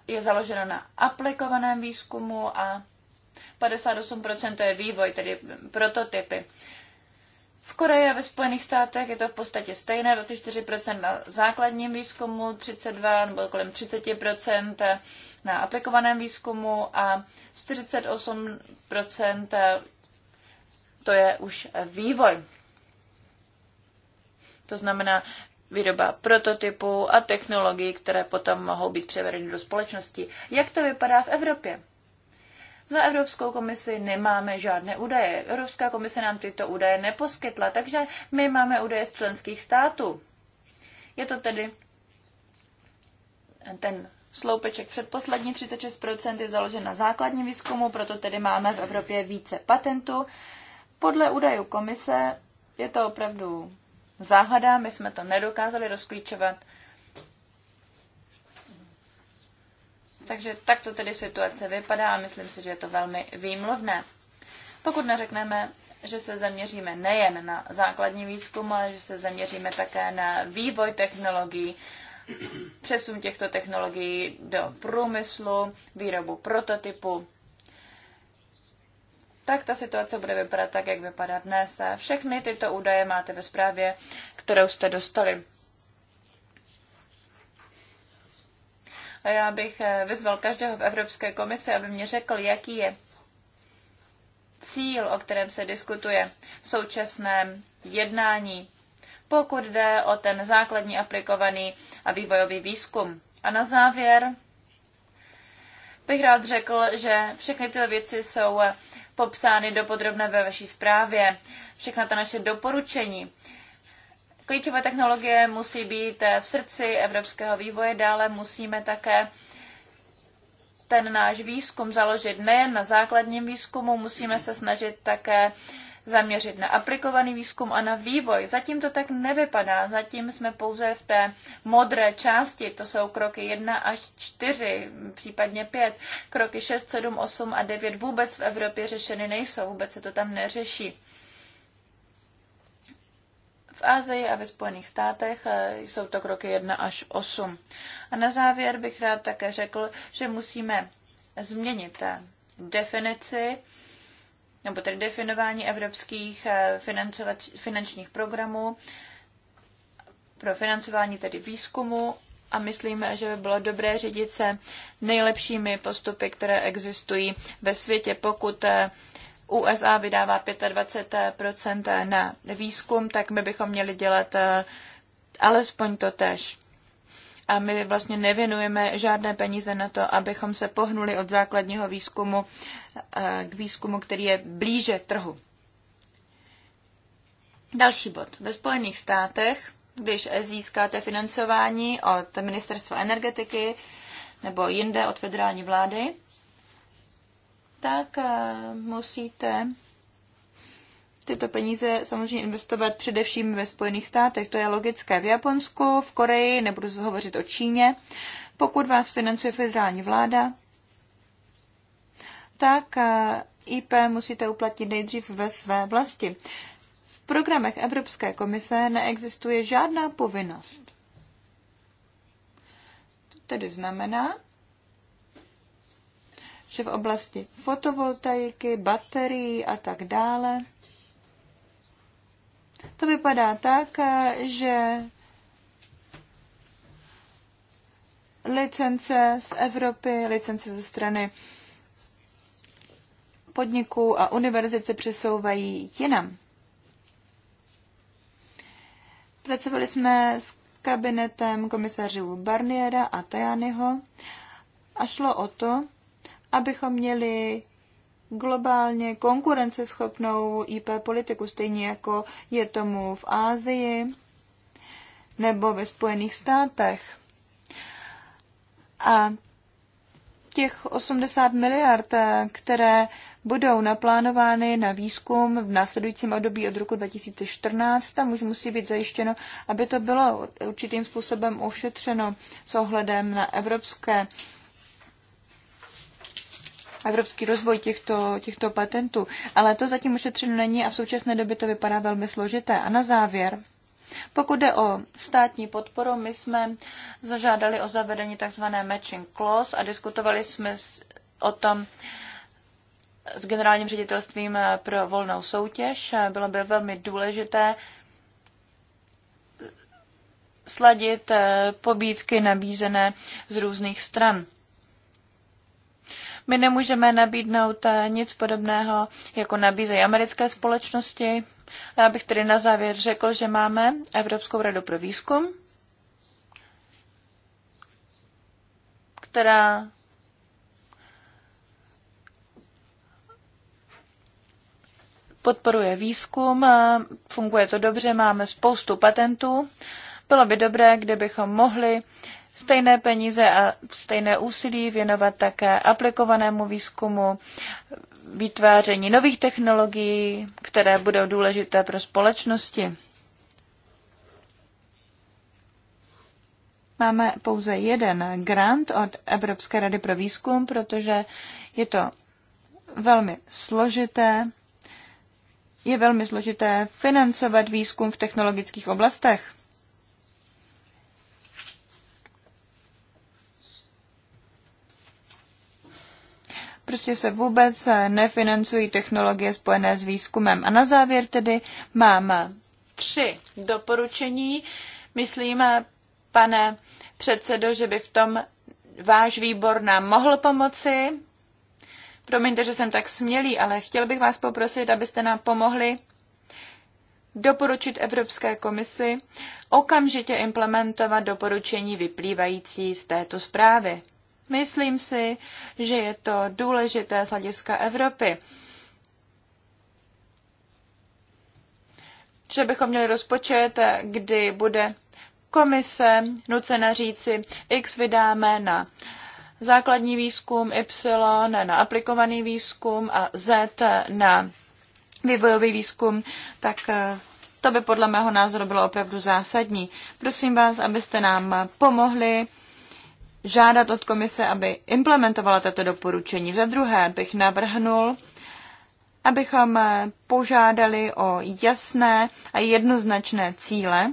Speaker 4: je založeno na aplikovaném výzkumu a 58% to je vývoj, tedy prototypy. V Koreji a ve Spojených státech je to v podstatě stejné, 24% na základním výzkumu, 32 nebo kolem 30% na aplikovaném výzkumu a 48% to je už vývoj. To znamená výroba prototypů a technologií, které potom mohou být převedeny do společnosti. Jak to vypadá v Evropě? Za Evropskou komisi nemáme žádné údaje. Evropská komise nám tyto údaje neposkytla, takže my máme údaje z členských států. Je to tedy ten sloupeček předposlední 36% je založen na základním výzkumu, proto tedy máme v Evropě více patentů. Podle údajů komise je to opravdu záhada, my jsme to nedokázali rozklíčovat. Takže takto tedy situace vypadá a myslím si, že je to velmi výmluvné. Pokud neřekneme, že se zaměříme nejen na základní výzkum, ale že se zaměříme také na vývoj technologií, přesun těchto technologií do průmyslu, výrobu prototypu, tak ta situace bude vypadat tak, jak vypadá dnes. Všechny tyto údaje máte ve zprávě, kterou jste dostali. A já bych eh, vyzval každého v Evropské komisi, aby mě řekl, jaký je cíl, o kterém se diskutuje v současném jednání, pokud jde o ten základní aplikovaný a vývojový výzkum. A na závěr bych rád řekl, že všechny tyto věci jsou eh, popsány dopodrobné ve vaší zprávě, všechna ta naše doporučení. Klíčové technologie musí být eh, v srdci evropského vývoje, dále musíme také ten náš výzkum založit nejen na základním výzkumu, musíme se snažit také zaměřit na aplikovaný výzkum a na vývoj. Zatím to tak nevypadá, zatím jsme pouze v té modré části, to jsou kroky 1 až 4, případně 5. Kroky 6, 7, 8 a 9 vůbec v Evropě řešeny nejsou, vůbec se to tam neřeší. V Ázii a ve Spojených státech eh, jsou to kroky 1 až 8. A na závěr bych rád také řekl, že musíme změnit eh, definici nebo tedy definování evropských eh, finančních programů pro financování tedy výzkumu a myslím, že by bylo dobré řídit se nejlepšími postupy, které existují ve světě, pokud USA vydává 25% na výzkum, tak my bychom měli dělat eh, alespoň to tež. A my vlastně nevěnujeme žádné peníze na to, abychom se pohnuli od základního výzkumu eh, k výzkumu, který je blíže trhu. Další bod. Ve Spojených státech, když získáte financování od Ministerstva energetiky nebo jinde od federální vlády, tak eh, musíte tyto peníze samozřejmě investovat především ve Spojených státech. To je logické v Japonsku, v Koreji, nebudu hovořit o Číně. Pokud vás financuje federální vláda, tak eh, IP musíte uplatnit nejdřív ve své vlasti. V programech Evropské komise neexistuje žádná povinnost. To tedy znamená, že v oblasti fotovoltaiky, baterií a tak dále to vypadá tak, že licence z Evropy, licence ze strany podniků a univerzit se přesouvají jinam. Pracovali jsme s kabinetem komisařů Barniera a Tajanyho a šlo o to, abychom měli globálně konkurenceschopnou IP politiku, stejně jako je tomu v Ázii nebo ve Spojených státech. A těch 80 miliard, které budou naplánovány na výzkum v následujícím období od roku 2014, tam už musí být zajištěno, aby to bylo určitým způsobem ošetřeno s ohledem na evropské a evropský rozvoj těchto, těchto patentů. Ale to zatím ušetřeno není a v současné době to vypadá velmi složité. A na závěr, pokud jde o státní podporu, my jsme zažádali o zavedení tzv. matching clause a diskutovali jsme o tom s generálním ředitelstvím eh, pro volnou soutěž. Eh, Bylo by velmi důležité sladit eh, pobídky nabízené z různých stran. My nemůžeme nabídnout eh, nic podobného, jako nabízejí americké společnosti. Já bych tedy na závěr řekl, že máme Evropskou radu pro výzkum, která podporuje výzkum, eh, funguje to dobře, máme spoustu patentů. Bylo by dobré, kdybychom mohli stejné peníze a stejné úsilí věnovat také aplikovanému výzkumu, vytváření nových technologií, které budou důležité pro společnosti. Máme pouze jeden grant od Evropské rady pro výzkum, protože je to velmi složité. Je velmi složité financovat výzkum v technologických oblastech. prostě se vůbec eh, nefinancují technologie spojené s výzkumem. A na závěr tedy mám eh, tři doporučení. Myslím, eh, pane předsedo, že by v tom váš výbor nám mohl pomoci. Promiňte, že jsem tak smělý, ale chtěl bych vás poprosit, abyste nám pomohli doporučit Evropské komisi okamžitě implementovat doporučení vyplývající z této zprávy. Myslím si, že je to důležité z hlediska Evropy. Že bychom měli rozpočet, kdy bude komise nucena říci, x vydáme na základní výzkum, y na aplikovaný výzkum a z na vývojový výzkum, tak eh, to by podle mého názoru bylo opravdu zásadní. Prosím vás, abyste nám pomohli žádat od komise, aby implementovala tato doporučení. Za druhé bych navrhnul, abychom požádali o jasné a jednoznačné cíle,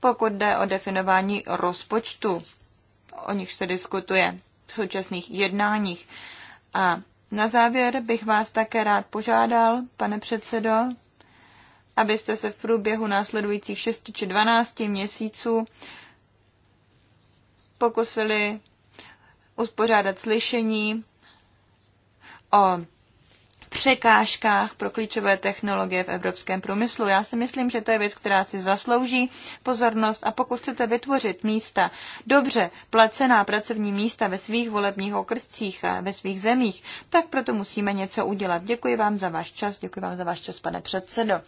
Speaker 4: pokud jde o definování rozpočtu, o nichž se diskutuje v současných jednáních. A na závěr bych vás také rád požádal, pane předsedo, abyste se v průběhu následujících 6 či 12 měsíců pokusili uspořádat slyšení o překážkách pro klíčové technologie v evropském průmyslu. Já si myslím, že to je věc, která si zaslouží pozornost a pokud chcete vytvořit místa, dobře placená pracovní místa ve svých volebních okrscích a ve svých zemích, tak proto musíme něco udělat. Děkuji vám za váš čas, děkuji vám za váš čas, pane předsedo.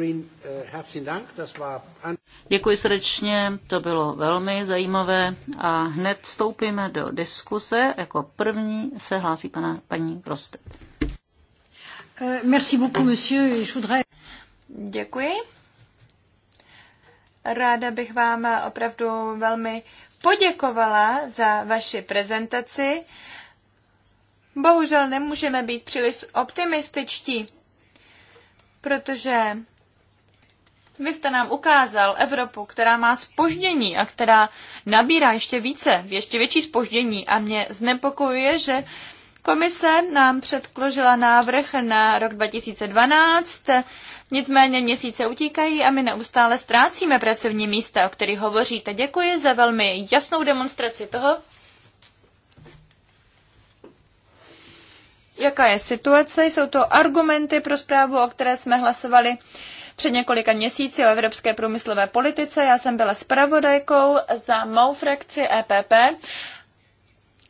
Speaker 3: Eh,
Speaker 2: Děkuji srdečně, to bylo velmi zajímavé a hned vstoupíme do diskuse. Jako první se hlásí pana, paní Kroste.
Speaker 3: Eh, merci beaucoup, monsieur. Je voudrais...
Speaker 4: Děkuji. Ráda bych vám opravdu velmi poděkovala za vaši prezentaci. Bohužel nemůžeme být příliš optimističtí, protože vy jste nám ukázal Evropu, která má spoždění a která nabírá ještě více, ještě větší spoždění a mě znepokojuje, že komise nám předložila návrh na rok 2012, nicméně měsíce utíkají a my neustále ztrácíme pracovní místa, o kterých hovoříte. Děkuji za velmi jasnou demonstraci toho, jaká je situace. Jsou to argumenty pro zprávu, o které jsme hlasovali před několika měsíci o evropské průmyslové politice. Já jsem byla zpravodajkou za mou frakci EPP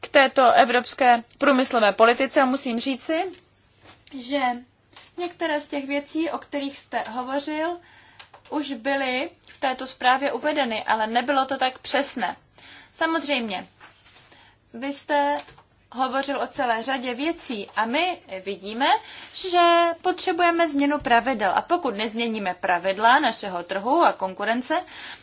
Speaker 4: k této evropské průmyslové politice a musím říci,
Speaker 3: že některé
Speaker 4: z těch věcí, o kterých jste hovořil, už byly v této zprávě uvedeny, ale nebylo to tak přesné. Samozřejmě, vy jste hovořil o celé řadě věcí a my vidíme, že potřebujeme změnu pravidel. A pokud nezměníme pravidla našeho trhu a konkurence,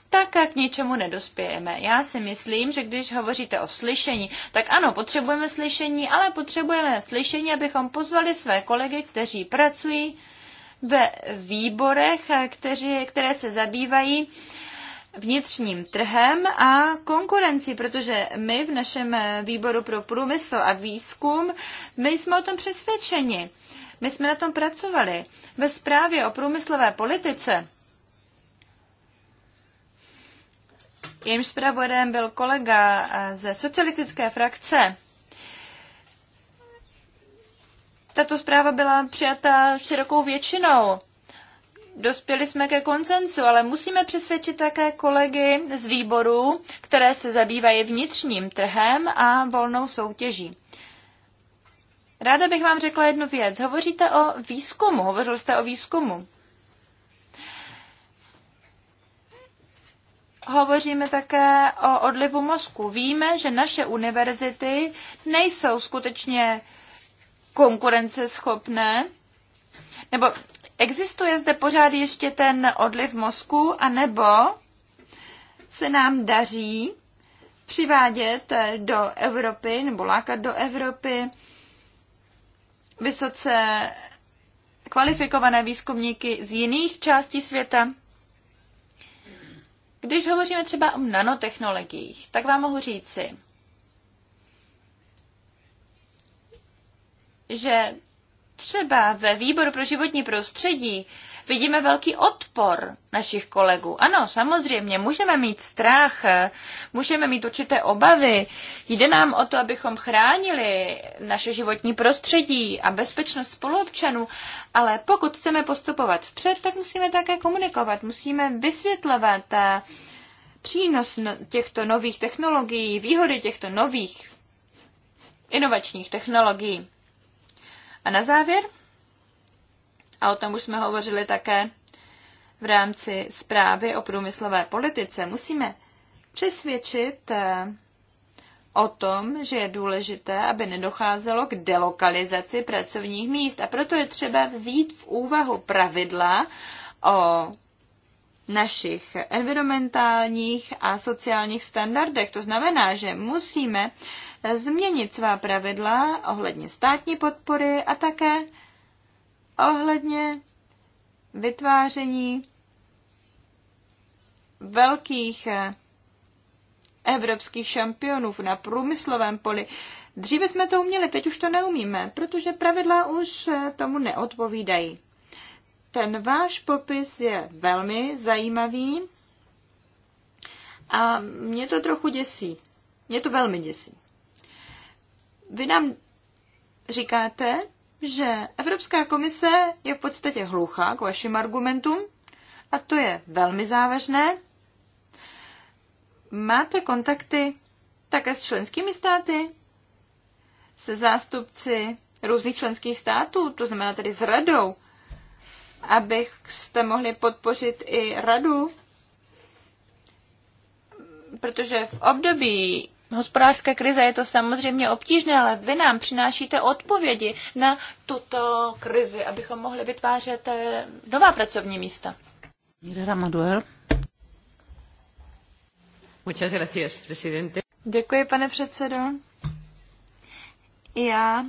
Speaker 4: tak k ničemu nedospějeme. Já si myslím, že když hovoříte o slyšení, tak ano, potřebujeme slyšení, ale potřebujeme slyšení, abychom pozvali své kolegy, kteří pracují ve výborech, kteří, které se zabývají uh, vnitřním trhem a konkurencí, protože my v našem výboru pro průmysl a výzkum, my jsme o tom přesvědčeni. My jsme na tom pracovali. Ve zprávě o průmyslové politice, jejímž zpravodem byl kolega ze socialistické frakce, tato zpráva byla přijata širokou většinou dospěli jsme ke koncensu, ale musíme přesvědčit také kolegy z výborů, které se zabývají vnitřním trhem a volnou soutěží. Ráda bych vám řekla jednu věc. Hovoříte o výzkumu, hovořil jste o výzkumu. Hovoříme také o odlivu mozku. Víme, že naše univerzity nejsou skutečně konkurenceschopné, nebo Existuje zde pořád ještě ten odliv mozku, anebo se nám daří přivádět do Evropy nebo lákat do Evropy vysoce kvalifikované výzkumníky z jiných částí světa. Když hovoříme třeba o nanotechnologiích, tak vám mohu říci, že třeba ve výboru pro životní prostředí vidíme velký odpor našich kolegů. Ano, samozřejmě, můžeme mít strach, můžeme mít určité obavy. Jde nám o to, abychom chránili naše životní prostředí a bezpečnost spoluobčanů, ale pokud chceme postupovat vpřed, tak musíme také komunikovat, musíme vysvětlovat eh, přínos no, těchto nových technologií, výhody těchto nových inovačních technologií. A na závěr, a o tom už jsme hovořili také v rámci zprávy o průmyslové politice, musíme přesvědčit eh, o tom, že je důležité, aby nedocházelo k delokalizaci pracovních míst. A proto je třeba vzít v úvahu pravidla o našich environmentálních a sociálních standardech. To znamená, že musíme změnit svá pravidla ohledně státní podpory a také ohledně vytváření velkých eh, evropských šampionů na průmyslovém poli. Dříve jsme to uměli, teď už to neumíme, protože pravidla už eh, tomu neodpovídají. Ten váš popis je velmi zajímavý a mě to trochu děsí. Mě to velmi děsí. Vy nám říkáte, že Evropská komise je v podstatě hluchá k vašim argumentům a to je velmi závažné. Máte kontakty také s členskými státy, se zástupci různých členských států, to znamená tedy s radou, abyste mohli podpořit i radu, protože v období hospodářské krize je to samozřejmě obtížné, ale vy nám přinášíte odpovědi na tuto krizi, abychom mohli vytvářet eh, nová pracovní místa.
Speaker 1: Mírera Muchas gracias, presidente. Děkuji, pane předsedo.
Speaker 4: Já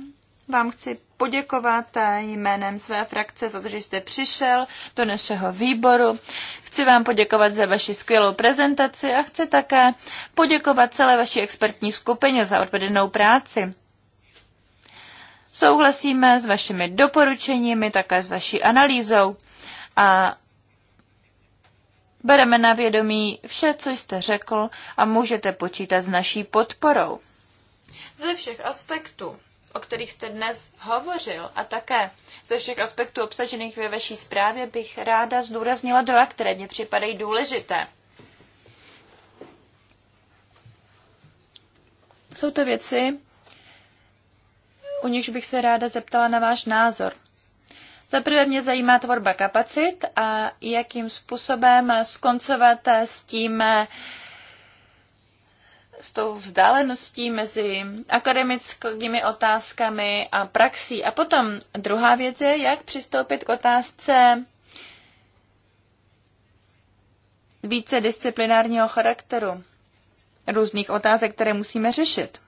Speaker 4: vám chci poděkovat jménem své frakce za to, že jste přišel do našeho výboru. Chci vám poděkovat za vaši skvělou prezentaci a chci také poděkovat celé vaší expertní skupině za odvedenou práci. Souhlasíme s vašimi doporučeními, také s vaší analýzou a bereme na vědomí vše, co jste řekl a můžete počítat s naší podporou. Ze všech aspektů o kterých jste dnes hovořil a také ze všech aspektů obsažených ve vaší zprávě bych ráda zdůraznila dva, které mě připadají důležité. Jsou to věci, u nichž bych se ráda zeptala na váš názor. Za prvé mě zajímá tvorba kapacit a jakým způsobem skoncovat s tím s tou vzdáleností mezi akademickými otázkami a praxí. A potom druhá věc je, jak přistoupit k otázce více disciplinárního charakteru různých otázek, které musíme řešit.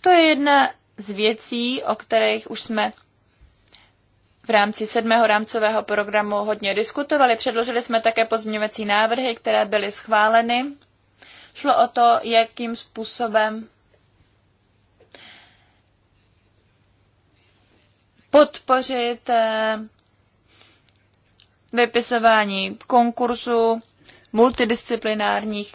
Speaker 4: To je jedna z věcí, o kterých už jsme v rámci sedmého rámcového programu hodně diskutovali. Předložili jsme také pozměňovací návrhy, které byly schváleny Šlo o to, jakým způsobem podpořit eh, vypisování konkursů multidisciplinárních.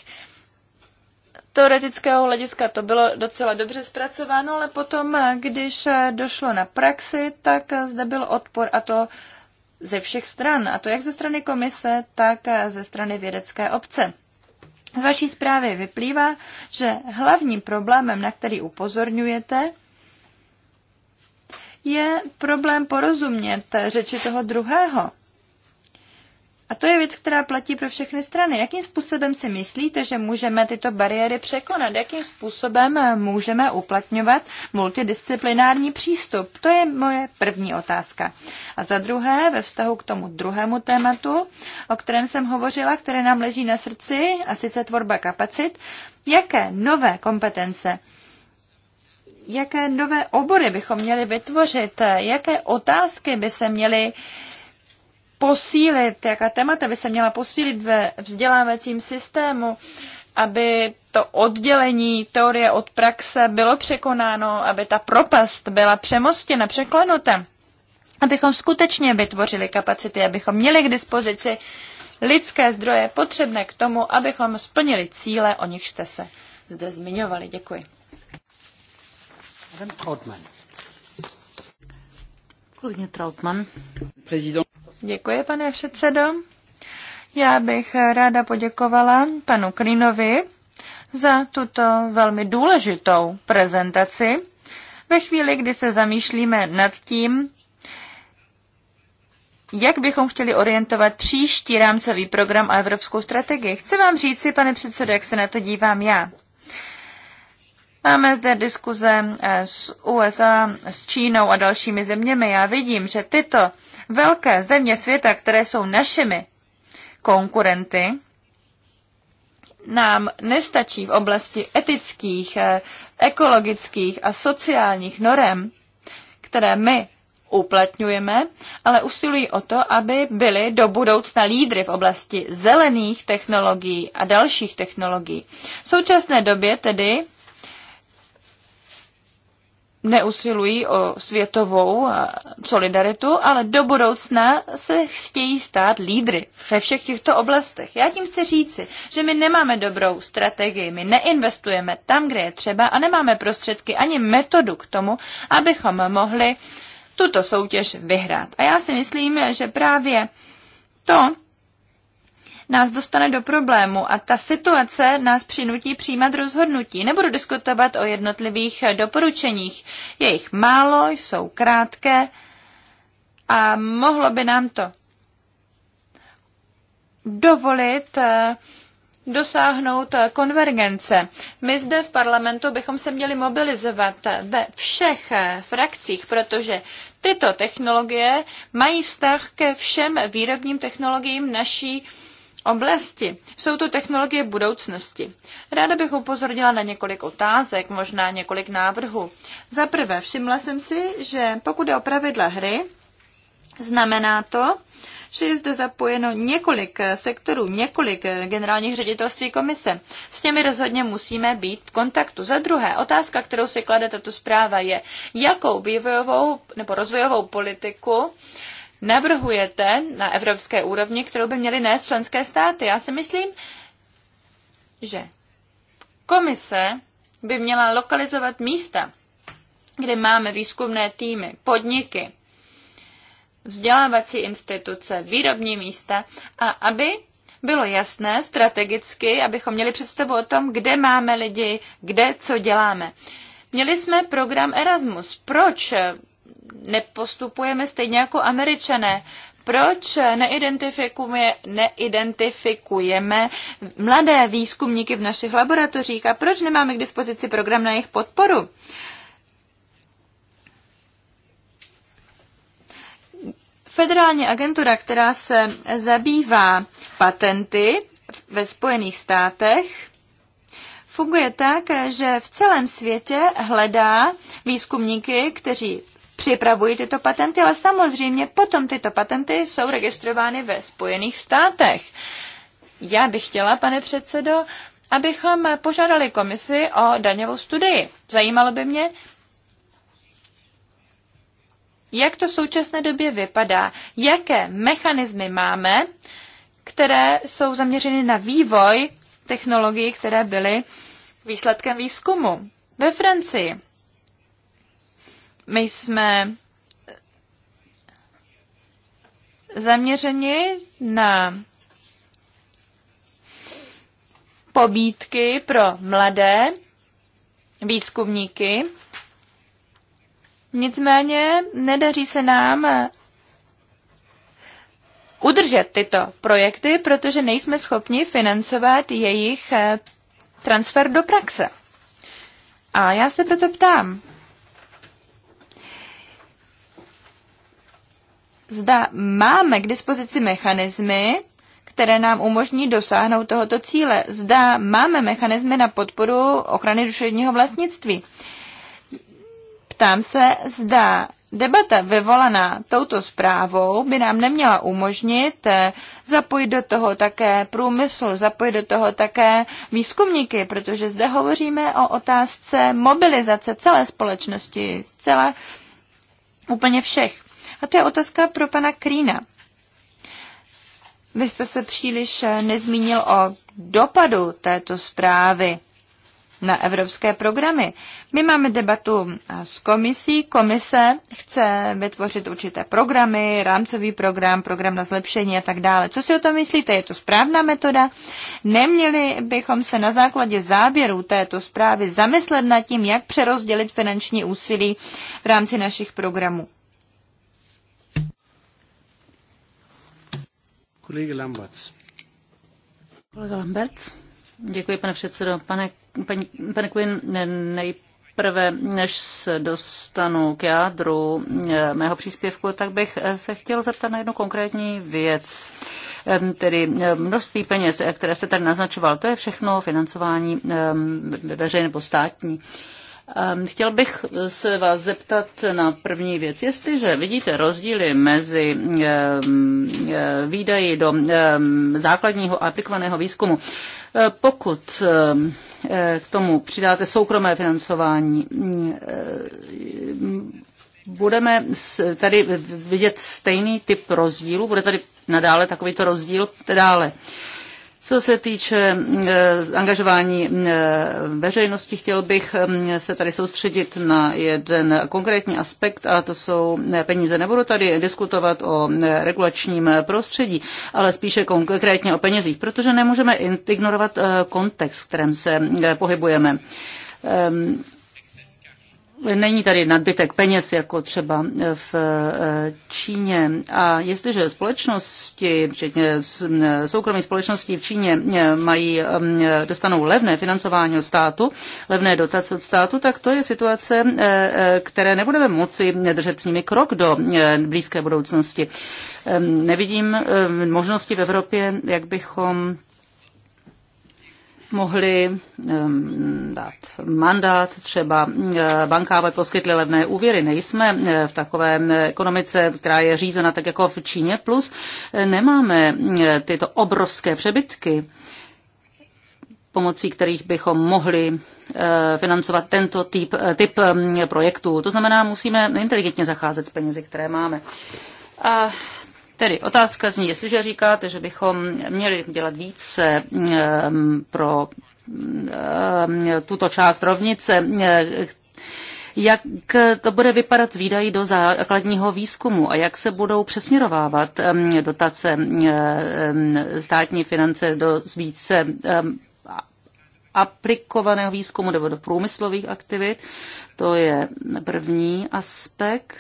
Speaker 4: Teoretického hlediska to bylo docela dobře zpracováno, ale potom, eh, když eh, došlo na praxi, tak zde byl odpor a to ze všech stran, a to jak ze strany komise, tak ze strany vědecké obce. Z vaší zprávy vyplývá, že hlavním problémem, na který upozorňujete, je problém porozumět řeči toho druhého. A to je věc, která platí pro všechny strany. Jakým způsobem si myslíte, že můžeme tyto bariéry překonat? Jakým způsobem eh, můžeme uplatňovat multidisciplinární přístup? To je moje první otázka. A za druhé, ve vztahu k tomu druhému tématu, o kterém jsem hovořila, které nám leží na srdci, a sice tvorba kapacit, jaké nové kompetence jaké nové obory bychom měli vytvořit, eh, jaké otázky by se měly posílit, jaká témata by se měla posílit ve vzdělávacím systému, aby to oddělení teorie od praxe bylo překonáno, aby ta propast byla přemostěna, překlenuta, abychom skutečně vytvořili kapacity, abychom měli k dispozici lidské zdroje potřebné k tomu, abychom splnili cíle, o nich jste se zde zmiňovali. Děkuji. Adam Kolegyně Trautmann. Prezident. Děkuji, pane předsedo. Já bych ráda poděkovala panu Krinovi za tuto velmi důležitou prezentaci. Ve chvíli, kdy se zamýšlíme nad tím, jak bychom chtěli orientovat příští rámcový program a evropskou strategii. Chci vám říci, pane předsedo, jak se na to dívám já. Máme zde diskuze eh, s USA, s Čínou a dalšími zeměmi. Já vidím, že tyto velké země světa, které jsou našimi konkurenty, nám nestačí v oblasti etických, eh, ekologických a sociálních norem, které my uplatňujeme, ale usilují o to, aby byly do budoucna lídry v oblasti zelených technologií a dalších technologií. V současné době tedy neusilují o světovou eh, solidaritu, ale do budoucna se chtějí stát lídry ve všech těchto oblastech. Já tím chci říci, že my nemáme dobrou strategii, my neinvestujeme tam, kde je třeba a nemáme prostředky ani metodu k tomu, abychom mohli tuto soutěž vyhrát. A já si myslím, že právě to, nás dostane do problému a ta situace nás přinutí přijímat rozhodnutí. Nebudu diskutovat o jednotlivých doporučeních. Je jich málo, jsou krátké a mohlo by nám to dovolit eh, dosáhnout eh, konvergence. My zde v parlamentu bychom se měli mobilizovat eh, ve všech frakcích, protože tyto technologie mají vztah ke všem výrobním technologiím naší oblasti. Jsou to technologie budoucnosti. Ráda bych upozornila na několik otázek, možná několik návrhů. Za prvé, všimla jsem si, že pokud je o pravidla hry, znamená to, že je zde zapojeno několik sektorů, několik generálních ředitelství komise. S těmi rozhodně musíme být v kontaktu. Za druhé, otázka, kterou si klade tato zpráva, je, jakou vývojovou nebo rozvojovou politiku navrhujete na evropské úrovni, kterou by měly nést členské státy. Já si myslím, že komise by měla lokalizovat místa, kde máme výzkumné týmy, podniky, vzdělávací instituce, výrobní místa a aby bylo jasné strategicky, abychom měli představu o tom, kde máme lidi, kde co děláme. Měli jsme program Erasmus. Proč nepostupujeme stejně jako američané. Proč neidentifikujeme, neidentifikujeme mladé výzkumníky v našich laboratořích a proč nemáme k dispozici program na jejich podporu? Federální agentura, která se zabývá patenty ve Spojených státech, funguje tak, že v celém světě hledá výzkumníky, kteří připravují tyto patenty, ale samozřejmě potom tyto patenty jsou registrovány ve Spojených státech. Já bych chtěla, pane předsedo, abychom požádali komisi o daňovou studii. Zajímalo by mě, jak to v současné době vypadá, jaké mechanismy máme, které jsou zaměřeny na vývoj technologií, které byly výsledkem výzkumu. Ve Francii my jsme zaměřeni na pobídky pro mladé výzkumníky. Nicméně nedaří se nám udržet tyto projekty, protože nejsme schopni financovat jejich eh, transfer do praxe. A já se proto ptám, zda máme k dispozici mechanismy, které nám umožní dosáhnout tohoto cíle. Zda máme mechanismy na podporu ochrany duševního vlastnictví. Ptám se, zda debata vyvolaná touto zprávou by nám neměla umožnit eh, zapojit do toho také průmysl, zapojit do toho také výzkumníky, protože zde hovoříme o otázce mobilizace celé společnosti, celé úplně všech. A to je otázka pro pana Krína. Vy jste se příliš eh, nezmínil o dopadu této zprávy na evropské programy. My máme debatu eh, s komisí. Komise chce vytvořit určité programy, rámcový program, program na zlepšení a tak dále. Co si o tom myslíte? Je to správná metoda? Neměli bychom se na základě záběrů této zprávy zamyslet nad tím, jak přerozdělit finanční úsilí v rámci našich programů?
Speaker 1: Kolega Lamberts.
Speaker 2: Kolega Lamberts. Děkuji, pane předsedo. Pane, paní, pane Quinn, nejprve, než se dostanu k jádru eh, mého příspěvku, tak bych eh, se chtěl zeptat na jednu konkrétní věc ehm, tedy eh, množství peněz, které se tady naznačoval, to je všechno financování ehm, veřejné nebo státní. Ehm, chtěl bych se vás zeptat na první věc. Jestliže vidíte rozdíly mezi ehm, eh, výdaji do ehm, základního a aplikovaného výzkumu, eh, pokud eh, k tomu přidáte soukromé financování, budeme tady vidět stejný typ rozdílu, bude tady nadále takovýto rozdíl dále. Co se týče eh, angažování eh, veřejnosti, chtěl bych mm, se tady soustředit na jeden konkrétní aspekt a to jsou eh, peníze. Nebudu tady diskutovat o regulačním prostředí, ale spíše konkrétně o penězích, protože nemůžeme ignorovat kontext, v kterém se pohybujeme ehm, Není tady nadbytek peněz, jako třeba e, v e, Číně. A jestliže společnosti, včetně e, soukromí společnosti v Číně, mají, dostanou levné financování od státu, levné dotace od státu, tak to je situace, které nebudeme moci držet s nimi krok do blízké budoucnosti. Nevidím možnosti v Evropě, jak bychom mohli dát mandát, třeba eh, banka, aby poskytly levné úvěry. Nejsme eh, v takové ekonomice, která je řízena tak jako v Číně, plus eh, nemáme tyto obrovské přebytky pomocí kterých bychom mohli financovat tento typ, typ projektů. To znamená, musíme inteligentně zacházet s penězi, které máme. A Tedy otázka zní, jestliže říkáte, že bychom měli dělat více ehm, pro ehm, tuto část rovnice, eh, jak to bude vypadat z výdají do základního výzkumu a jak se budou přesměrovávat ehm, dotace státní finance do více aplikovaného výzkumu nebo do průmyslových aktivit. To je první aspekt.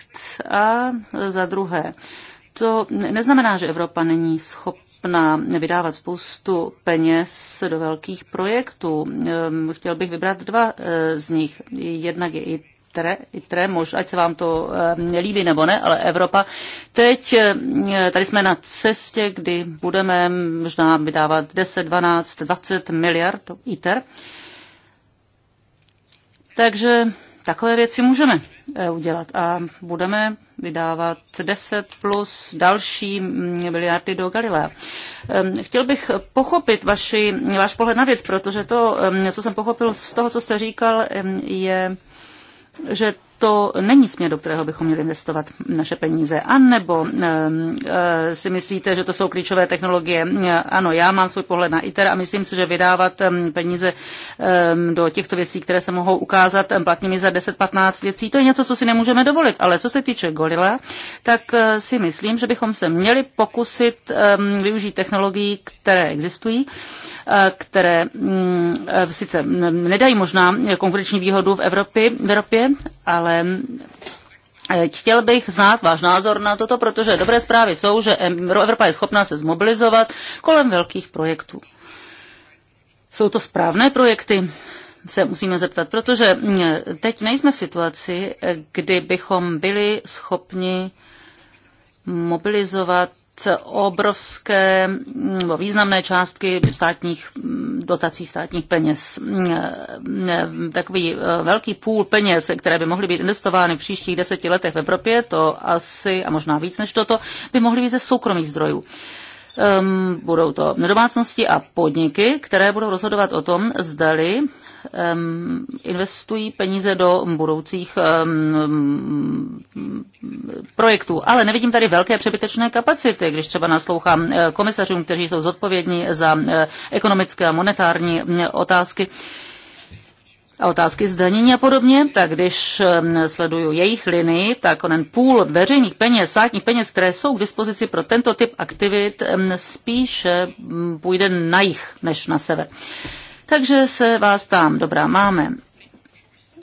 Speaker 2: A za druhé, to neznamená, že Evropa není schopna vydávat spoustu peněz do velkých projektů. Ehm, chtěl bych vybrat dva eh, z nich. Jednak je i ITRE, ITRE možná, ať se vám to nelíbí ehm, nebo ne, ale Evropa. Teď eh, tady jsme na cestě, kdy budeme možná vydávat 10, 12, 20 miliard do ITER. Takže takové věci můžeme Eh, udělat. A budeme vydávat 10 plus další mm, miliardy do Galilea. Chtěl bych pochopit vaši, váš pohled na věc, protože to, co jsem pochopil z toho, co jste říkal, je že to není směr, do kterého bychom měli investovat naše peníze. A nebo eh, si myslíte, že to jsou klíčové technologie? Ano, já mám svůj pohled na ITER a myslím si, že vydávat peníze do těchto věcí, které se mohou ukázat platnými za 10-15 věcí, to je něco, co si nemůžeme dovolit. Ale co se týče Gorilla, tak eh, si myslím, že bychom se měli pokusit využít technologií, které existují eh, které mm, sice mm, nedají možná konkurenční výhodu v Evropě, v Evropě ale ale eh, Chtěl bych znát váš názor na toto, protože dobré zprávy jsou, že Evropa je schopná se zmobilizovat kolem velkých projektů. Jsou to správné projekty? se musíme zeptat, protože mm, teď nejsme v situaci, eh, kdy bychom byli schopni mobilizovat obrovské mm, nebo významné částky státních mm, dotací státních peněz. Mm, takový eh, velký půl peněz, které by mohly být investovány v příštích deseti letech v Evropě, to asi a možná víc než toto, by mohly být ze soukromých zdrojů. Ehm, budou to domácnosti a podniky, které budou rozhodovat o tom, zdali investují peníze do budoucích projektů. Ale nevidím tady velké přebytečné kapacity, když třeba naslouchám eh, komisařům, kteří jsou zodpovědní za eh, ekonomické a monetární otázky a otázky zdanění a podobně, tak když sleduju jejich linii, tak onen půl veřejných peněz, státních peněz, které jsou k dispozici pro tento typ aktivit, spíše půjde na jich než na sever. Takže se vás ptám, dobrá, máme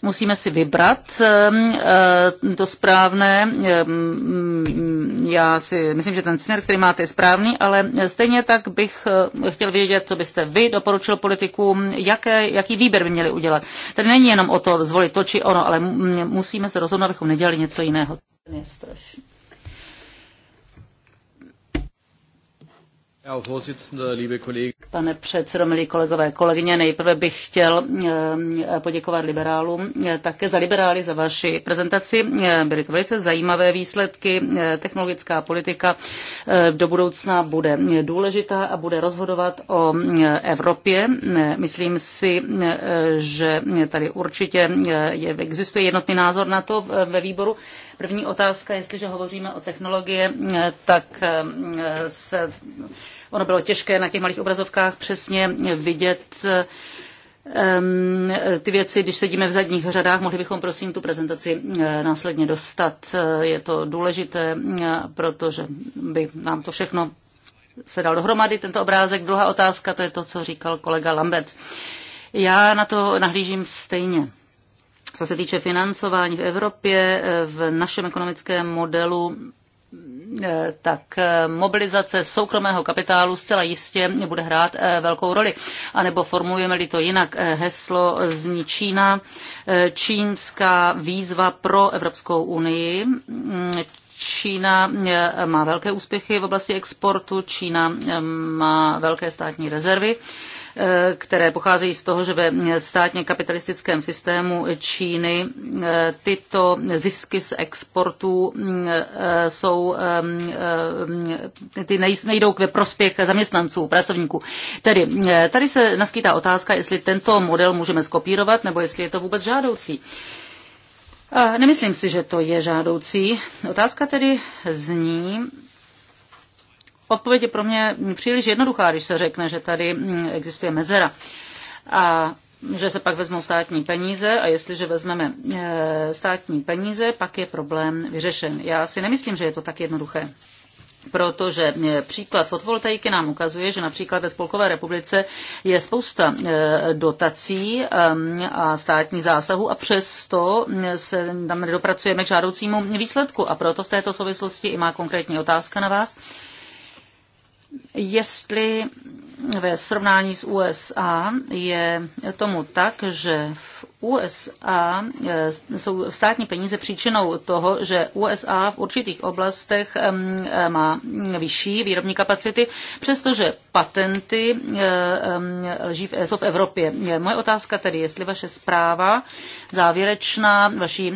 Speaker 2: musíme si vybrat ehm, ehm, to správné. Ehm, já si myslím, že ten směr, který máte, je správný, ale stejně tak bych eh, chtěl vědět, co byste vy doporučil politikům, jaké, jaký výběr by měli udělat. Tady není jenom o to zvolit to či ono, ale musíme se rozhodnout, abychom nedělali něco jiného. Je strašný. Pane předsedo, milí kolegové, kolegyně, nejprve bych chtěl eh, poděkovat liberálům eh, také za liberály, za vaši prezentaci. Eh, byly to velice zajímavé výsledky. Technologická politika do budoucna bude důležitá a bude rozhodovat o Evropě. Myslím si, že tady určitě existuje jednotný názor na to ve výboru. První otázka, jestliže hovoříme o technologie, tak se Ono bylo těžké na těch malých obrazovkách přesně vidět ty věci, když sedíme v zadních řadách, mohli bychom prosím tu prezentaci eh, následně dostat. Eh, je to důležité, eh, protože by nám to všechno se dal dohromady tento obrázek. Druhá otázka, to je to, co říkal kolega Lambert. Já na to nahlížím stejně. Co se týče financování v Evropě, v našem ekonomickém modelu Eh, tak eh, mobilizace soukromého kapitálu zcela jistě bude hrát eh, velkou roli. A nebo formulujeme-li to jinak, heslo zní Čína, čínská výzva pro Evropskou unii. Mm, Čína má velké úspěchy v oblasti exportu, Čína má velké státní rezervy. Eh, které pocházejí z toho, že ve státně kapitalistickém systému Číny eh, tyto zisky z exportů mm, eh, jsou, ty nejdou ve prospěch zaměstnanců, pracovníků. Tedy tady se naskýtá otázka, jestli tento model můžeme skopírovat, nebo jestli je to vůbec žádoucí. Nemyslím si, že to je žádoucí. Otázka tedy zní, odpověď je pro mě příliš jednoduchá, když se řekne, že tady mm, existuje mezera. A že se pak vezmou státní peníze a jestliže vezmeme e, státní peníze, pak je problém vyřešen. Já si nemyslím, že je to tak jednoduché protože e, příklad fotovoltaiky nám ukazuje, že například ve Spolkové republice je spousta e, dotací a státních zásahů a přesto se tam nedopracujeme k žádoucímu výsledku. A proto v této souvislosti i má konkrétní otázka na vás jestli ve srovnání s USA je tomu tak, že v USA eh, jsou státní peníze příčinou toho, že USA v určitých oblastech eh, má vyšší výrobní kapacity, přestože patenty eh, jsou v Evropě. Moje otázka tedy, jestli vaše zpráva závěrečná vaší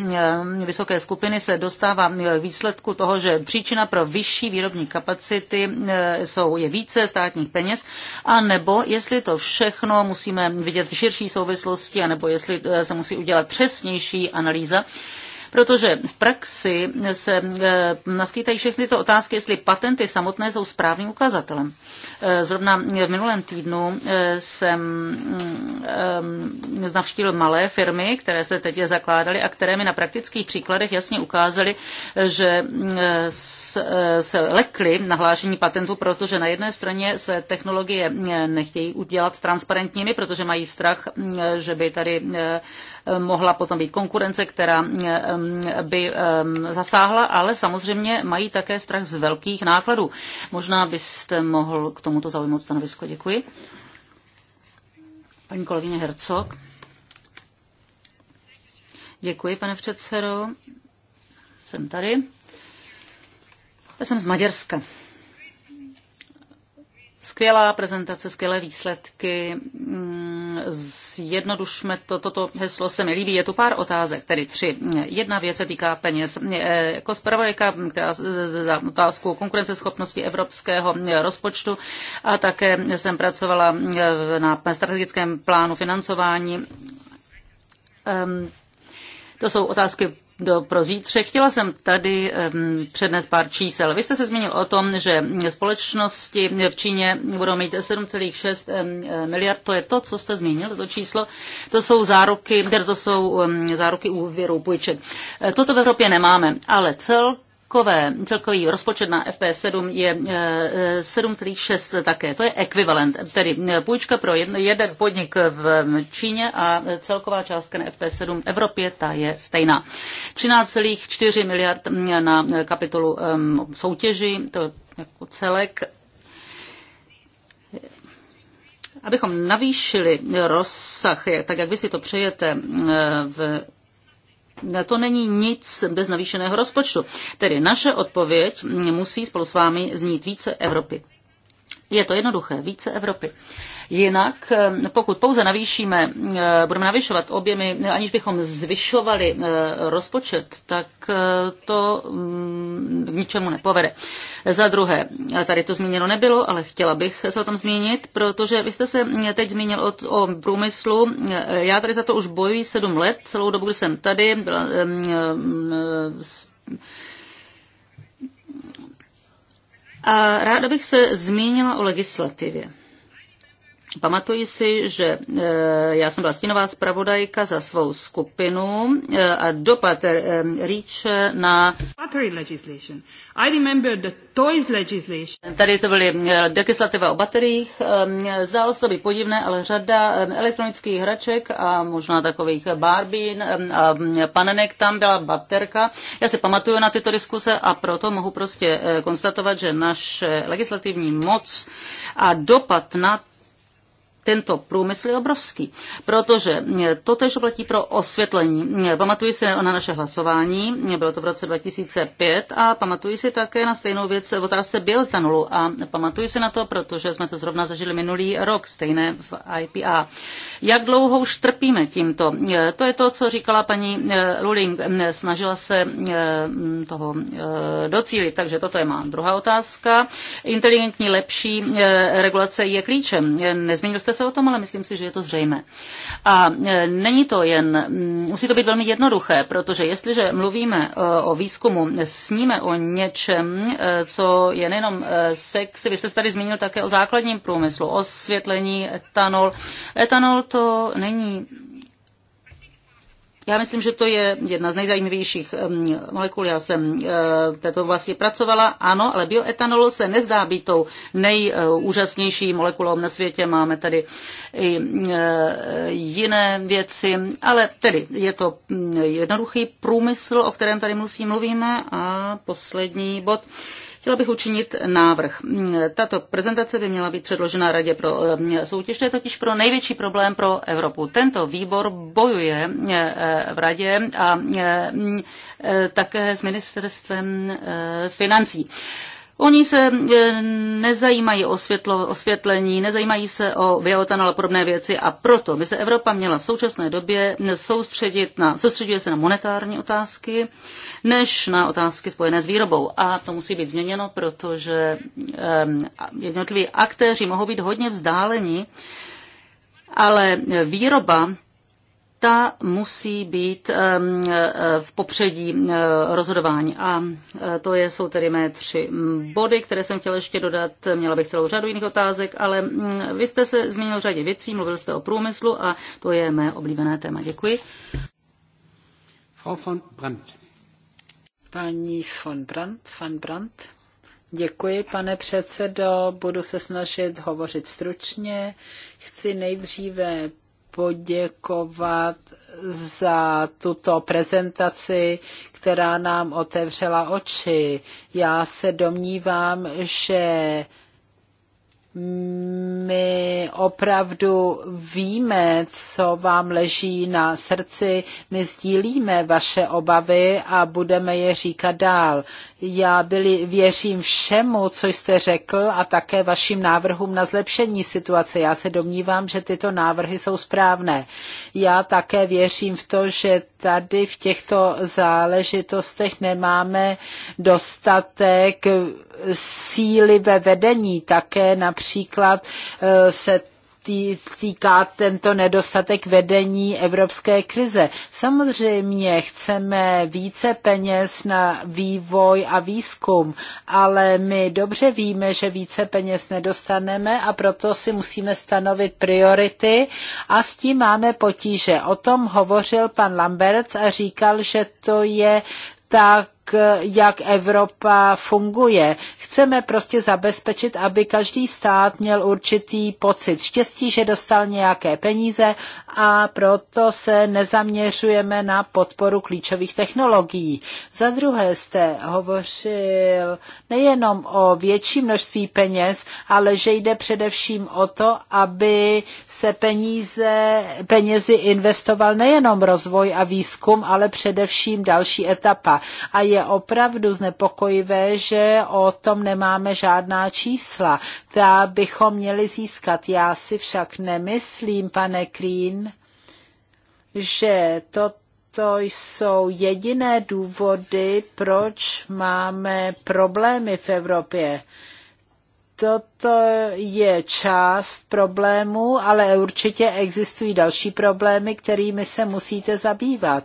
Speaker 2: vysoké skupiny se dostává k výsledku toho, že příčina pro vyšší výrobní kapacity jsou, je více státních peněz, a nebo jestli to všechno musíme vidět v širší souvislosti, a nebo jestli eh, se musí udělat přesnější analýza, protože v praxi se eh, naskýtají všechny ty otázky, jestli patenty samotné jsou správným ukazatelem. Eh, zrovna v minulém týdnu eh, jsem mm, navštívil malé firmy, které se teď zakládaly a které mi na praktických příkladech jasně ukázaly, že se lekly nahlášení patentu, protože na jedné straně své technologie nechtějí udělat transparentními, protože mají strach, mm, že by tady mohla potom být konkurence, která Um, by um, zasáhla, ale samozřejmě mají také strach z velkých nákladů. Možná byste mohl k tomuto zaujmout stanovisko. Děkuji. Paní kolegyně Hercog. Děkuji, pane předsedo. Jsem tady. Já jsem z Maďarska. Skvělá prezentace, skvělé výsledky. Mm, zjednodušme to, toto heslo se mi líbí. Je tu pár otázek, tedy tři. Jedna věc se týká peněz. Eh, jako zpravodajka, která za otázku konkurenceschopnosti evropského rozpočtu a také jsem pracovala eh, na strategickém plánu financování. Ehm, to jsou otázky do, prozítře. Chtěla jsem tady přednes pár čísel. Vy jste se zmínil o tom, že společnosti v Číně budou mít 7,6 miliard. To je to, co jste zmínil, to číslo. To jsou záruky, to jsou záruky úvěru půjček. E, toto v Evropě nemáme, ale cel celkové, celkový rozpočet na FP7 je 7,6 eh, eh, také. To je ekvivalent, tedy eh, půjčka pro jeden podnik v Číně a celková částka na FP7 v Evropě, ta je stejná. 13,4 miliard mm, na kapitolu soutěži, to jako celek abychom navýšili rozsah, tak jak vy si to přejete, v to není nic bez navýšeného rozpočtu. Tedy naše odpověď musí spolu s vámi znít více Evropy. Je to jednoduché, více Evropy. Jinak, eh, pokud pouze navýšíme, eh, budeme navyšovat objemy, eh, aniž bychom zvyšovali rozpočet, tak to mm, k ničemu nepovede. Za druhé, tady to zmíněno nebylo, ale chtěla bych se o tom zmínit, protože vy jste se teď zmínil o, o průmyslu. Já tady za to už bojuji sedm let, celou dobu, kdy jsem tady. Byla, mm, a ráda bych se zmínila o legislativě. Pamatuji si, že eh, já jsem byla stínová zpravodajka za svou skupinu eh, a dopad eh, rýče na... Tady to byly legislativa o bateriích. Ehm, zdálo se to být podivné, ale řada ehm, elektronických hraček a možná takových barbín ehm, a mm, panenek, tam byla baterka. Já si pamatuju na tyto diskuse a proto mohu prostě konstatovat, že naše legislativní moc a dopad na tento průmysl je obrovský, protože to tež platí pro osvětlení. Pamatuji se na naše hlasování, bylo to v roce 2005 a pamatuji si také na stejnou věc v otázce biotanolu a pamatuji se na to, protože jsme to zrovna zažili minulý rok, stejné v IPA. Jak dlouho už trpíme tímto? To je to, co říkala paní eh, Luling, snažila se eh, toho eh, docílit, takže toto je má druhá otázka. Inteligentní lepší regulace je klíčem. Nezměnil jste bavte se o tom, ale myslím si, že je to zřejmé. A e, není to jen, mm, musí to být velmi jednoduché, protože jestliže mluvíme e, o výzkumu, sníme o něčem, e, co je nejenom sex. vy jste se tady zmínil také o základním průmyslu, osvětlení, etanol. Etanol to není já myslím, že to je jedna z nejzajímavějších molekul. Já jsem eh, této vlastně pracovala, ano, ale bioetanol se nezdá být tou nejúžasnější molekulou na světě. Máme tady i eh, jiné věci, ale tedy je to mm, jednoduchý průmysl, o kterém tady musím mluvíme. A poslední bod. Chtěla bych učinit návrh. Tato prezentace by měla být předložena Radě pro eh, soutěž. To je totiž pro největší problém pro Evropu. Tento výbor bojuje eh, v Radě a eh, také s ministerstvem financí. Oni se e, nezajímají o světlo, osvětlení, nezajímají se o bioetanol a podobné věci a proto by se Evropa měla v současné době soustředit na, soustředuje se na monetární otázky, než na otázky spojené s výrobou. A to musí být změněno, protože e, jednotliví aktéři mohou být hodně vzdáleni ale výroba ta musí být v popředí rozhodování. A to je, jsou tedy mé tři body, které jsem chtěla ještě dodat. Měla bych celou řadu jiných otázek, ale vy jste se zmínil řadě věcí, mluvil jste o průmyslu a to je mé oblíbené téma. Děkuji. Frau von Brandt.
Speaker 3: Paní von Brandt, von Brandt. Děkuji, pane předsedo. Budu se snažit hovořit stručně. Chci nejdříve poděkovat za tuto prezentaci, která nám otevřela oči. Já se domnívám, že my opravdu víme, co vám leží na srdci, my sdílíme vaše obavy a budeme je říkat dál. Já byli, věřím všemu, co jste řekl a také vašim návrhům na zlepšení situace. Já se domnívám, že tyto návrhy jsou správné. Já také věřím v to, že tady v těchto záležitostech nemáme dostatek síly ve vedení také například eh, se týká tento nedostatek vedení evropské krize. Samozřejmě chceme více peněz na vývoj a výzkum, ale my dobře víme, že více peněz nedostaneme a proto si musíme stanovit priority a s tím máme potíže. O tom hovořil pan Lamberts a říkal, že to je tak jak Evropa funguje. Chceme prostě zabezpečit, aby každý stát měl určitý pocit štěstí, že dostal nějaké peníze a proto se nezaměřujeme na podporu klíčových technologií. Za druhé jste hovořil nejenom o větší množství peněz, ale že jde především o to, aby se peníze, penězi investoval nejenom rozvoj a výzkum, ale především další etapa. A je opravdu znepokojivé, že o tom nemáme žádná čísla, která bychom měli získat. Já si však nemyslím, pane Krín, že to to jsou jediné důvody, proč máme problémy v Evropě. Toto je část problému, ale určitě existují další problémy, kterými se musíte zabývat.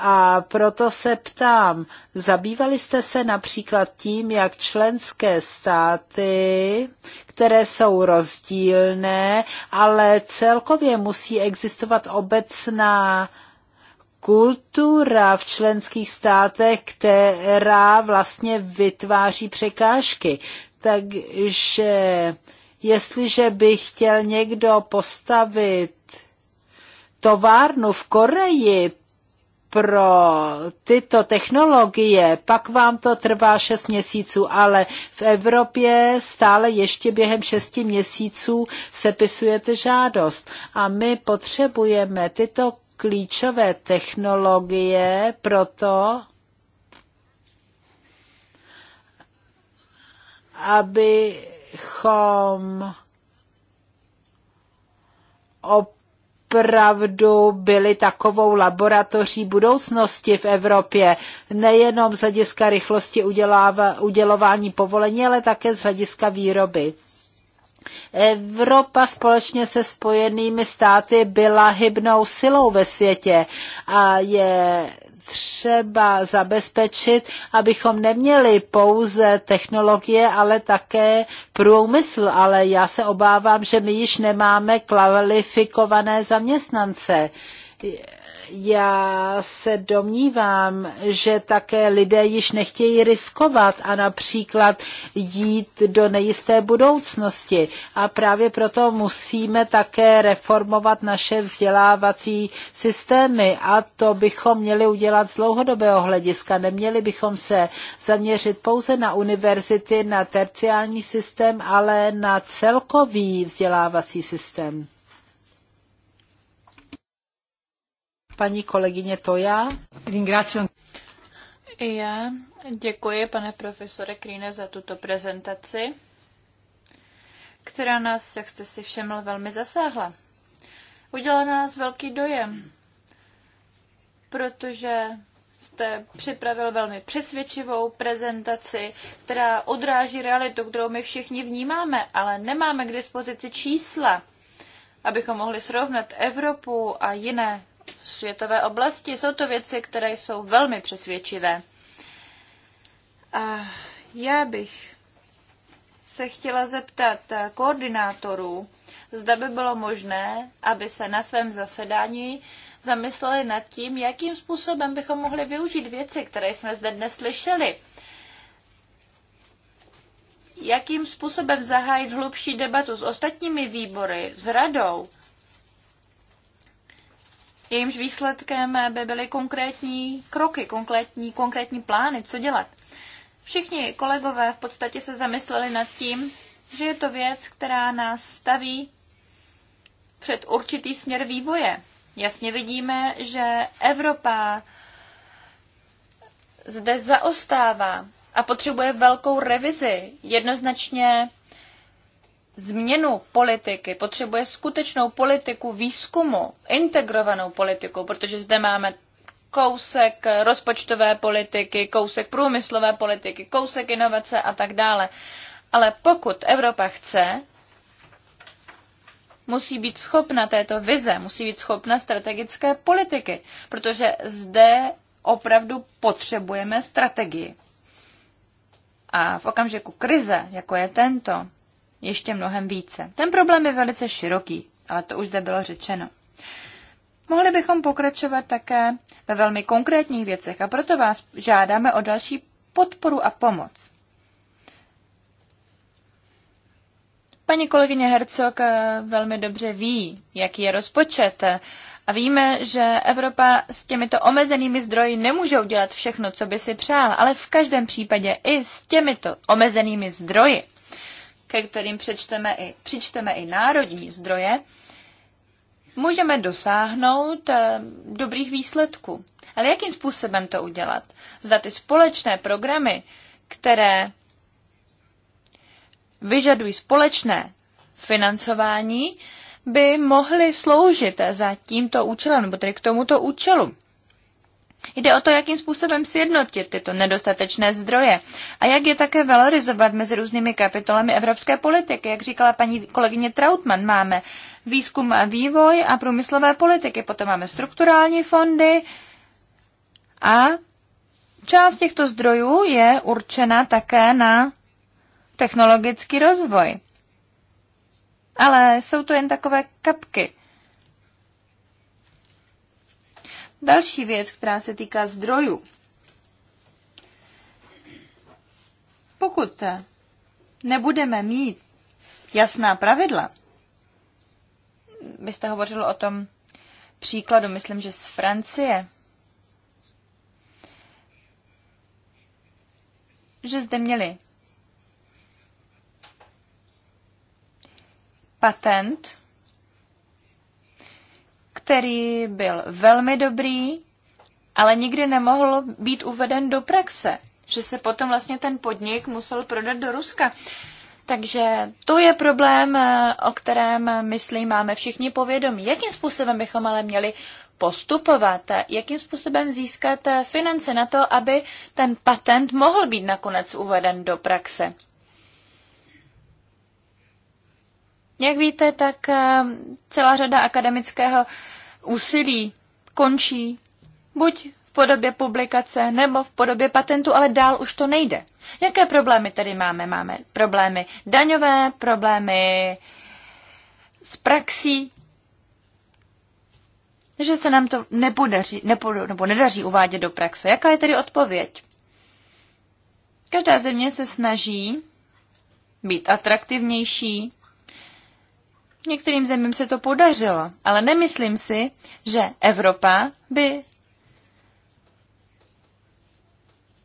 Speaker 3: A proto se ptám, zabývali jste se například tím, jak členské státy, které jsou rozdílné, ale celkově musí existovat obecná kultura v členských státech, která vlastně vytváří překážky. Takže jestliže by chtěl někdo postavit továrnu v Koreji pro tyto technologie, pak vám to trvá 6 měsíců, ale v Evropě stále ještě během 6 měsíců sepisujete žádost. A my potřebujeme tyto klíčové technologie proto, abychom op opravdu byly takovou laboratoří budoucnosti v Evropě, nejenom z hlediska rychlosti uděláva, udělování povolení, ale také z hlediska výroby. Evropa společně se spojenými státy byla hybnou silou ve světě a je třeba zabezpečit, abychom neměli pouze technologie, ale také průmysl. Ale já se obávám, že my již nemáme kvalifikované zaměstnance já se domnívám, že také lidé již nechtějí riskovat a například jít do nejisté budoucnosti. A právě proto musíme také reformovat naše vzdělávací systémy a to bychom měli udělat z dlouhodobého hlediska. Neměli bychom se zaměřit pouze na univerzity, na terciální systém, ale na celkový vzdělávací systém. paní kolegyně Toja.
Speaker 4: Já děkuji, pane profesore Krýne, za tuto prezentaci, která nás, jak jste si všiml, velmi zasáhla. Udělala na nás velký dojem, protože jste připravil velmi přesvědčivou prezentaci, která odráží realitu, kterou my všichni vnímáme, ale nemáme k dispozici čísla, abychom mohli srovnat Evropu a jiné světové oblasti. Jsou to věci, které jsou velmi přesvědčivé. A já bych se chtěla zeptat koordinátorů, zda by bylo možné, aby se na svém zasedání zamysleli nad tím, jakým způsobem bychom mohli využít věci, které jsme zde dnes slyšeli. Jakým způsobem zahájit hlubší debatu s ostatními výbory, s radou, jejímž výsledkem by byly konkrétní kroky, konkrétní, konkrétní plány, co dělat. Všichni kolegové v podstatě se zamysleli nad tím, že je to věc, která nás staví před určitý směr vývoje. Jasně vidíme, že Evropa zde zaostává a potřebuje velkou revizi. Jednoznačně změnu politiky, potřebuje skutečnou politiku výzkumu, integrovanou politiku, protože zde máme kousek rozpočtové politiky, kousek průmyslové politiky, kousek inovace a tak dále. Ale pokud Evropa chce, musí být schopna této vize, musí být schopna strategické politiky, protože zde opravdu potřebujeme strategii. A v okamžiku krize, jako je tento, ještě mnohem více. Ten problém je velice široký, ale to už zde bylo řečeno. Mohli bychom pokračovat také ve velmi konkrétních věcech a proto vás žádáme o další podporu a pomoc. Paní kolegyně Hercog eh, velmi dobře ví, jaký je rozpočet eh, a víme, že Evropa s těmito omezenými zdroji nemůže udělat všechno, co by si přála, ale v každém případě i s těmito omezenými zdroji ke kterým přečteme i, přičteme i národní zdroje, můžeme dosáhnout eh, dobrých výsledků. Ale jakým způsobem to udělat? Zda ty společné programy, které vyžadují společné financování, by mohly sloužit za tímto účelem, nebo tedy k tomuto účelu. Jde o to, jakým způsobem sjednotit tyto nedostatečné zdroje a jak je také valorizovat mezi různými kapitolami evropské politiky. Jak říkala paní kolegyně Trautmann, máme výzkum a vývoj a průmyslové politiky, potom máme strukturální fondy a část těchto zdrojů je určena také na technologický rozvoj. Ale jsou to jen takové kapky Další věc, která se týká zdrojů. Pokud nebudeme mít jasná pravidla, byste hovořil o tom příkladu, myslím, že z Francie, že zde měli patent který byl velmi dobrý, ale nikdy nemohl být uveden do praxe, že se potom vlastně ten podnik musel prodat do Ruska. Takže to je problém, eh, o kterém, eh, myslím, máme všichni povědomí. Jakým způsobem bychom ale měli postupovat? Jakým způsobem získat eh, finance na to, aby ten patent mohl být nakonec uveden do praxe? Jak víte, tak celá řada akademického úsilí končí buď v podobě publikace nebo v podobě patentu, ale dál už to nejde. Jaké problémy tady máme? Máme problémy daňové, problémy s praxí, že se nám to nepodaří, nepodu, nebo nedaří uvádět do praxe. Jaká je tedy odpověď? Každá země se snaží být atraktivnější Některým zemím se to podařilo, ale nemyslím si, že Evropa by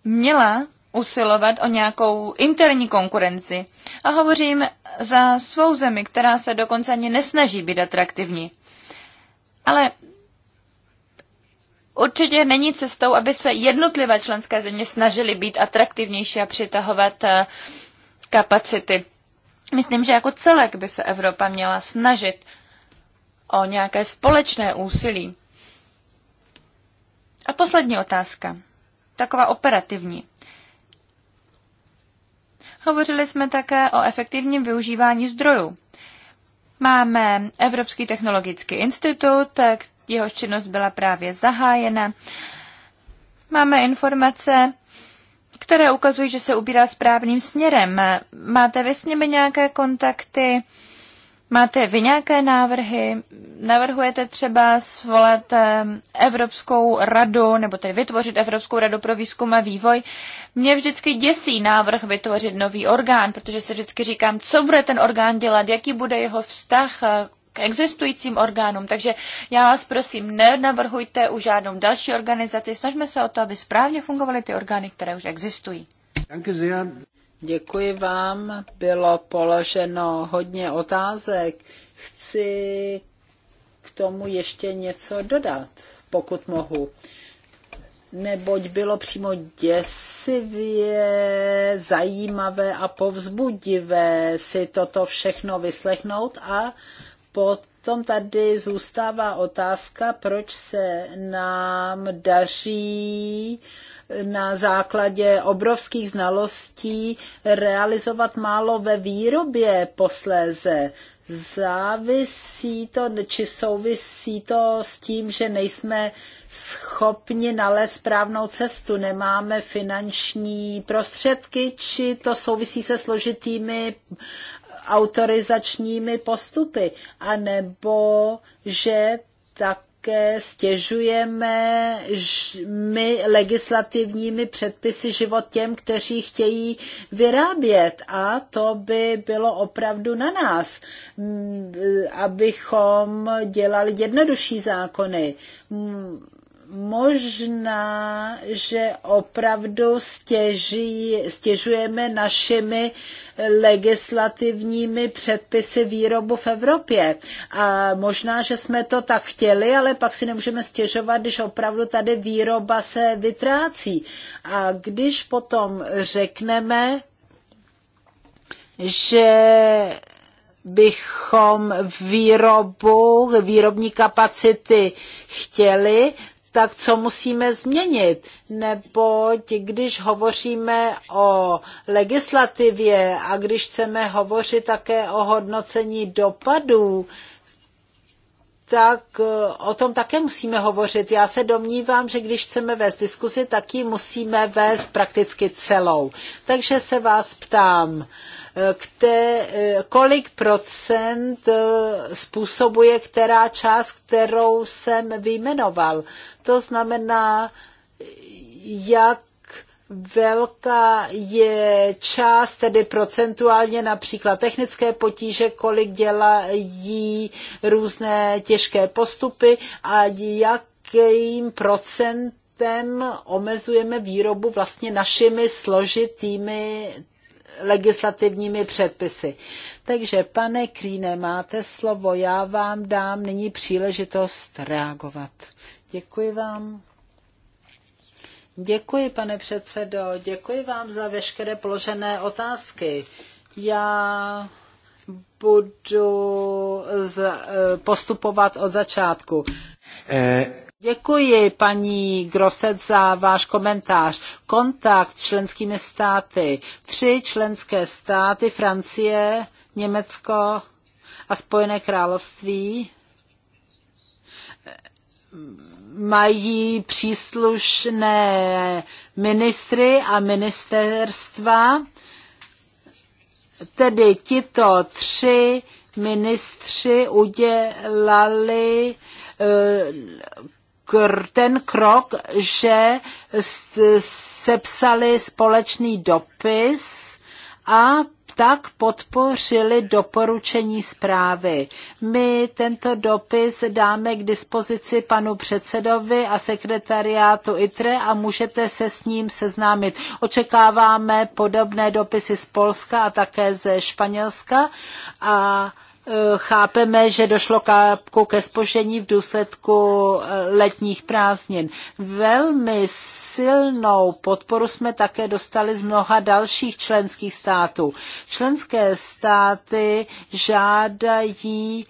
Speaker 4: měla usilovat o nějakou interní konkurenci. A hovořím za svou zemi, která se dokonce ani nesnaží být atraktivní. Ale určitě není cestou, aby se jednotlivé členské země snažily být atraktivnější a přitahovat eh, kapacity. Myslím, že jako celek by se Evropa měla snažit o nějaké společné úsilí. A poslední otázka, taková operativní. Hovořili jsme také o efektivním využívání zdrojů. Máme Evropský technologický institut, jeho činnost byla právě zahájena. Máme informace které ukazují, že se ubírá správným směrem. Máte vy s nimi nějaké kontakty? Máte vy nějaké návrhy? Navrhujete třeba svolat Evropskou radu, nebo tedy vytvořit Evropskou radu pro výzkum a vývoj? Mě vždycky děsí návrh vytvořit nový orgán, protože se vždycky říkám, co bude ten orgán dělat, jaký bude jeho vztah k existujícím orgánům. Takže já vás prosím, nenavrhujte už žádnou další organizaci, snažme se o to, aby správně
Speaker 3: fungovaly ty orgány, které už existují. Děkuji vám, bylo položeno hodně otázek. Chci k tomu ještě něco dodat, pokud mohu neboť bylo přímo děsivě zajímavé a povzbudivé si toto všechno vyslechnout a Potom tady zůstává otázka, proč se nám daří na základě obrovských znalostí realizovat málo ve výrobě posléze. Závisí to, či souvisí to s tím, že nejsme schopni nalézt správnou cestu, nemáme finanční prostředky, či to souvisí se složitými autorizačními postupy, anebo že tak také stěžujeme my legislativními předpisy život těm, kteří chtějí vyrábět. A to by bylo opravdu na nás, abychom dělali jednodušší zákony možná, že opravdu stěží, stěžujeme našimi legislativními předpisy výrobu v Evropě. A možná, že jsme to tak chtěli, ale pak si nemůžeme stěžovat, když opravdu tady výroba se vytrácí. A když potom řekneme, že bychom výrobu, výrobní kapacity chtěli, tak co musíme změnit? Nebo, když hovoříme o legislativě a když chceme hovořit také o hodnocení dopadů, tak e, o tom také musíme hovořit. Já se domnívám, že když chceme vést diskuzi, tak ji musíme vést prakticky celou. Takže se vás ptám, uh, kte, kolik procent eh, způsobuje která část, kterou jsem vyjmenoval. To znamená, jak velká je část, tedy procentuálně například technické potíže, kolik dělají různé těžké postupy a jakým procentem omezujeme výrobu vlastně našimi složitými legislativními předpisy. Takže, pane Klíne, máte slovo, já vám dám nyní příležitost reagovat. Děkuji vám. Děkuji, pane předsedo, děkuji vám za veškeré položené otázky. Já budu eh, postupovat od začátku. Eh. Děkuji, paní Grosset, za váš komentář. Kontakt s členskými státy. Tři členské státy, Francie, Německo a Spojené království, mají příslušné ministry a ministerstva, tedy tito tři ministři udělali eh, ten krok, že sepsali společný dopis a tak podpořili doporučení zprávy. My tento dopis dáme k dispozici panu předsedovi a sekretariátu ITRE a můžete se s ním seznámit. Očekáváme podobné dopisy z Polska a také ze Španělska a Eh, chápeme, že došlo kápku ke spožení v důsledku eh, letních prázdnin. Velmi silnou podporu jsme také dostali z mnoha dalších členských států. Členské státy žádají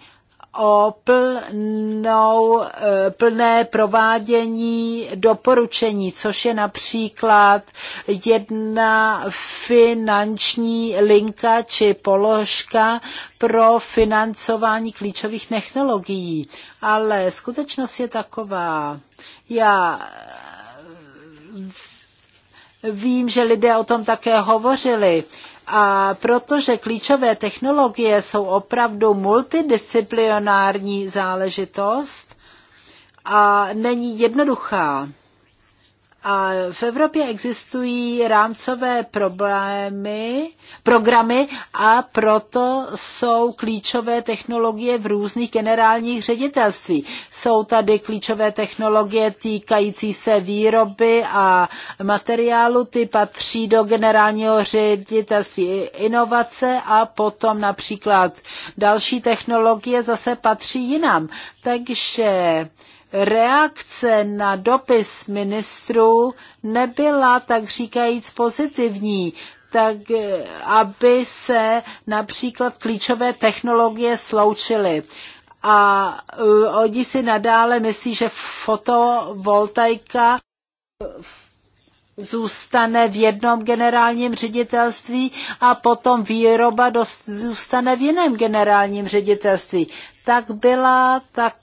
Speaker 3: o plnou, eh, plné provádění doporučení, což je například jedna finanční linka či položka pro financování klíčových technologií. Ale skutečnost je taková. Já eh, vím, že lidé o tom také hovořili a protože klíčové technologie jsou opravdu multidisciplinární záležitost a není jednoduchá, a v Evropě existují rámcové problémy, programy a proto jsou klíčové technologie v různých generálních ředitelství. Jsou tady klíčové technologie týkající se výroby a materiálu, ty patří do generálního ředitelství inovace a potom například další technologie zase patří jinam. Takže reakce na dopis ministrů nebyla tak říkajíc pozitivní tak eh, aby se například klíčové technologie sloučily. A eh, oni si nadále myslí, že fotovoltaika zůstane v jednom generálním ředitelství a potom výroba dost, zůstane v jiném generálním ředitelství. Tak byla tak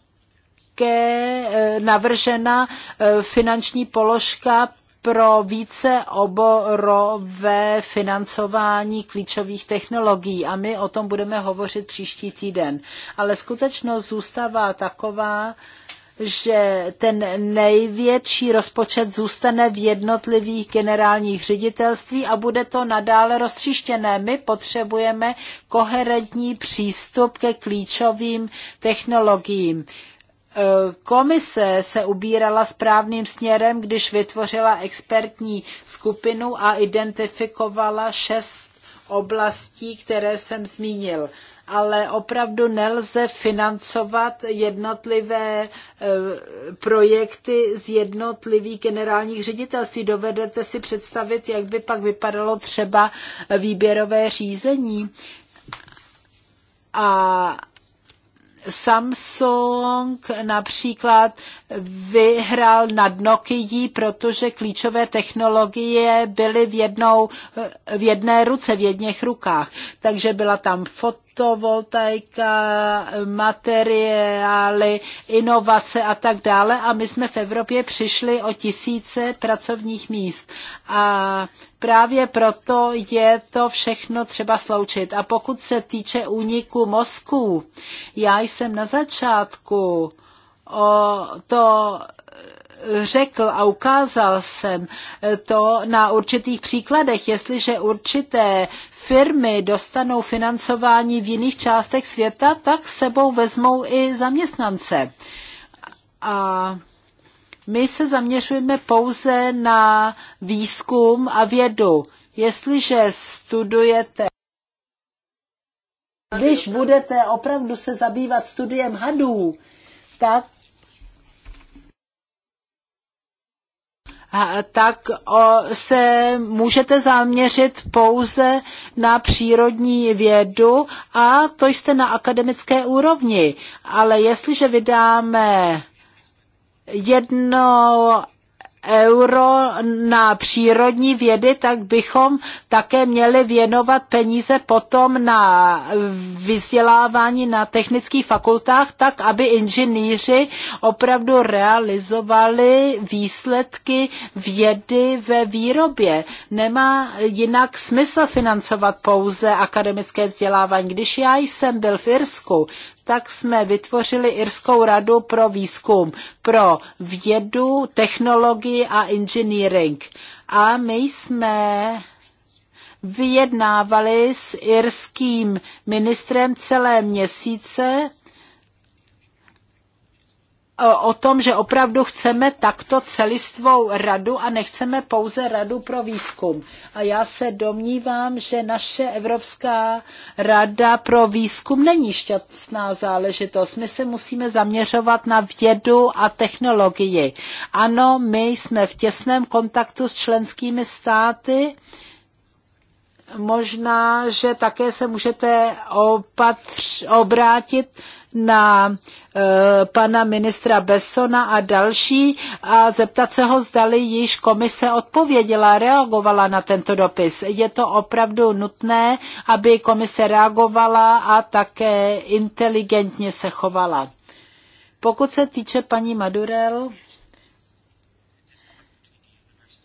Speaker 3: také eh, navržena eh, finanční položka pro více oborové financování klíčových technologií a my o tom budeme hovořit příští týden. Ale skutečnost zůstává taková, že ten největší rozpočet zůstane v jednotlivých generálních ředitelství a bude to nadále roztříštěné. My potřebujeme koherentní přístup ke klíčovým technologiím komise se ubírala správným směrem, když vytvořila expertní skupinu a identifikovala šest oblastí, které jsem zmínil. Ale opravdu nelze financovat jednotlivé eh, projekty z jednotlivých generálních ředitelství. Dovedete si představit, jak by pak vypadalo třeba výběrové řízení? A Samsung například vyhrál nad Nokia, protože klíčové technologie byly v, jednou, v jedné ruce, v jedněch rukách. Takže byla tam fot fotovoltaika, materiály, inovace a tak dále. A my jsme v Evropě přišli o tisíce pracovních míst. A právě proto je to všechno třeba sloučit. A pokud se týče úniku mozků, já jsem na začátku o to řekl a ukázal jsem to na určitých příkladech, jestliže určité firmy dostanou financování v jiných částech světa, tak sebou vezmou i zaměstnance. A my se zaměřujeme pouze na výzkum a vědu. Jestliže studujete když budete opravdu se zabývat studiem hadů, tak tak se můžete zaměřit pouze na přírodní vědu a to jste na akademické úrovni. Ale jestliže vydáme jedno euro na přírodní vědy, tak bychom také měli věnovat peníze potom na vzdělávání na technických fakultách, tak aby inženýři opravdu realizovali výsledky vědy ve výrobě. Nemá jinak smysl financovat pouze akademické vzdělávání. Když já jsem byl v Irsku, tak jsme vytvořili Irskou radu pro výzkum, pro vědu, technologii a engineering. A my jsme vyjednávali s irským ministrem celé měsíce o tom, že opravdu chceme takto celistvou radu a nechceme pouze radu pro výzkum. A já se domnívám, že naše Evropská rada pro výzkum není šťastná záležitost. My se musíme zaměřovat na vědu a technologii. Ano, my jsme v těsném kontaktu s členskými státy, možná, že také se můžete opatř, obrátit na Eh, pana ministra Bessona a další a zeptat se ho, zdali již komise odpověděla, reagovala na tento dopis. Je to opravdu nutné, aby komise reagovala a také inteligentně se chovala. Pokud se týče paní Madurel,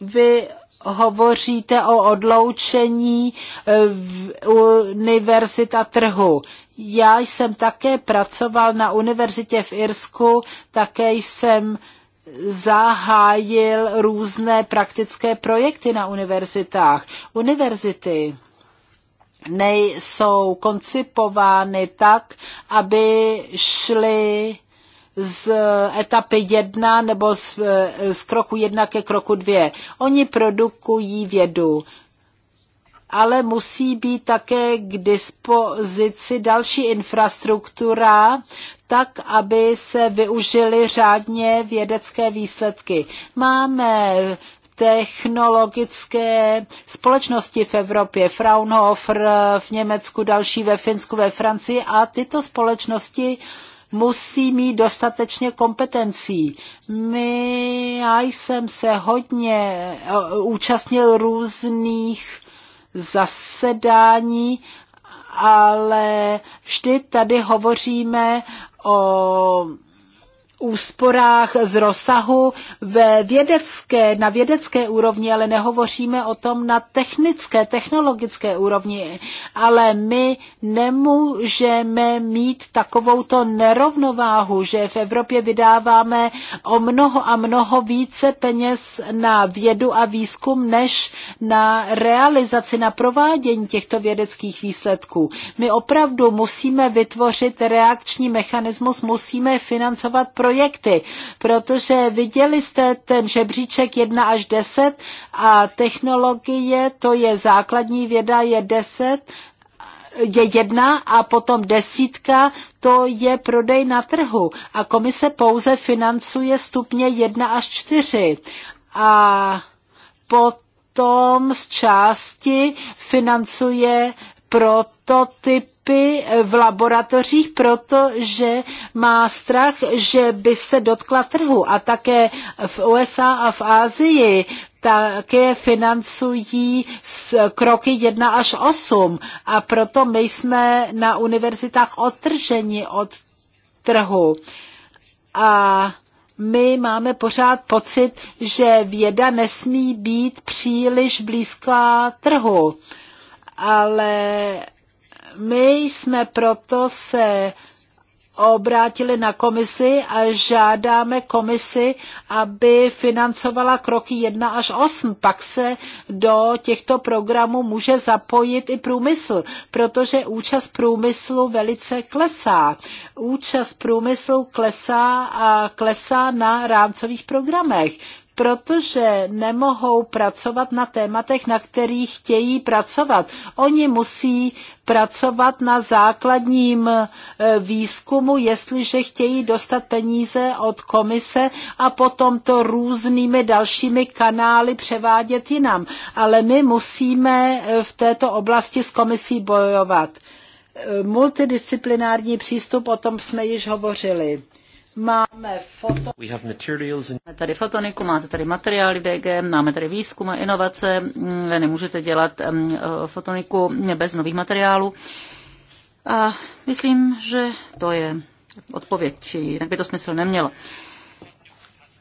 Speaker 3: vy hovoříte o odloučení eh, univerzita trhu. Já jsem také pracoval na univerzitě v Irsku, také jsem zahájil různé praktické projekty na univerzitách. Univerzity nejsou koncipovány tak, aby šly z etapy jedna nebo z, z kroku jedna ke kroku dvě. Oni produkují vědu ale musí být také k dispozici další infrastruktura, tak, aby se využily řádně vědecké výsledky. Máme technologické společnosti v Evropě, Fraunhofer v Německu, další ve Finsku, ve Francii a tyto společnosti musí mít dostatečně kompetencí. My, já jsem se hodně eh, účastnil různých zasedání, ale vždy tady hovoříme o úsporách z rozsahu ve vědecké, na vědecké úrovni, ale nehovoříme o tom na technické, technologické úrovni. Ale my nemůžeme mít takovouto nerovnováhu, že v Evropě vydáváme o mnoho a mnoho více peněz na vědu a výzkum, než na realizaci, na provádění těchto vědeckých výsledků. My opravdu musíme vytvořit reakční mechanismus, musíme financovat pro projekty, protože viděli jste ten žebříček 1 až 10 a technologie, to je základní věda, je 10 je jedna a potom desítka, to je prodej na trhu. A komise pouze financuje stupně 1 až 4. A potom z části financuje prototypy v laboratořích, protože má strach, že by se dotkla trhu. A také v USA a v Ázii také financují z kroky 1 až 8. A proto my jsme na univerzitách odtrženi od trhu. A my máme pořád pocit, že věda nesmí být příliš blízká trhu ale my jsme proto se obrátili na komisi a žádáme komisi, aby financovala kroky 1 až 8. Pak se do těchto programů může zapojit i průmysl, protože účast průmyslu velice klesá. Účast průmyslu klesá a klesá na rámcových programech protože nemohou pracovat na tématech, na kterých chtějí pracovat. Oni musí pracovat na základním e, výzkumu, jestliže chtějí dostat peníze od komise a potom to různými dalšími kanály převádět jinam. Ale my musíme e, v této oblasti s komisí bojovat. E, multidisciplinární přístup, o tom jsme již hovořili. Máme foto...
Speaker 2: We
Speaker 1: have materials in...
Speaker 2: tady fotoniku, máte tady materiály DG, máme tady výzkum a inovace, mm, nemůžete dělat mm, eh, fotoniku bez nových materiálů. A myslím, že to je odpověď, jinak by to smysl nemělo.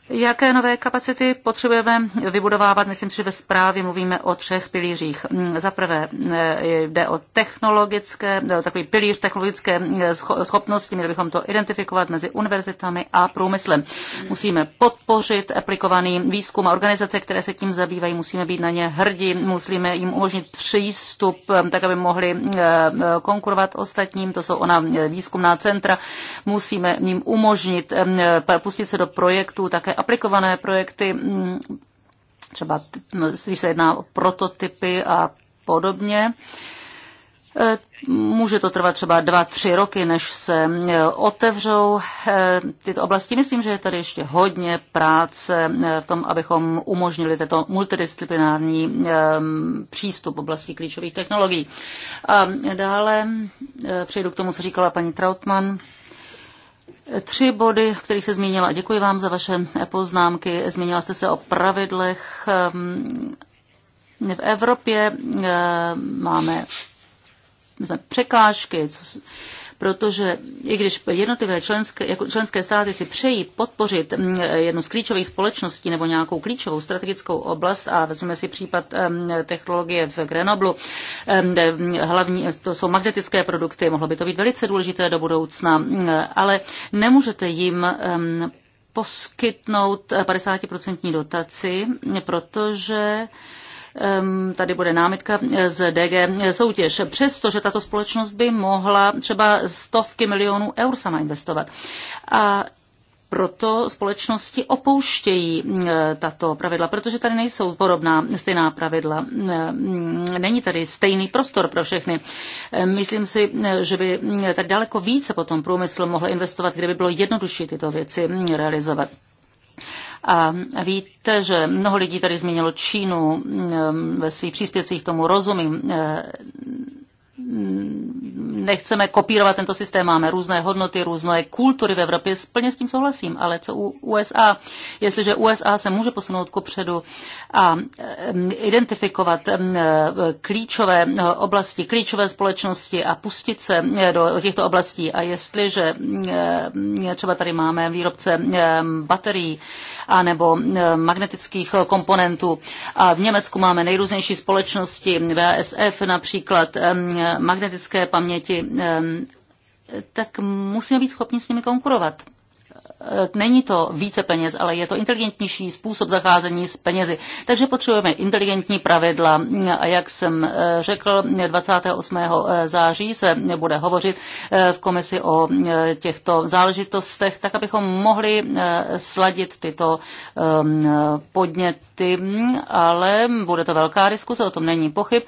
Speaker 2: Jaké nové kapacity potřebujeme vybudovávat? Myslím si, že ve zprávě mluvíme o třech pilířích. Mm, za prvé eh, jde o technologické, eh, takový pilíř technologické eh, schopnosti, měli bychom to identifikovat mezi univerzitami a průmyslem. Musíme podpořit aplikovaný výzkum a organizace, které se tím zabývají, musíme být na ně hrdí, musíme jim umožnit přístup, tak aby mohli konkurovat ostatním, to jsou ona výzkumná centra, musíme jim umožnit pustit se do projektů také aplikované projekty, mm, třeba no, když se jedná o prototypy a podobně. E, může to trvat třeba dva, tři roky, než se e, otevřou e, tyto oblasti. Myslím, že je tady ještě hodně práce v tom, abychom umožnili tento multidisciplinární přístup oblasti klíčových technologií. A dále přejdu k tomu, co říkala paní Trautmann Tři body, které se zmínila. Děkuji vám za vaše poznámky. Zmínila jste se o pravidlech. Ehm, v Evropě ehm, máme jsme překážky, protože i když jednotlivé členské, jako členské státy si přejí podpořit mm, jednu z klíčových společností nebo nějakou klíčovou strategickou oblast, a vezmeme si případ technologie v Grenoblu, kde hlavní to jsou magnetické produkty, mohlo by to být velice důležité do budoucna, mm, ale nemůžete jim poskytnout 50% eh, dotaci, protože tady bude námitka eh, z DG soutěž, přestože tato společnost by mohla třeba stovky milionů eur sama investovat. A proto společnosti opouštějí eh, tato pravidla, protože tady nejsou podobná stejná pravidla. Není tady stejný prostor pro všechny. Myslím si, eh, že by tak daleko více potom průmysl mohl investovat, kdyby bylo jednodušší tyto věci mm, realizovat. A víte, že mnoho lidí tady zmínilo Čínu mm, mm, ve svých příspěvcích, tomu rozumím e, mm, nechceme kopírovat tento systém, máme různé hodnoty, různé kultury v Evropě, plně s tím souhlasím, ale co u USA, jestliže USA se může posunout kupředu a e, identifikovat e, klíčové oblasti, klíčové společnosti a pustit se do těchto oblastí a jestliže třeba tady máme výrobce baterií, a nebo eh, magnetických eh, komponentů. A v Německu máme nejrůznější společnosti, VSF například, eh, magnetické paměti, tak musíme být schopni s nimi konkurovat. Eh, není to více peněz, ale je to inteligentnější způsob zacházení s penězi. Takže potřebujeme inteligentní pravidla mm, a jak jsem eh, řekl, 28. Eh, září se bude hovořit v komisi o těchto záležitostech, tak abychom mohli sladit tyto ehm, podněty, mm, ale bude to velká diskuse, o tom není pochyb.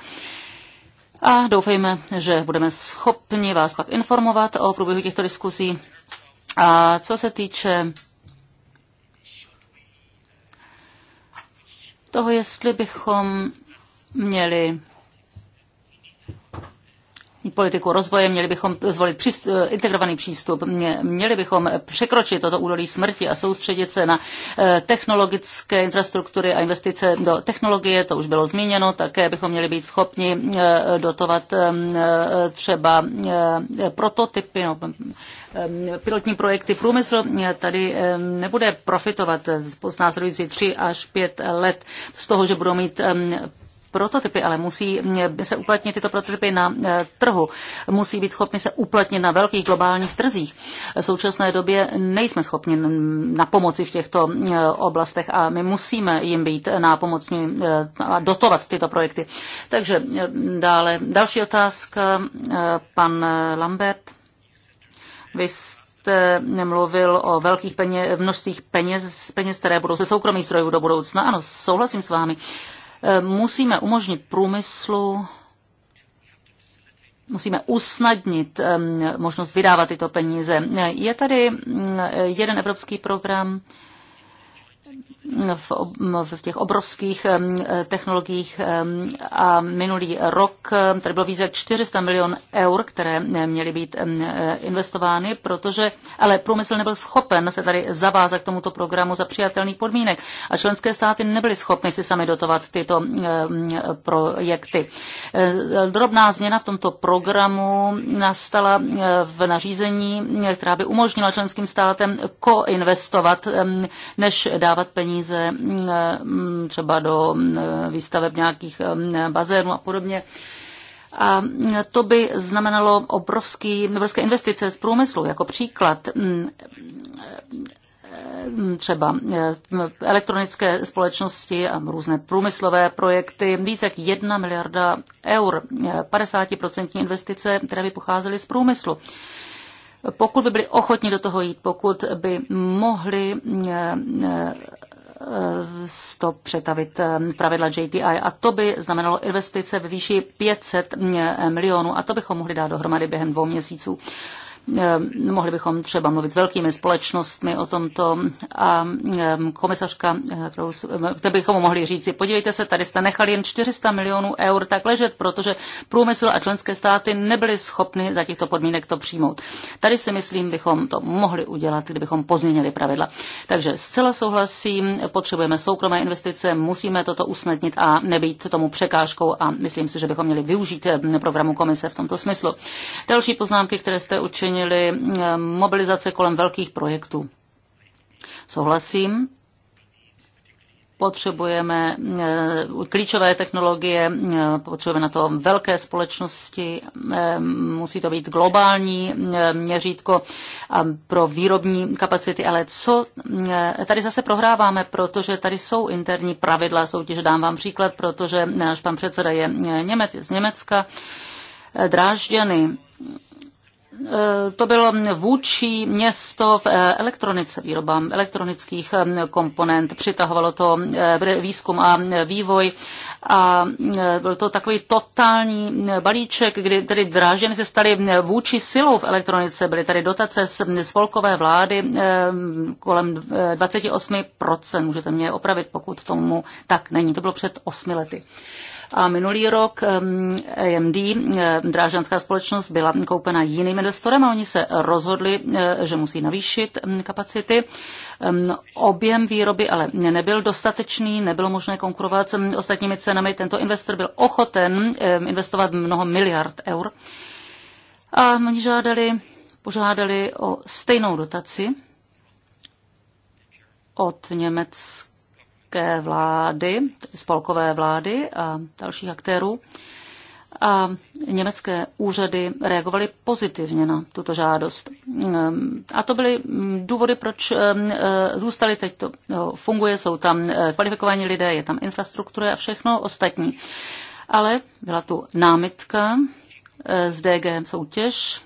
Speaker 2: A doufejme, že budeme schopni vás pak informovat o průběhu těchto diskusí. A co se týče toho, jestli bychom měli politiku rozvoje, měli bychom zvolit eh, integrovaný přístup, měli bychom překročit toto údolí smrti a soustředit se na eh, technologické infrastruktury a investice do technologie, to už bylo zmíněno, také bychom měli být schopni eh, dotovat třeba prototypy, no, pilotní projekty. Průmysl tady nebude profitovat z následující tři až pět let z toho, že budou mít prototypy, ale musí eh, se uplatnit tyto prototypy na eh, trhu. Musí být schopni se uplatnit na velkých globálních trzích. V současné době nejsme schopni na pomoci v těchto eh, oblastech a my musíme jim být na pomocní a dotovat tyto projekty. Takže dále další otázka. Pan Lambert, vy jste mluvil o velkých peněz, množstvích peněz, peněz, které budou ze soukromých zdrojů do budoucna. Ano, souhlasím s vámi. Eh, musíme umožnit průmyslu musíme usnadnit možnost vydávat tyto peníze. Eh, je tady mm, eh, jeden evropský program, v, v těch obrovských technologiích a minulý rok tady bylo více 400 milion eur, které měly být investovány, protože ale průmysl nebyl schopen se tady zavázat k tomuto programu za přijatelných podmínek a členské státy nebyly schopny si sami dotovat tyto projekty. E, drobná změna v tomto programu nastala e, v nařízení, e, která by umožnila členským státem koinvestovat, než dávat peníze peníze mm, mm, třeba do mm, výstaveb nějakých bazénů a podobně. A to by znamenalo obrovský, obrovské investice z průmyslu. Jako příklad třeba elektronické společnosti a různé průmyslové projekty. Více jak 1 miliarda eur, 50% investice, které by pocházely z průmyslu. Pokud by byli ochotni do toho jít, pokud by mohli to přetavit eh, pravidla JTI a to by znamenalo investice ve výši 500 eh, milionů a to bychom mohli dát dohromady během dvou měsíců. Eh, mohli bychom třeba mluvit s velkými společnostmi o tomto a eh, komisařka, eh, kde bychom mohli říci, podívejte se, tady jste nechali jen 400 milionů eur tak ležet, protože průmysl a členské státy nebyly schopny za těchto podmínek to přijmout. Tady si myslím, bychom to mohli udělat, kdybychom pozměnili pravidla. Takže zcela souhlasím, potřebujeme soukromé investice, musíme toto usnadnit a nebýt tomu překážkou a myslím si, že bychom měli využít programu komise v tomto smyslu. Další poznámky, které jste učinili, zúčastnili eh, mobilizace kolem velkých projektů. Souhlasím, potřebujeme eh, klíčové technologie, eh, potřebujeme na to velké společnosti, musí to být globální měřítko pro výrobní kapacity, ale co tady zase prohráváme, protože tady jsou interní pravidla soutěže. Dám vám příklad, protože náš pan předseda je Němec, je z Německa. drážděny Eh, to bylo vůči město v eh, elektronice, výroba elektronických eh, komponent. Přitahovalo to výzkum a vývoj a byl to takový totální balíček, kdy tedy Drážděny se staly vůči silou v elektronice. Byly tady dotace z spolkové vlády kolem 28%. Můžete mě opravit, pokud tomu tak není. To bylo před osmi lety. A minulý rok AMD, drážďanská společnost, byla koupena jiným investorem a oni se rozhodli, že musí navýšit kapacity. Objem výroby ale nebyl dostatečný, nebylo možné konkurovat s ostatními cenami. Tento investor byl ochoten investovat mnoho miliard eur. A oni žádali, požádali o stejnou dotaci od Německa české vlády, spolkové vlády a dalších aktérů. A německé úřady reagovaly pozitivně na tuto žádost. A to byly důvody, proč eh, eh, zůstali teď to no, funguje, jsou tam eh, kvalifikovaní lidé, je tam infrastruktura a všechno ostatní. Ale byla tu námitka z DG soutěž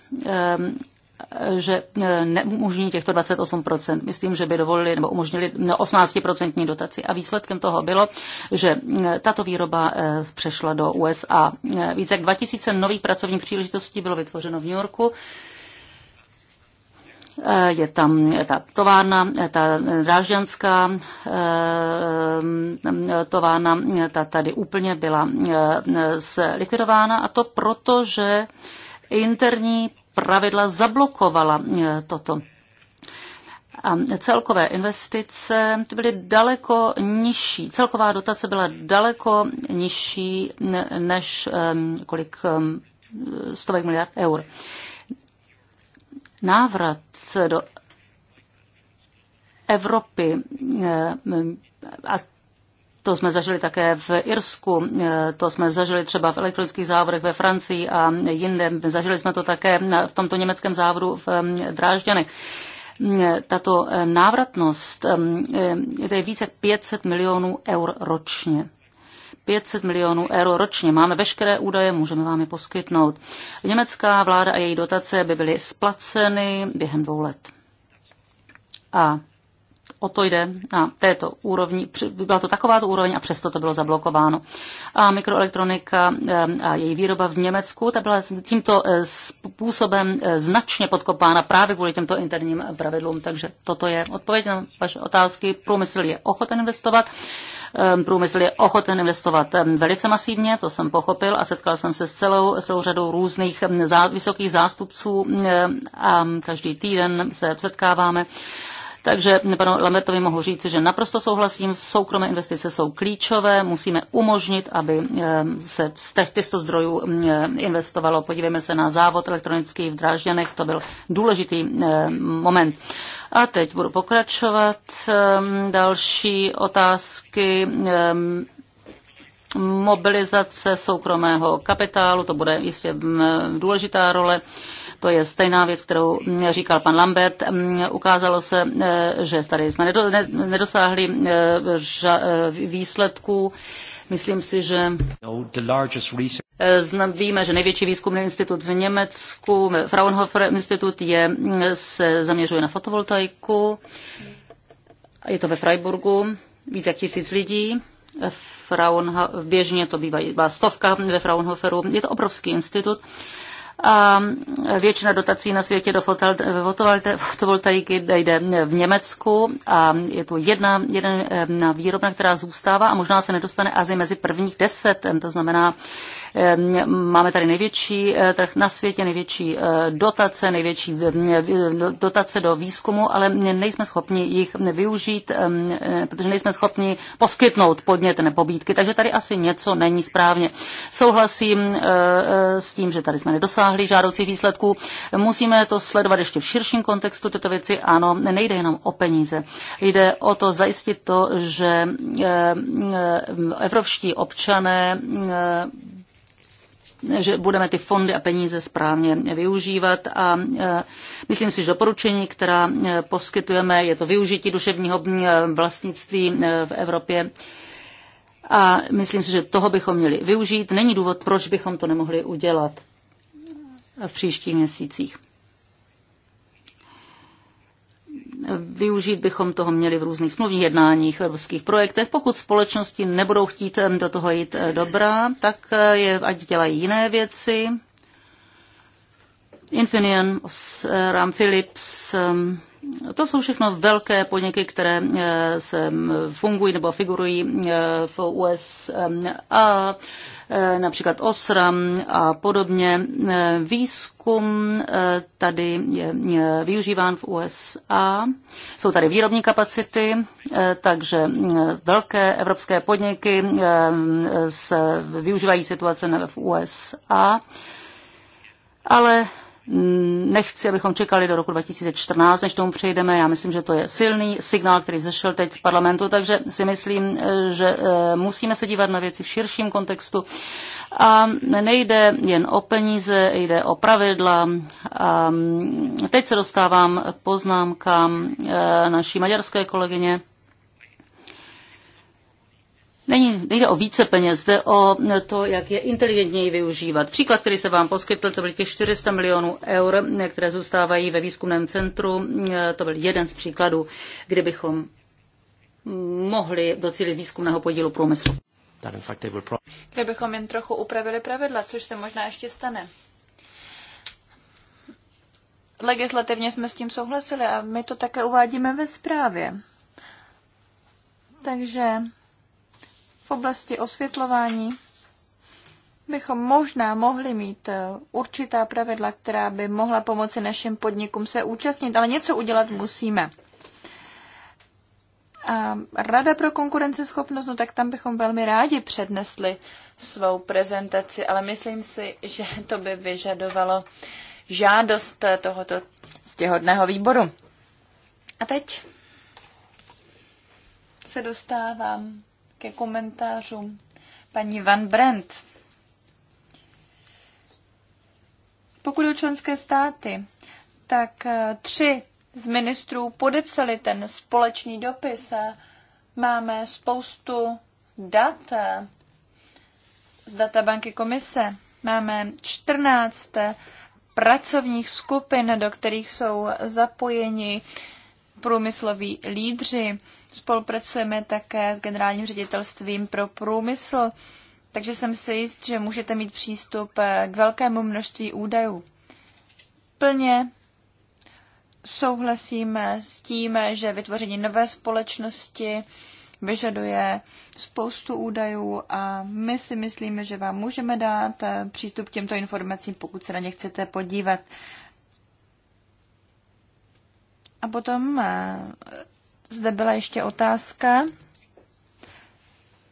Speaker 2: že e, neumožní těchto 28%. Myslím, že by dovolili nebo umožnili 18% dotaci. A výsledkem toho bylo, že e, tato výroba e, přešla do USA. Více jak 2000 nových pracovních příležitostí bylo vytvořeno v New Yorku je tam ta továrna, ta drážďanská továrna, ta tady úplně byla zlikvidována a to proto, že interní pravidla zablokovala eh, toto. A celkové investice byly daleko nižší. Celková dotace byla daleko nižší než ehm, kolik ehm, stovek miliard eur. Návrat do Evropy eh, a to jsme zažili také v Irsku, eh, to jsme zažili třeba v elektronických závodech ve Francii a jinde. Zažili jsme to také v tomto německém závodu v Drážďanech mm, tato eh, návratnost eh, to je více jak 500 milionů eur ročně. 500 milionů euro ročně. Máme veškeré údaje, můžeme vám je poskytnout. Německá vláda a její dotace by byly splaceny během dvou let. A o to jde na této úrovni. Byla to takováto úroveň a přesto to bylo zablokováno. A mikroelektronika a její výroba v Německu, ta byla tímto e, způsobem e, značně podkopána právě kvůli těmto interním pravidlům. Takže toto je odpověď na vaše otázky. Průmysl je ochoten investovat. Průmysl je ochoten investovat velice masivně, to jsem pochopil a setkal jsem se s celou, celou řadou různých zá, vysokých zástupců a každý týden se setkáváme. Takže panu Lambertovi mohu říci, že naprosto souhlasím, soukromé investice jsou klíčové, musíme umožnit, aby eh, se z těchto zdrojů eh, investovalo. Podívejme se na závod elektronický v Drážďanech, to byl důležitý eh, moment. A teď budu pokračovat. Další otázky mobilizace soukromého kapitálu, to bude jistě mm, důležitá role. To je stejná věc, kterou říkal pan Lambert. Mm, ukázalo se, eh, že tady jsme nedosáhli eh, eh, výsledků. Myslím si, že víme, že největší výzkumný institut v Německu, Fraunhofer institut, je, mm, se zaměřuje na fotovoltaiku. Je to ve Freiburgu, víc jak tisíc lidí. Fraunho- běžně to bývá stovka ve Fraunhoferu. Je to obrovský institut a většina dotací na světě do fotovoltaiky jde v Německu a je to jedna, jedna eh, výrobna, která zůstává a možná se nedostane asi mezi prvních deset, eh, to znamená, Ehm, máme tady největší eh, trh na světě, největší eh, dotace, největší dotace do výzkumu, ale nejsme schopni jich využít, ehm, eh, protože nejsme schopni poskytnout podněty nebo pobídky, takže tady asi něco není správně. Souhlasím s tím, že tady jsme nedosáhli žádoucích výsledků. Musíme to sledovat ještě v širším kontextu tyto věci. Ano, nejde jenom o peníze. Jde o to zajistit to, že evropští občané že budeme ty fondy a peníze správně využívat a e, myslím si, že doporučení, která e, poskytujeme, je to využití duševního e, vlastnictví v Evropě a myslím si, že toho bychom měli využít. Není důvod, proč bychom to nemohli udělat v příštích měsících. Využít bychom toho měli v různých smluvních jednáních, v evropských projektech. Pokud společnosti nebudou chtít do toho jít eh, dobrá, tak eh, je, ať dělají jiné věci. Infineon, eh, Ram Philips, to jsou všechno velké podniky, které eh, se fungují nebo figurují eh, v USA, eh, například Osram a podobně. Výzkum tady je využíván v USA. Jsou tady výrobní kapacity, takže velké evropské podniky se využívají situace v USA. Ale Mm, nechci, abychom čekali do roku 2014, než tomu přejdeme. Já myslím, že to je silný signál, který vzešel teď z parlamentu, takže si myslím, že eh, musíme se dívat na věci v širším kontextu. A nejde jen o peníze, jde o pravidla. A mm, teď se dostávám k poznámkám eh, naší maďarské kolegyně Není, nejde o více peněz, jde o to, jak je inteligentněji využívat. Příklad, který se vám poskytl, to byly těch 400 milionů eur, které zůstávají ve výzkumném centru. To byl jeden z příkladů, kdybychom mohli docílit výzkumného podílu průmyslu.
Speaker 4: Kdybychom jen trochu upravili pravidla, což se možná ještě stane. Legislativně jsme s tím souhlasili a my to také uvádíme ve zprávě. Takže v oblasti osvětlování bychom možná mohli mít eh, určitá pravidla, která by mohla pomoci našim podnikům se účastnit, ale něco udělat musíme. A Rada pro konkurenceschopnost, no tak tam bychom velmi rádi přednesli svou prezentaci, ale myslím si, že to by vyžadovalo žádost eh, tohoto stěhodného výboru. A teď se dostávám ke komentářům paní Van Brent. Pokud o členské státy, tak eh, tři z ministrů podepsali ten společný dopis. Máme spoustu dat eh, z databanky komise. Máme 14 eh, pracovních skupin, do kterých jsou zapojeni průmysloví lídři. Spolupracujeme také s generálním ředitelstvím pro průmysl, takže jsem si jist, že můžete mít přístup eh, k velkému množství údajů. Plně souhlasíme eh, s tím, že vytvoření nové společnosti vyžaduje spoustu údajů a my si myslíme, že vám můžeme dát eh, přístup k těmto informacím, pokud se na ně chcete podívat. A potom eh, zde byla ještě otázka,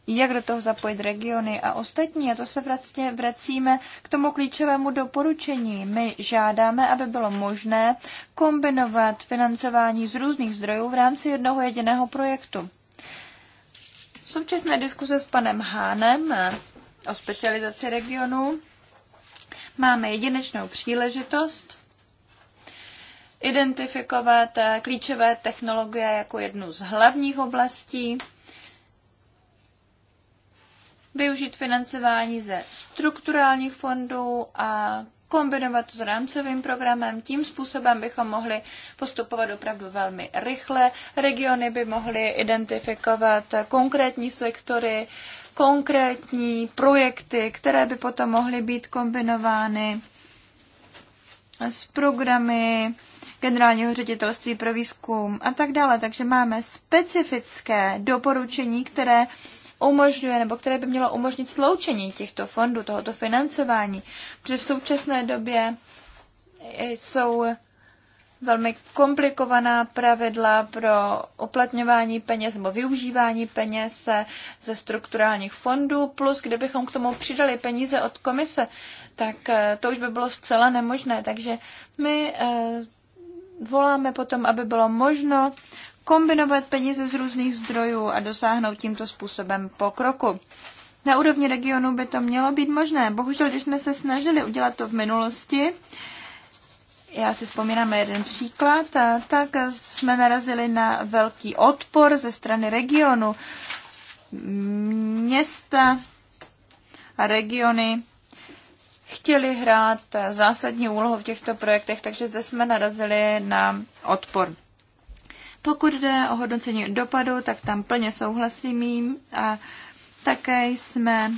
Speaker 4: jak do toho zapojit regiony a ostatní. A to se vlastně vracíme k tomu klíčovému doporučení. My žádáme, aby bylo možné kombinovat financování z různých zdrojů v rámci jednoho jediného projektu. současné diskuse s panem Hánem eh, o specializaci regionu máme jedinečnou příležitost identifikovat eh, klíčové technologie jako jednu z hlavních oblastí, využít financování ze strukturálních fondů a kombinovat to s rámcovým programem. Tím způsobem bychom mohli postupovat opravdu velmi rychle. Regiony by mohly identifikovat konkrétní sektory, konkrétní projekty, které by potom mohly být kombinovány s programy generálního ředitelství pro výzkum a tak dále. Takže máme specifické doporučení, které umožňuje nebo které by mělo umožnit sloučení těchto fondů, tohoto financování, protože v současné době jsou velmi komplikovaná pravidla pro uplatňování peněz nebo využívání peněz ze strukturálních fondů, plus kdybychom k tomu přidali peníze od komise, tak to už by bylo zcela nemožné. Takže my eh, voláme potom, aby bylo možno kombinovat peníze z různých zdrojů a dosáhnout tímto způsobem pokroku. Na úrovni regionu by to mělo být možné. Bohužel, když jsme se snažili udělat to v minulosti, já si vzpomínám jeden příklad, tak jsme narazili na velký odpor ze strany regionu. Města a regiony chtěli hrát zásadní úlohu v těchto projektech, takže zde jsme narazili na odpor. Pokud jde o hodnocení dopadu, tak tam plně souhlasím jim a také jsme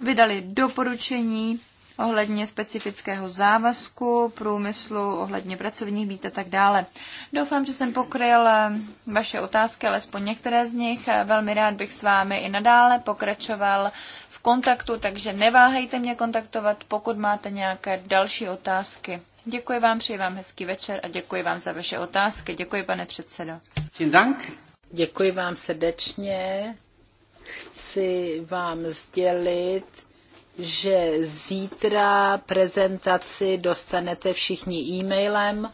Speaker 4: vydali doporučení ohledně specifického závazku, průmyslu, ohledně pracovních míst a tak dále. Doufám, že jsem pokryl eh, vaše otázky, alespoň některé z nich. Velmi rád bych s vámi i nadále pokračoval kontaktu, takže neváhejte mě kontaktovat, pokud máte nějaké další otázky. Děkuji vám, přeji vám hezký večer a děkuji vám za vaše otázky. Děkuji, pane předsedo.
Speaker 3: Děkuji vám srdečně. Chci vám sdělit, že zítra prezentaci dostanete všichni e-mailem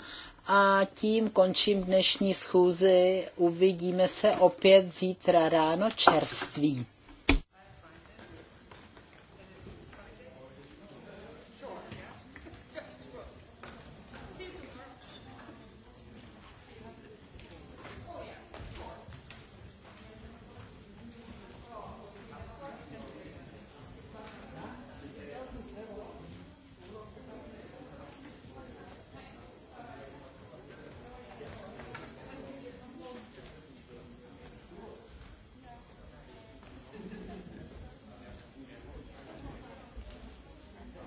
Speaker 3: a tím končím dnešní schůzi. Uvidíme se opět zítra ráno čerství.